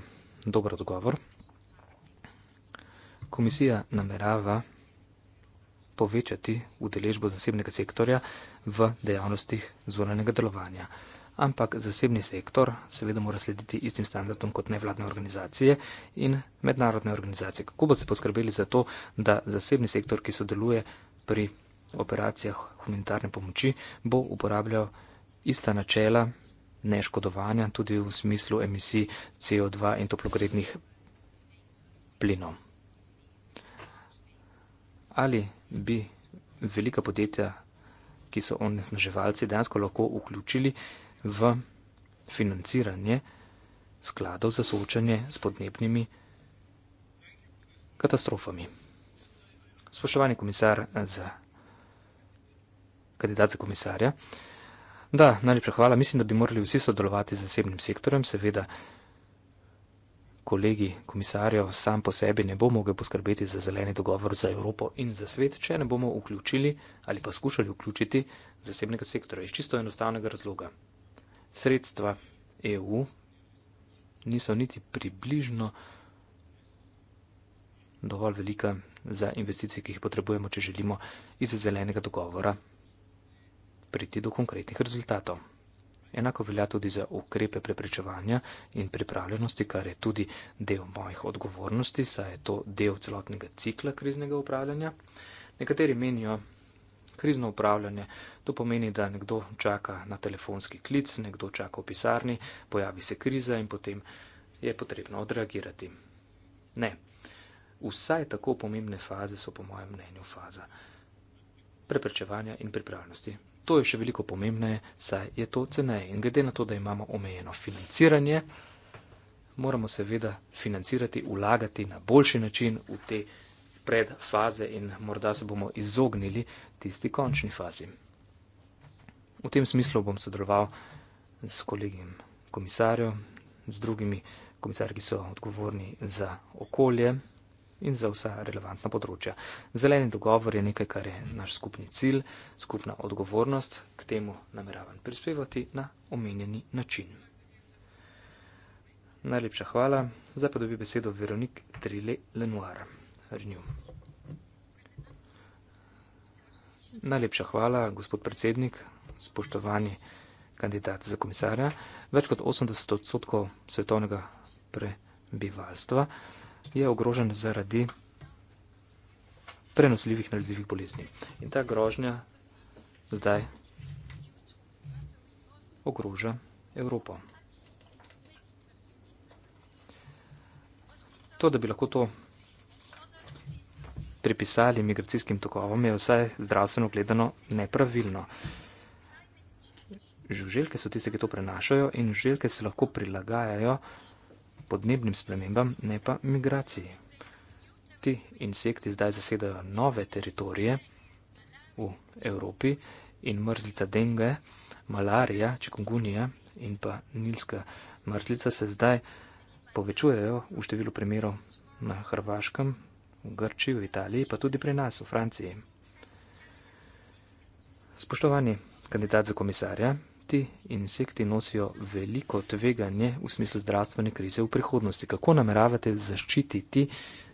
dober odgovor. Komisija namerava povečati udeležbo zasebnega sektorja v dejavnostih zvonanega delovanja ampak zasebni sektor seveda mora slediti istim standardom kot nevladne organizacije in mednarodne organizacije. Kako boste poskrbeli za to, da zasebni sektor, ki sodeluje pri operacijah humanitarne pomoči, bo uporabljal ista načela neškodovanja tudi v smislu emisij CO2 in toplogrednih plinov? Ali bi velika podjetja, ki so onesnaževalci, dejansko lahko vključili uh, v financiranje skladov za soočanje s podnebnimi katastrofami. Spoštovani komisar za kandidat za komisarja. Da, najlepša hvala. Mislim, da bi morali vsi sodelovati z zasebnim sektorjem. Seveda, kolegi komisarjev sam po sebi ne bo mogel poskrbeti za zeleni dogovor za Evropo in za svet, če ne bomo vključili ali pa skušali vključiti zasebnega sektorja iz čisto enostavnega razloga sredstva EU niso niti približno dovolj velika za investicije, ki jih potrebujemo, če želimo iz zelenega dogovora priti do konkretnih rezultatov. Enako velja tudi za ukrepe preprečevanja in pripravljenosti, kar je tudi del mojih odgovornosti, saj je to del celotnega cikla kriznega upravljanja. Nekateri menijo, krizno upravljanje. To pomeni, da nekdo čaka na telefonski klic, nekdo čaka v pisarni, pojavi se kriza in potem je potrebno odreagirati. Ne, vsaj tako pomembne faze so po mojem mnenju faza preprečevanja in pripravljenosti. To je še veliko pomembneje, saj je to ceneje. In glede na to, da imamo omejeno financiranje, moramo seveda financirati, ulagati na boljši način v te predfaze in morda se bomo izognili tisti končni fazi. V tem smislu bom sodeloval s kolegim komisarjem, z drugimi komisarji, ki so odgovorni za okolje in za vsa relevantna področja. Zeleni dogovor je nekaj, kar je naš skupni cilj, skupna odgovornost, k temu nameravam prispevati na omenjeni način. Najlepša hvala, zdaj pa dobi besedo Veronik Trile Lenoir. Arnjo. Najlepša hvala, gospod predsednik, spoštovani kandidat za komisarja. Več kot 80 odstotkov svetovnega prebivalstva je ogrožen zaradi prenosljivih nalezljivih bolezni. In ta grožnja zdaj ogroža Evropo. To, da bi lahko to pripisali migracijskim tokovom, je vsaj zdravstveno gledano nepravilno. Žuželke so tiste, ki to prenašajo in žuželke se lahko prilagajajo podnebnim spremembam, ne pa migraciji. Ti insekti zdaj zasedajo nove teritorije v Evropi in mrzlica denge, malarija, čikungunija in pa nilska mrzlica se zdaj povečujejo v številu primerov na Hrvaškem, v Grčiji, v Italiji, pa tudi pri nas, v Franciji. Spoštovani kandidat za komisarja, ti insekti nosijo veliko tveganje v smislu zdravstvene krize v prihodnosti. Kako nameravate zaščititi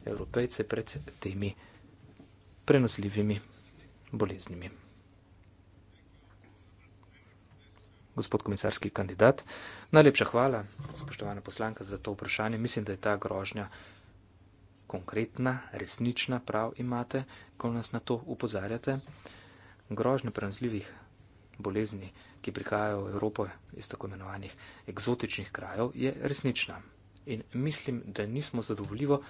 evropejce pred temi prenosljivimi boleznimi? Gospod komisarski kandidat, najlepša hvala, spoštovana poslanka, za to vprašanje. Mislim, da je ta grožnja konkretna, resnična, prav imate, ko nas na to upozarjate. Grožne prenosljivih bolezni, ki prihajajo v Evropo iz tako imenovanih eksotičnih krajev, je resnična. In mislim, da nismo zadovoljivo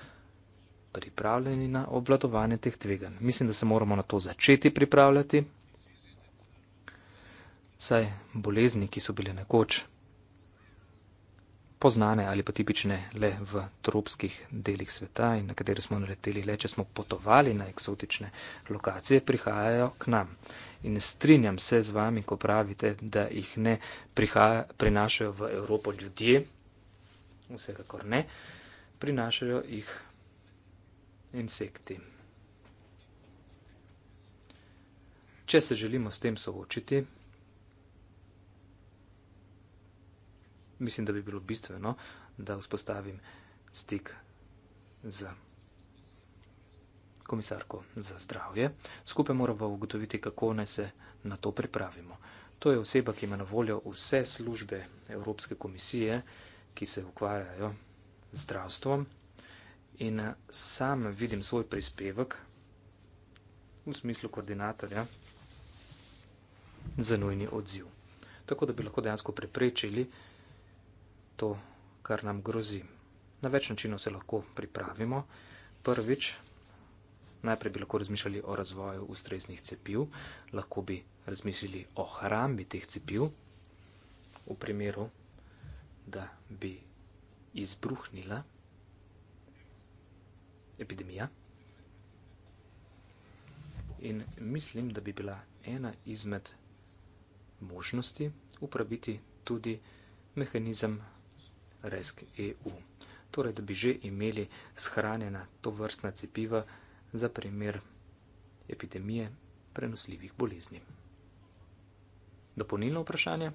pripravljeni na obvladovanje teh tveganj. Mislim, da se moramo na to začeti pripravljati. Saj bolezni, ki so bile nekoč poznane ali pa tipične le v tropskih delih sveta in na katere smo naleteli le, če smo potovali na eksotične lokacije, prihajajo k nam. In strinjam se z vami, ko pravite, da jih ne prihaja, prinašajo v Evropo ljudje, vsekakor ne, prinašajo jih insekti. Če se želimo s tem soočiti, mislim, da bi bilo bistveno, da vzpostavim stik z komisarko za zdravje. Skupaj moramo ugotoviti, kako naj se na to pripravimo. To je oseba, ki ima na voljo vse službe Evropske komisije, ki se ukvarjajo z zdravstvom in eh, sam vidim svoj prispevek v smislu koordinatorja za nujni odziv. Tako da bi lahko dejansko preprečili, to, kar nam grozi. Na več načinov se lahko pripravimo. Prvič, najprej bi lahko razmišljali o razvoju ustreznih cepiv, lahko bi razmišljali o hrambi teh cepiv, v primeru, da bi izbruhnila epidemija. In mislim, da bi bila ena izmed možnosti uporabiti tudi mehanizem resk.eu. Torej, da bi že imeli shranjena to vrstna cepiva za primer epidemije prenosljivih bolezni. Dopolnilno vprašanje.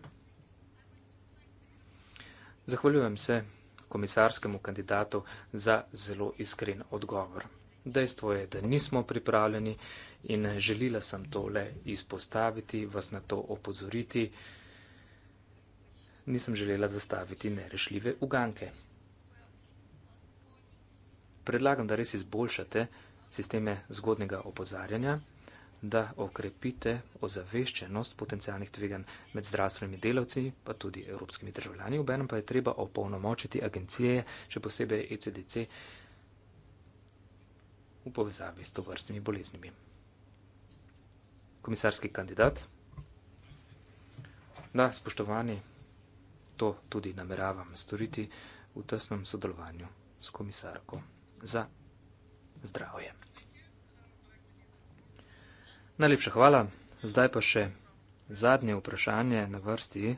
Zahvaljujem se komisarskemu kandidatu za zelo iskren odgovor. Dejstvo je, da nismo pripravljeni in želila sem tole izpostaviti, vas na to opozoriti nisem želela zastaviti nerešljive uganke. Predlagam, da res izboljšate sisteme zgodnega opozarjanja, da okrepite ozaveščenost potencijalnih tvegan med zdravstvenimi delavci, pa tudi evropskimi državljani. Obenem pa je treba opolnomočiti agencije, še posebej ECDC, v povezavi s tovrstnimi boleznimi. Komisarski kandidat. Da, spoštovani to tudi nameravam storiti v tesnem sodelovanju s komisarko za zdravje. Najlepša hvala. Zdaj pa še zadnje vprašanje na vrsti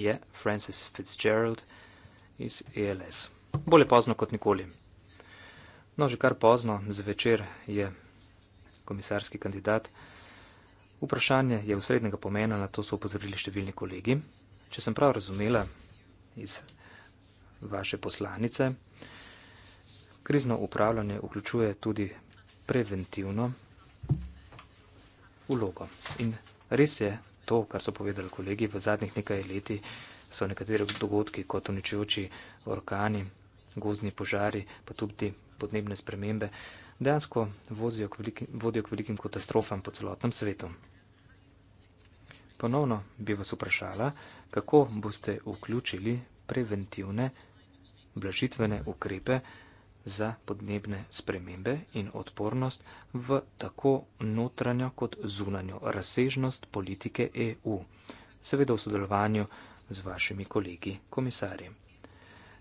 je Francis Fitzgerald iz ELS. Bolje pozno kot nikoli. No, že kar pozno, zvečer je komisarski kandidat. Vprašanje je v srednjega pomena, na to so upozorili številni kolegi. Če sem prav razumela iz vaše poslanice, krizno upravljanje vključuje tudi preventivno vlogo. In res je to, kar so povedali kolegi, v zadnjih nekaj leti so nekateri dogodki kot uničujoči orkani, gozni požari, pa tudi podnebne spremembe, dejansko vozijo k veliki, vodijo k velikim katastrofam po celotnem svetu. Ponovno bi vas vprašala, kako boste vključili preventivne blažitvene ukrepe za podnebne spremembe in odpornost v tako notranjo kot zunanjo razsežnost politike EU, seveda v sodelovanju z vašimi kolegi komisarji.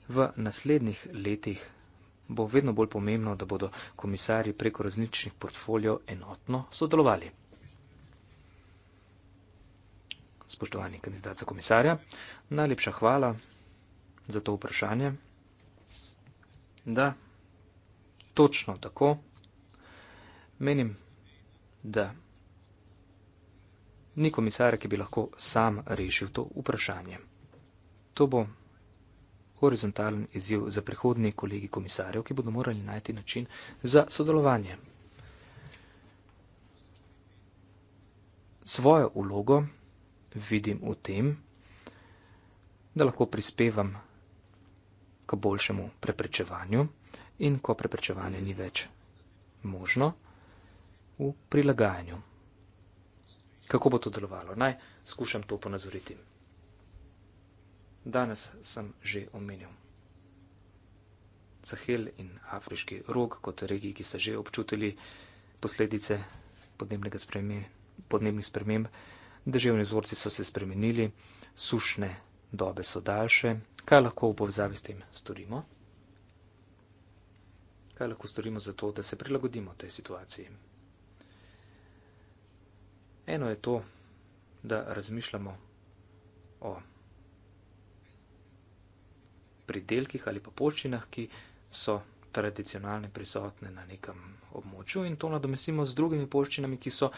V naslednjih letih bo vedno bolj pomembno, da bodo komisarji preko različnih portfolijev enotno sodelovali. spoštovani kandidat za komisarja. Najlepša hvala za to vprašanje. Da, točno tako. Menim, da ni komisarja, ki bi lahko sam rešil to vprašanje. To bo horizontalen izziv za prihodni kolegi komisarjev, ki bodo morali najti način za sodelovanje. Svojo ulogo vidim v tem, da lahko prispevam k boljšemu preprečevanju in ko preprečevanje ni več možno, v prilagajanju. Kako bo to delovalo? Naj skušam to ponazoriti. Danes sem že omenil Sahel in afriški rok kot regiji, ki sta že občutili posledice podnebnih sprememb. Podnebne spremembe. Deževni vzorci so se spremenili, sušne dobe so daljše. Kaj lahko v povezavi s tem storimo? Kaj lahko storimo za to, da se prilagodimo tej situaciji? Eno je to, da razmišljamo o pridelkih ali pa počinah, ki so tradicionalne prisotne na nekem območju in to nadomestimo z drugimi poščinami, ki so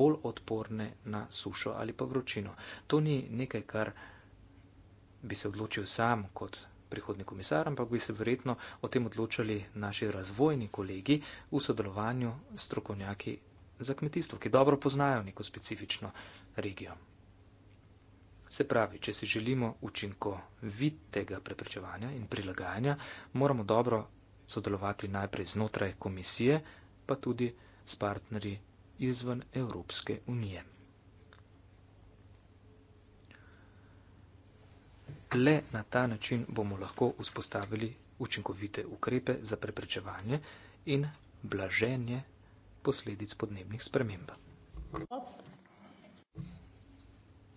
bolj odporne na sušo ali pa vročino. To ni nekaj, kar bi se odločil sam kot prihodni komisar, ampak bi se verjetno o tem odločali naši razvojni kolegi v sodelovanju s strokovnjaki za kmetijstvo, ki dobro poznajo neko specifično regijo. Se pravi, če si želimo učinkovitega preprečevanja in prilagajanja, moramo dobro sodelovati najprej znotraj komisije, pa tudi s partnerji izven Evropske unije. Le na ta način bomo lahko vzpostavili učinkovite ukrepe za preprečevanje in blaženje posledic podnebnih sprememb.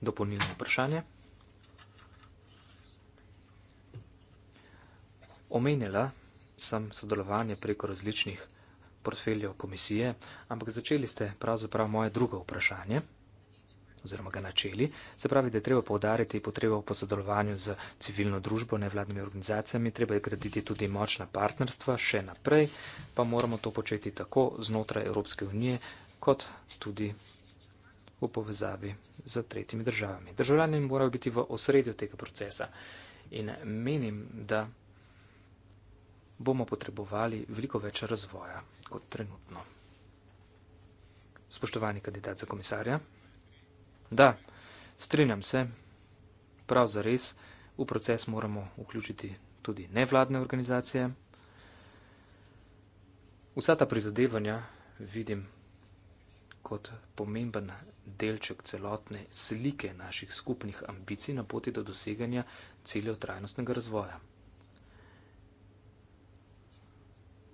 Dopolnilno vprašanje. Omenjala sem sodelovanje preko različnih portfeljev komisije, ampak začeli ste pravzaprav moje drugo vprašanje oziroma ga načeli, se pravi, da je treba povdariti potrebo po sodelovanju z civilno družbo, nevladnimi organizacijami, treba je graditi tudi močna partnerstva še naprej, pa moramo to početi tako znotraj Evropske unije, kot tudi v povezavi z tretjimi državami. Državljani morajo biti v osredju tega procesa in menim, da bomo potrebovali veliko več razvoja kot trenutno. Spoštovani kandidat za komisarja? Da, strinjam se, prav zares v proces moramo vključiti tudi nevladne organizacije. Vsa ta prizadevanja vidim kot pomemben delček celotne slike naših skupnih ambicij na poti do doseganja ciljev trajnostnega razvoja.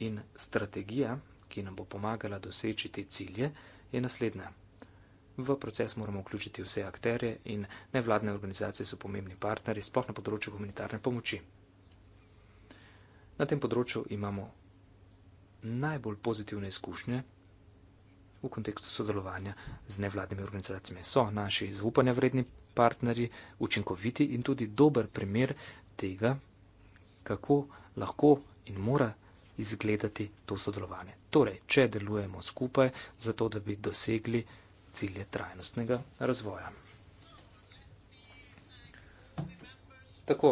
in strategija, ki nam bo pomagala doseči te cilje, je naslednja. V proces moramo vključiti vse akterje in nevladne organizacije so pomembni partnerji, sploh na področju humanitarne pomoči. Na tem področju imamo najbolj pozitivne izkušnje v kontekstu sodelovanja z nevladnimi organizacijami. So naši zaupanja vredni partnerji, učinkoviti in tudi dober primer tega, kako lahko in mora izgledati to sodelovanje. Torej, če delujemo skupaj, zato da bi dosegli cilje trajnostnega razvoja. Tako,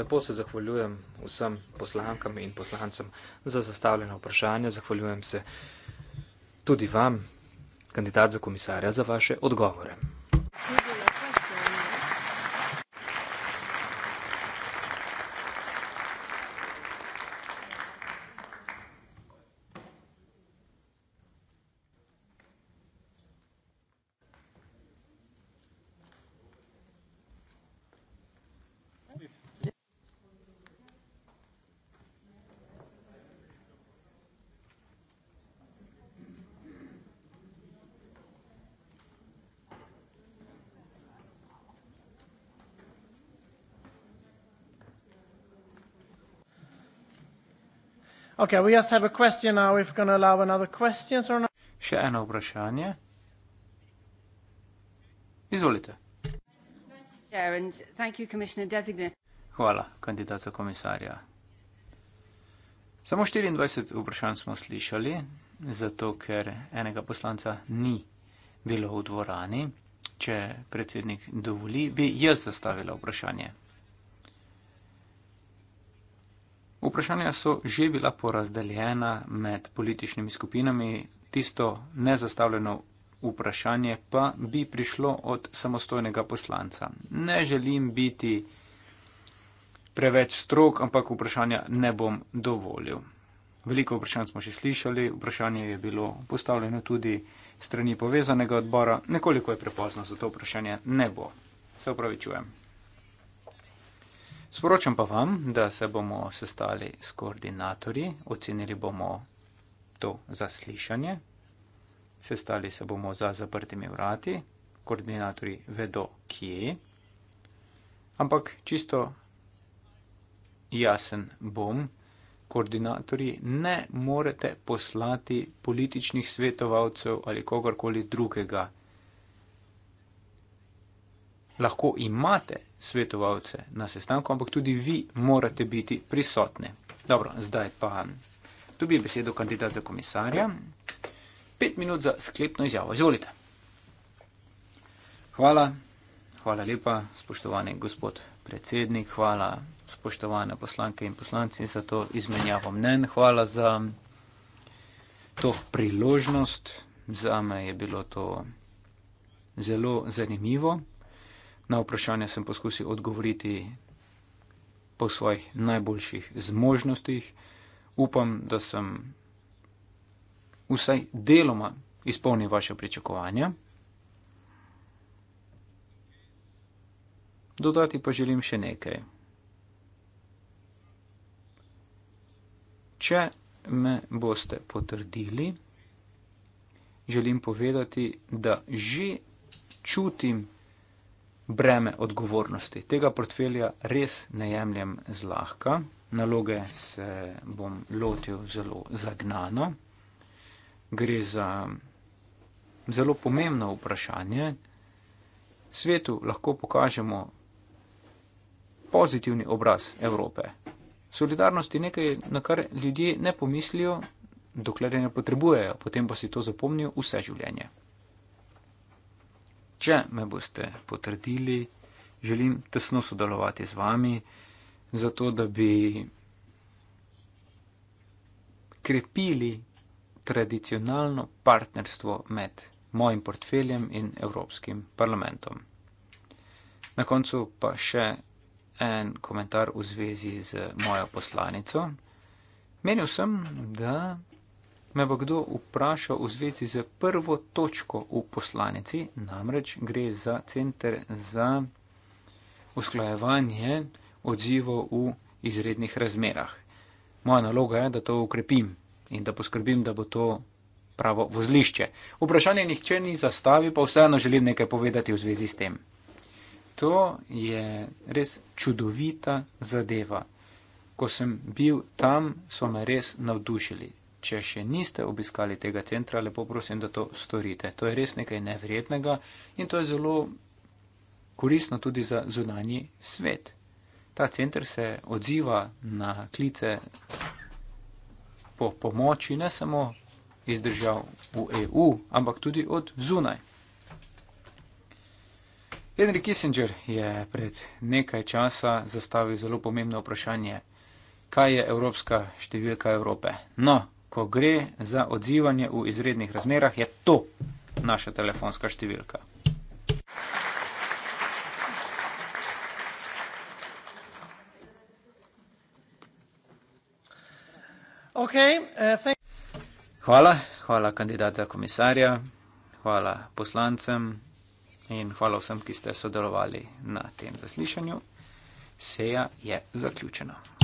lepo se zahvaljujem vsem poslankam in poslancem za zastavljeno vprašanje. Zahvaljujem se tudi vam, kandidat za komisarja, za vaše odgovore. Hvala. Okay, we just have a question now. If we're gonna allow another questions or not? Še eno vprašanje. Izvolite. Hvala, kandidat za komisarja. Samo 24 vprašanj smo slišali, zato ker enega poslanca ni bilo v dvorani. Če predsednik dovoli, bi jaz zastavila vprašanje. Vprašanja so že bila porazdeljena med političnimi skupinami, tisto nezastavljeno vprašanje pa bi prišlo od samostojnega poslanca. Ne želim biti preveč strok, ampak vprašanja ne bom dovolil. Veliko vprašanj smo že slišali, vprašanje je bilo postavljeno tudi strani povezanega odbora, nekoliko je prepozno, zato vprašanje ne bo. Se upravičujem. Sporočam pa vam, da se bomo sestali s koordinatorji, ocenili bomo to zaslišanje, sestali se bomo za zaprtimi vrati, koordinatorji vedo, kje, ampak čisto jasen bom, koordinatorji ne morete poslati političnih svetovalcev ali kogarkoli drugega lahko imate svetovalce na sestanku, ampak tudi vi morate biti prisotni. Dobro, zdaj pa dobi besedo kandidat za komisarja. Pet minut za sklepno izjavo. Izvolite. Hvala, hvala lepa, spoštovani gospod predsednik, hvala spoštovane poslanke in poslanci za to izmenjavo mnen, hvala za to priložnost. Za me je bilo to zelo zanimivo na vprašanja sem poskusil odgovoriti po svojih najboljših zmožnostih. Upam, da sem vsaj deloma izpolnil vaše pričakovanja. Dodati pa želim še nekaj. Če me boste potrdili, želim povedati, da že čutim breme odgovornosti. Tega portfelja res ne jemljem zlahka, naloge se bom lotil zelo zagnano. Gre za zelo pomembno vprašanje. Svetu lahko pokažemo pozitivni obraz Evrope. Solidarnost je nekaj, na kar ljudje ne pomislijo, dokler je ne potrebujejo, potem pa si to zapomnijo vse življenje. Če me boste potrdili, želim tesno sodelovati z vami, zato da bi krepili tradicionalno partnerstvo med mojim portfeljem in Evropskim parlamentom. Na koncu pa še en komentar v zvezi z mojo poslanico. Menil sem, da me bo kdo vprašal v zvezi z prvo točko v poslanici, namreč gre za center za usklajevanje odzivov v izrednih razmerah. Moja naloga je, da to ukrepim in da poskrbim, da bo to pravo vozlišče. Vprašanje nihče ni zastavi, pa vseeno želim nekaj povedati v zvezi s tem. To je res čudovita zadeva. Ko sem bil tam, so me res navdušili če še niste obiskali tega centra, lepo prosim, da to storite. To je res nekaj nevrednega in to je zelo koristno tudi za zunanji svet. Ta center se odziva na klice po pomoči ne samo iz držav v EU, ampak tudi od zunaj. Henry Kissinger je pred nekaj časa zastavil zelo pomembno vprašanje, kaj je evropska številka Evrope. No, ko gre za odzivanje v izrednih razmerah, je to naša telefonska številka. Okay, uh, hvala, hvala kandidat za komisarja, hvala poslancem in hvala vsem, ki ste sodelovali na tem zaslišanju. Seja je zaključena.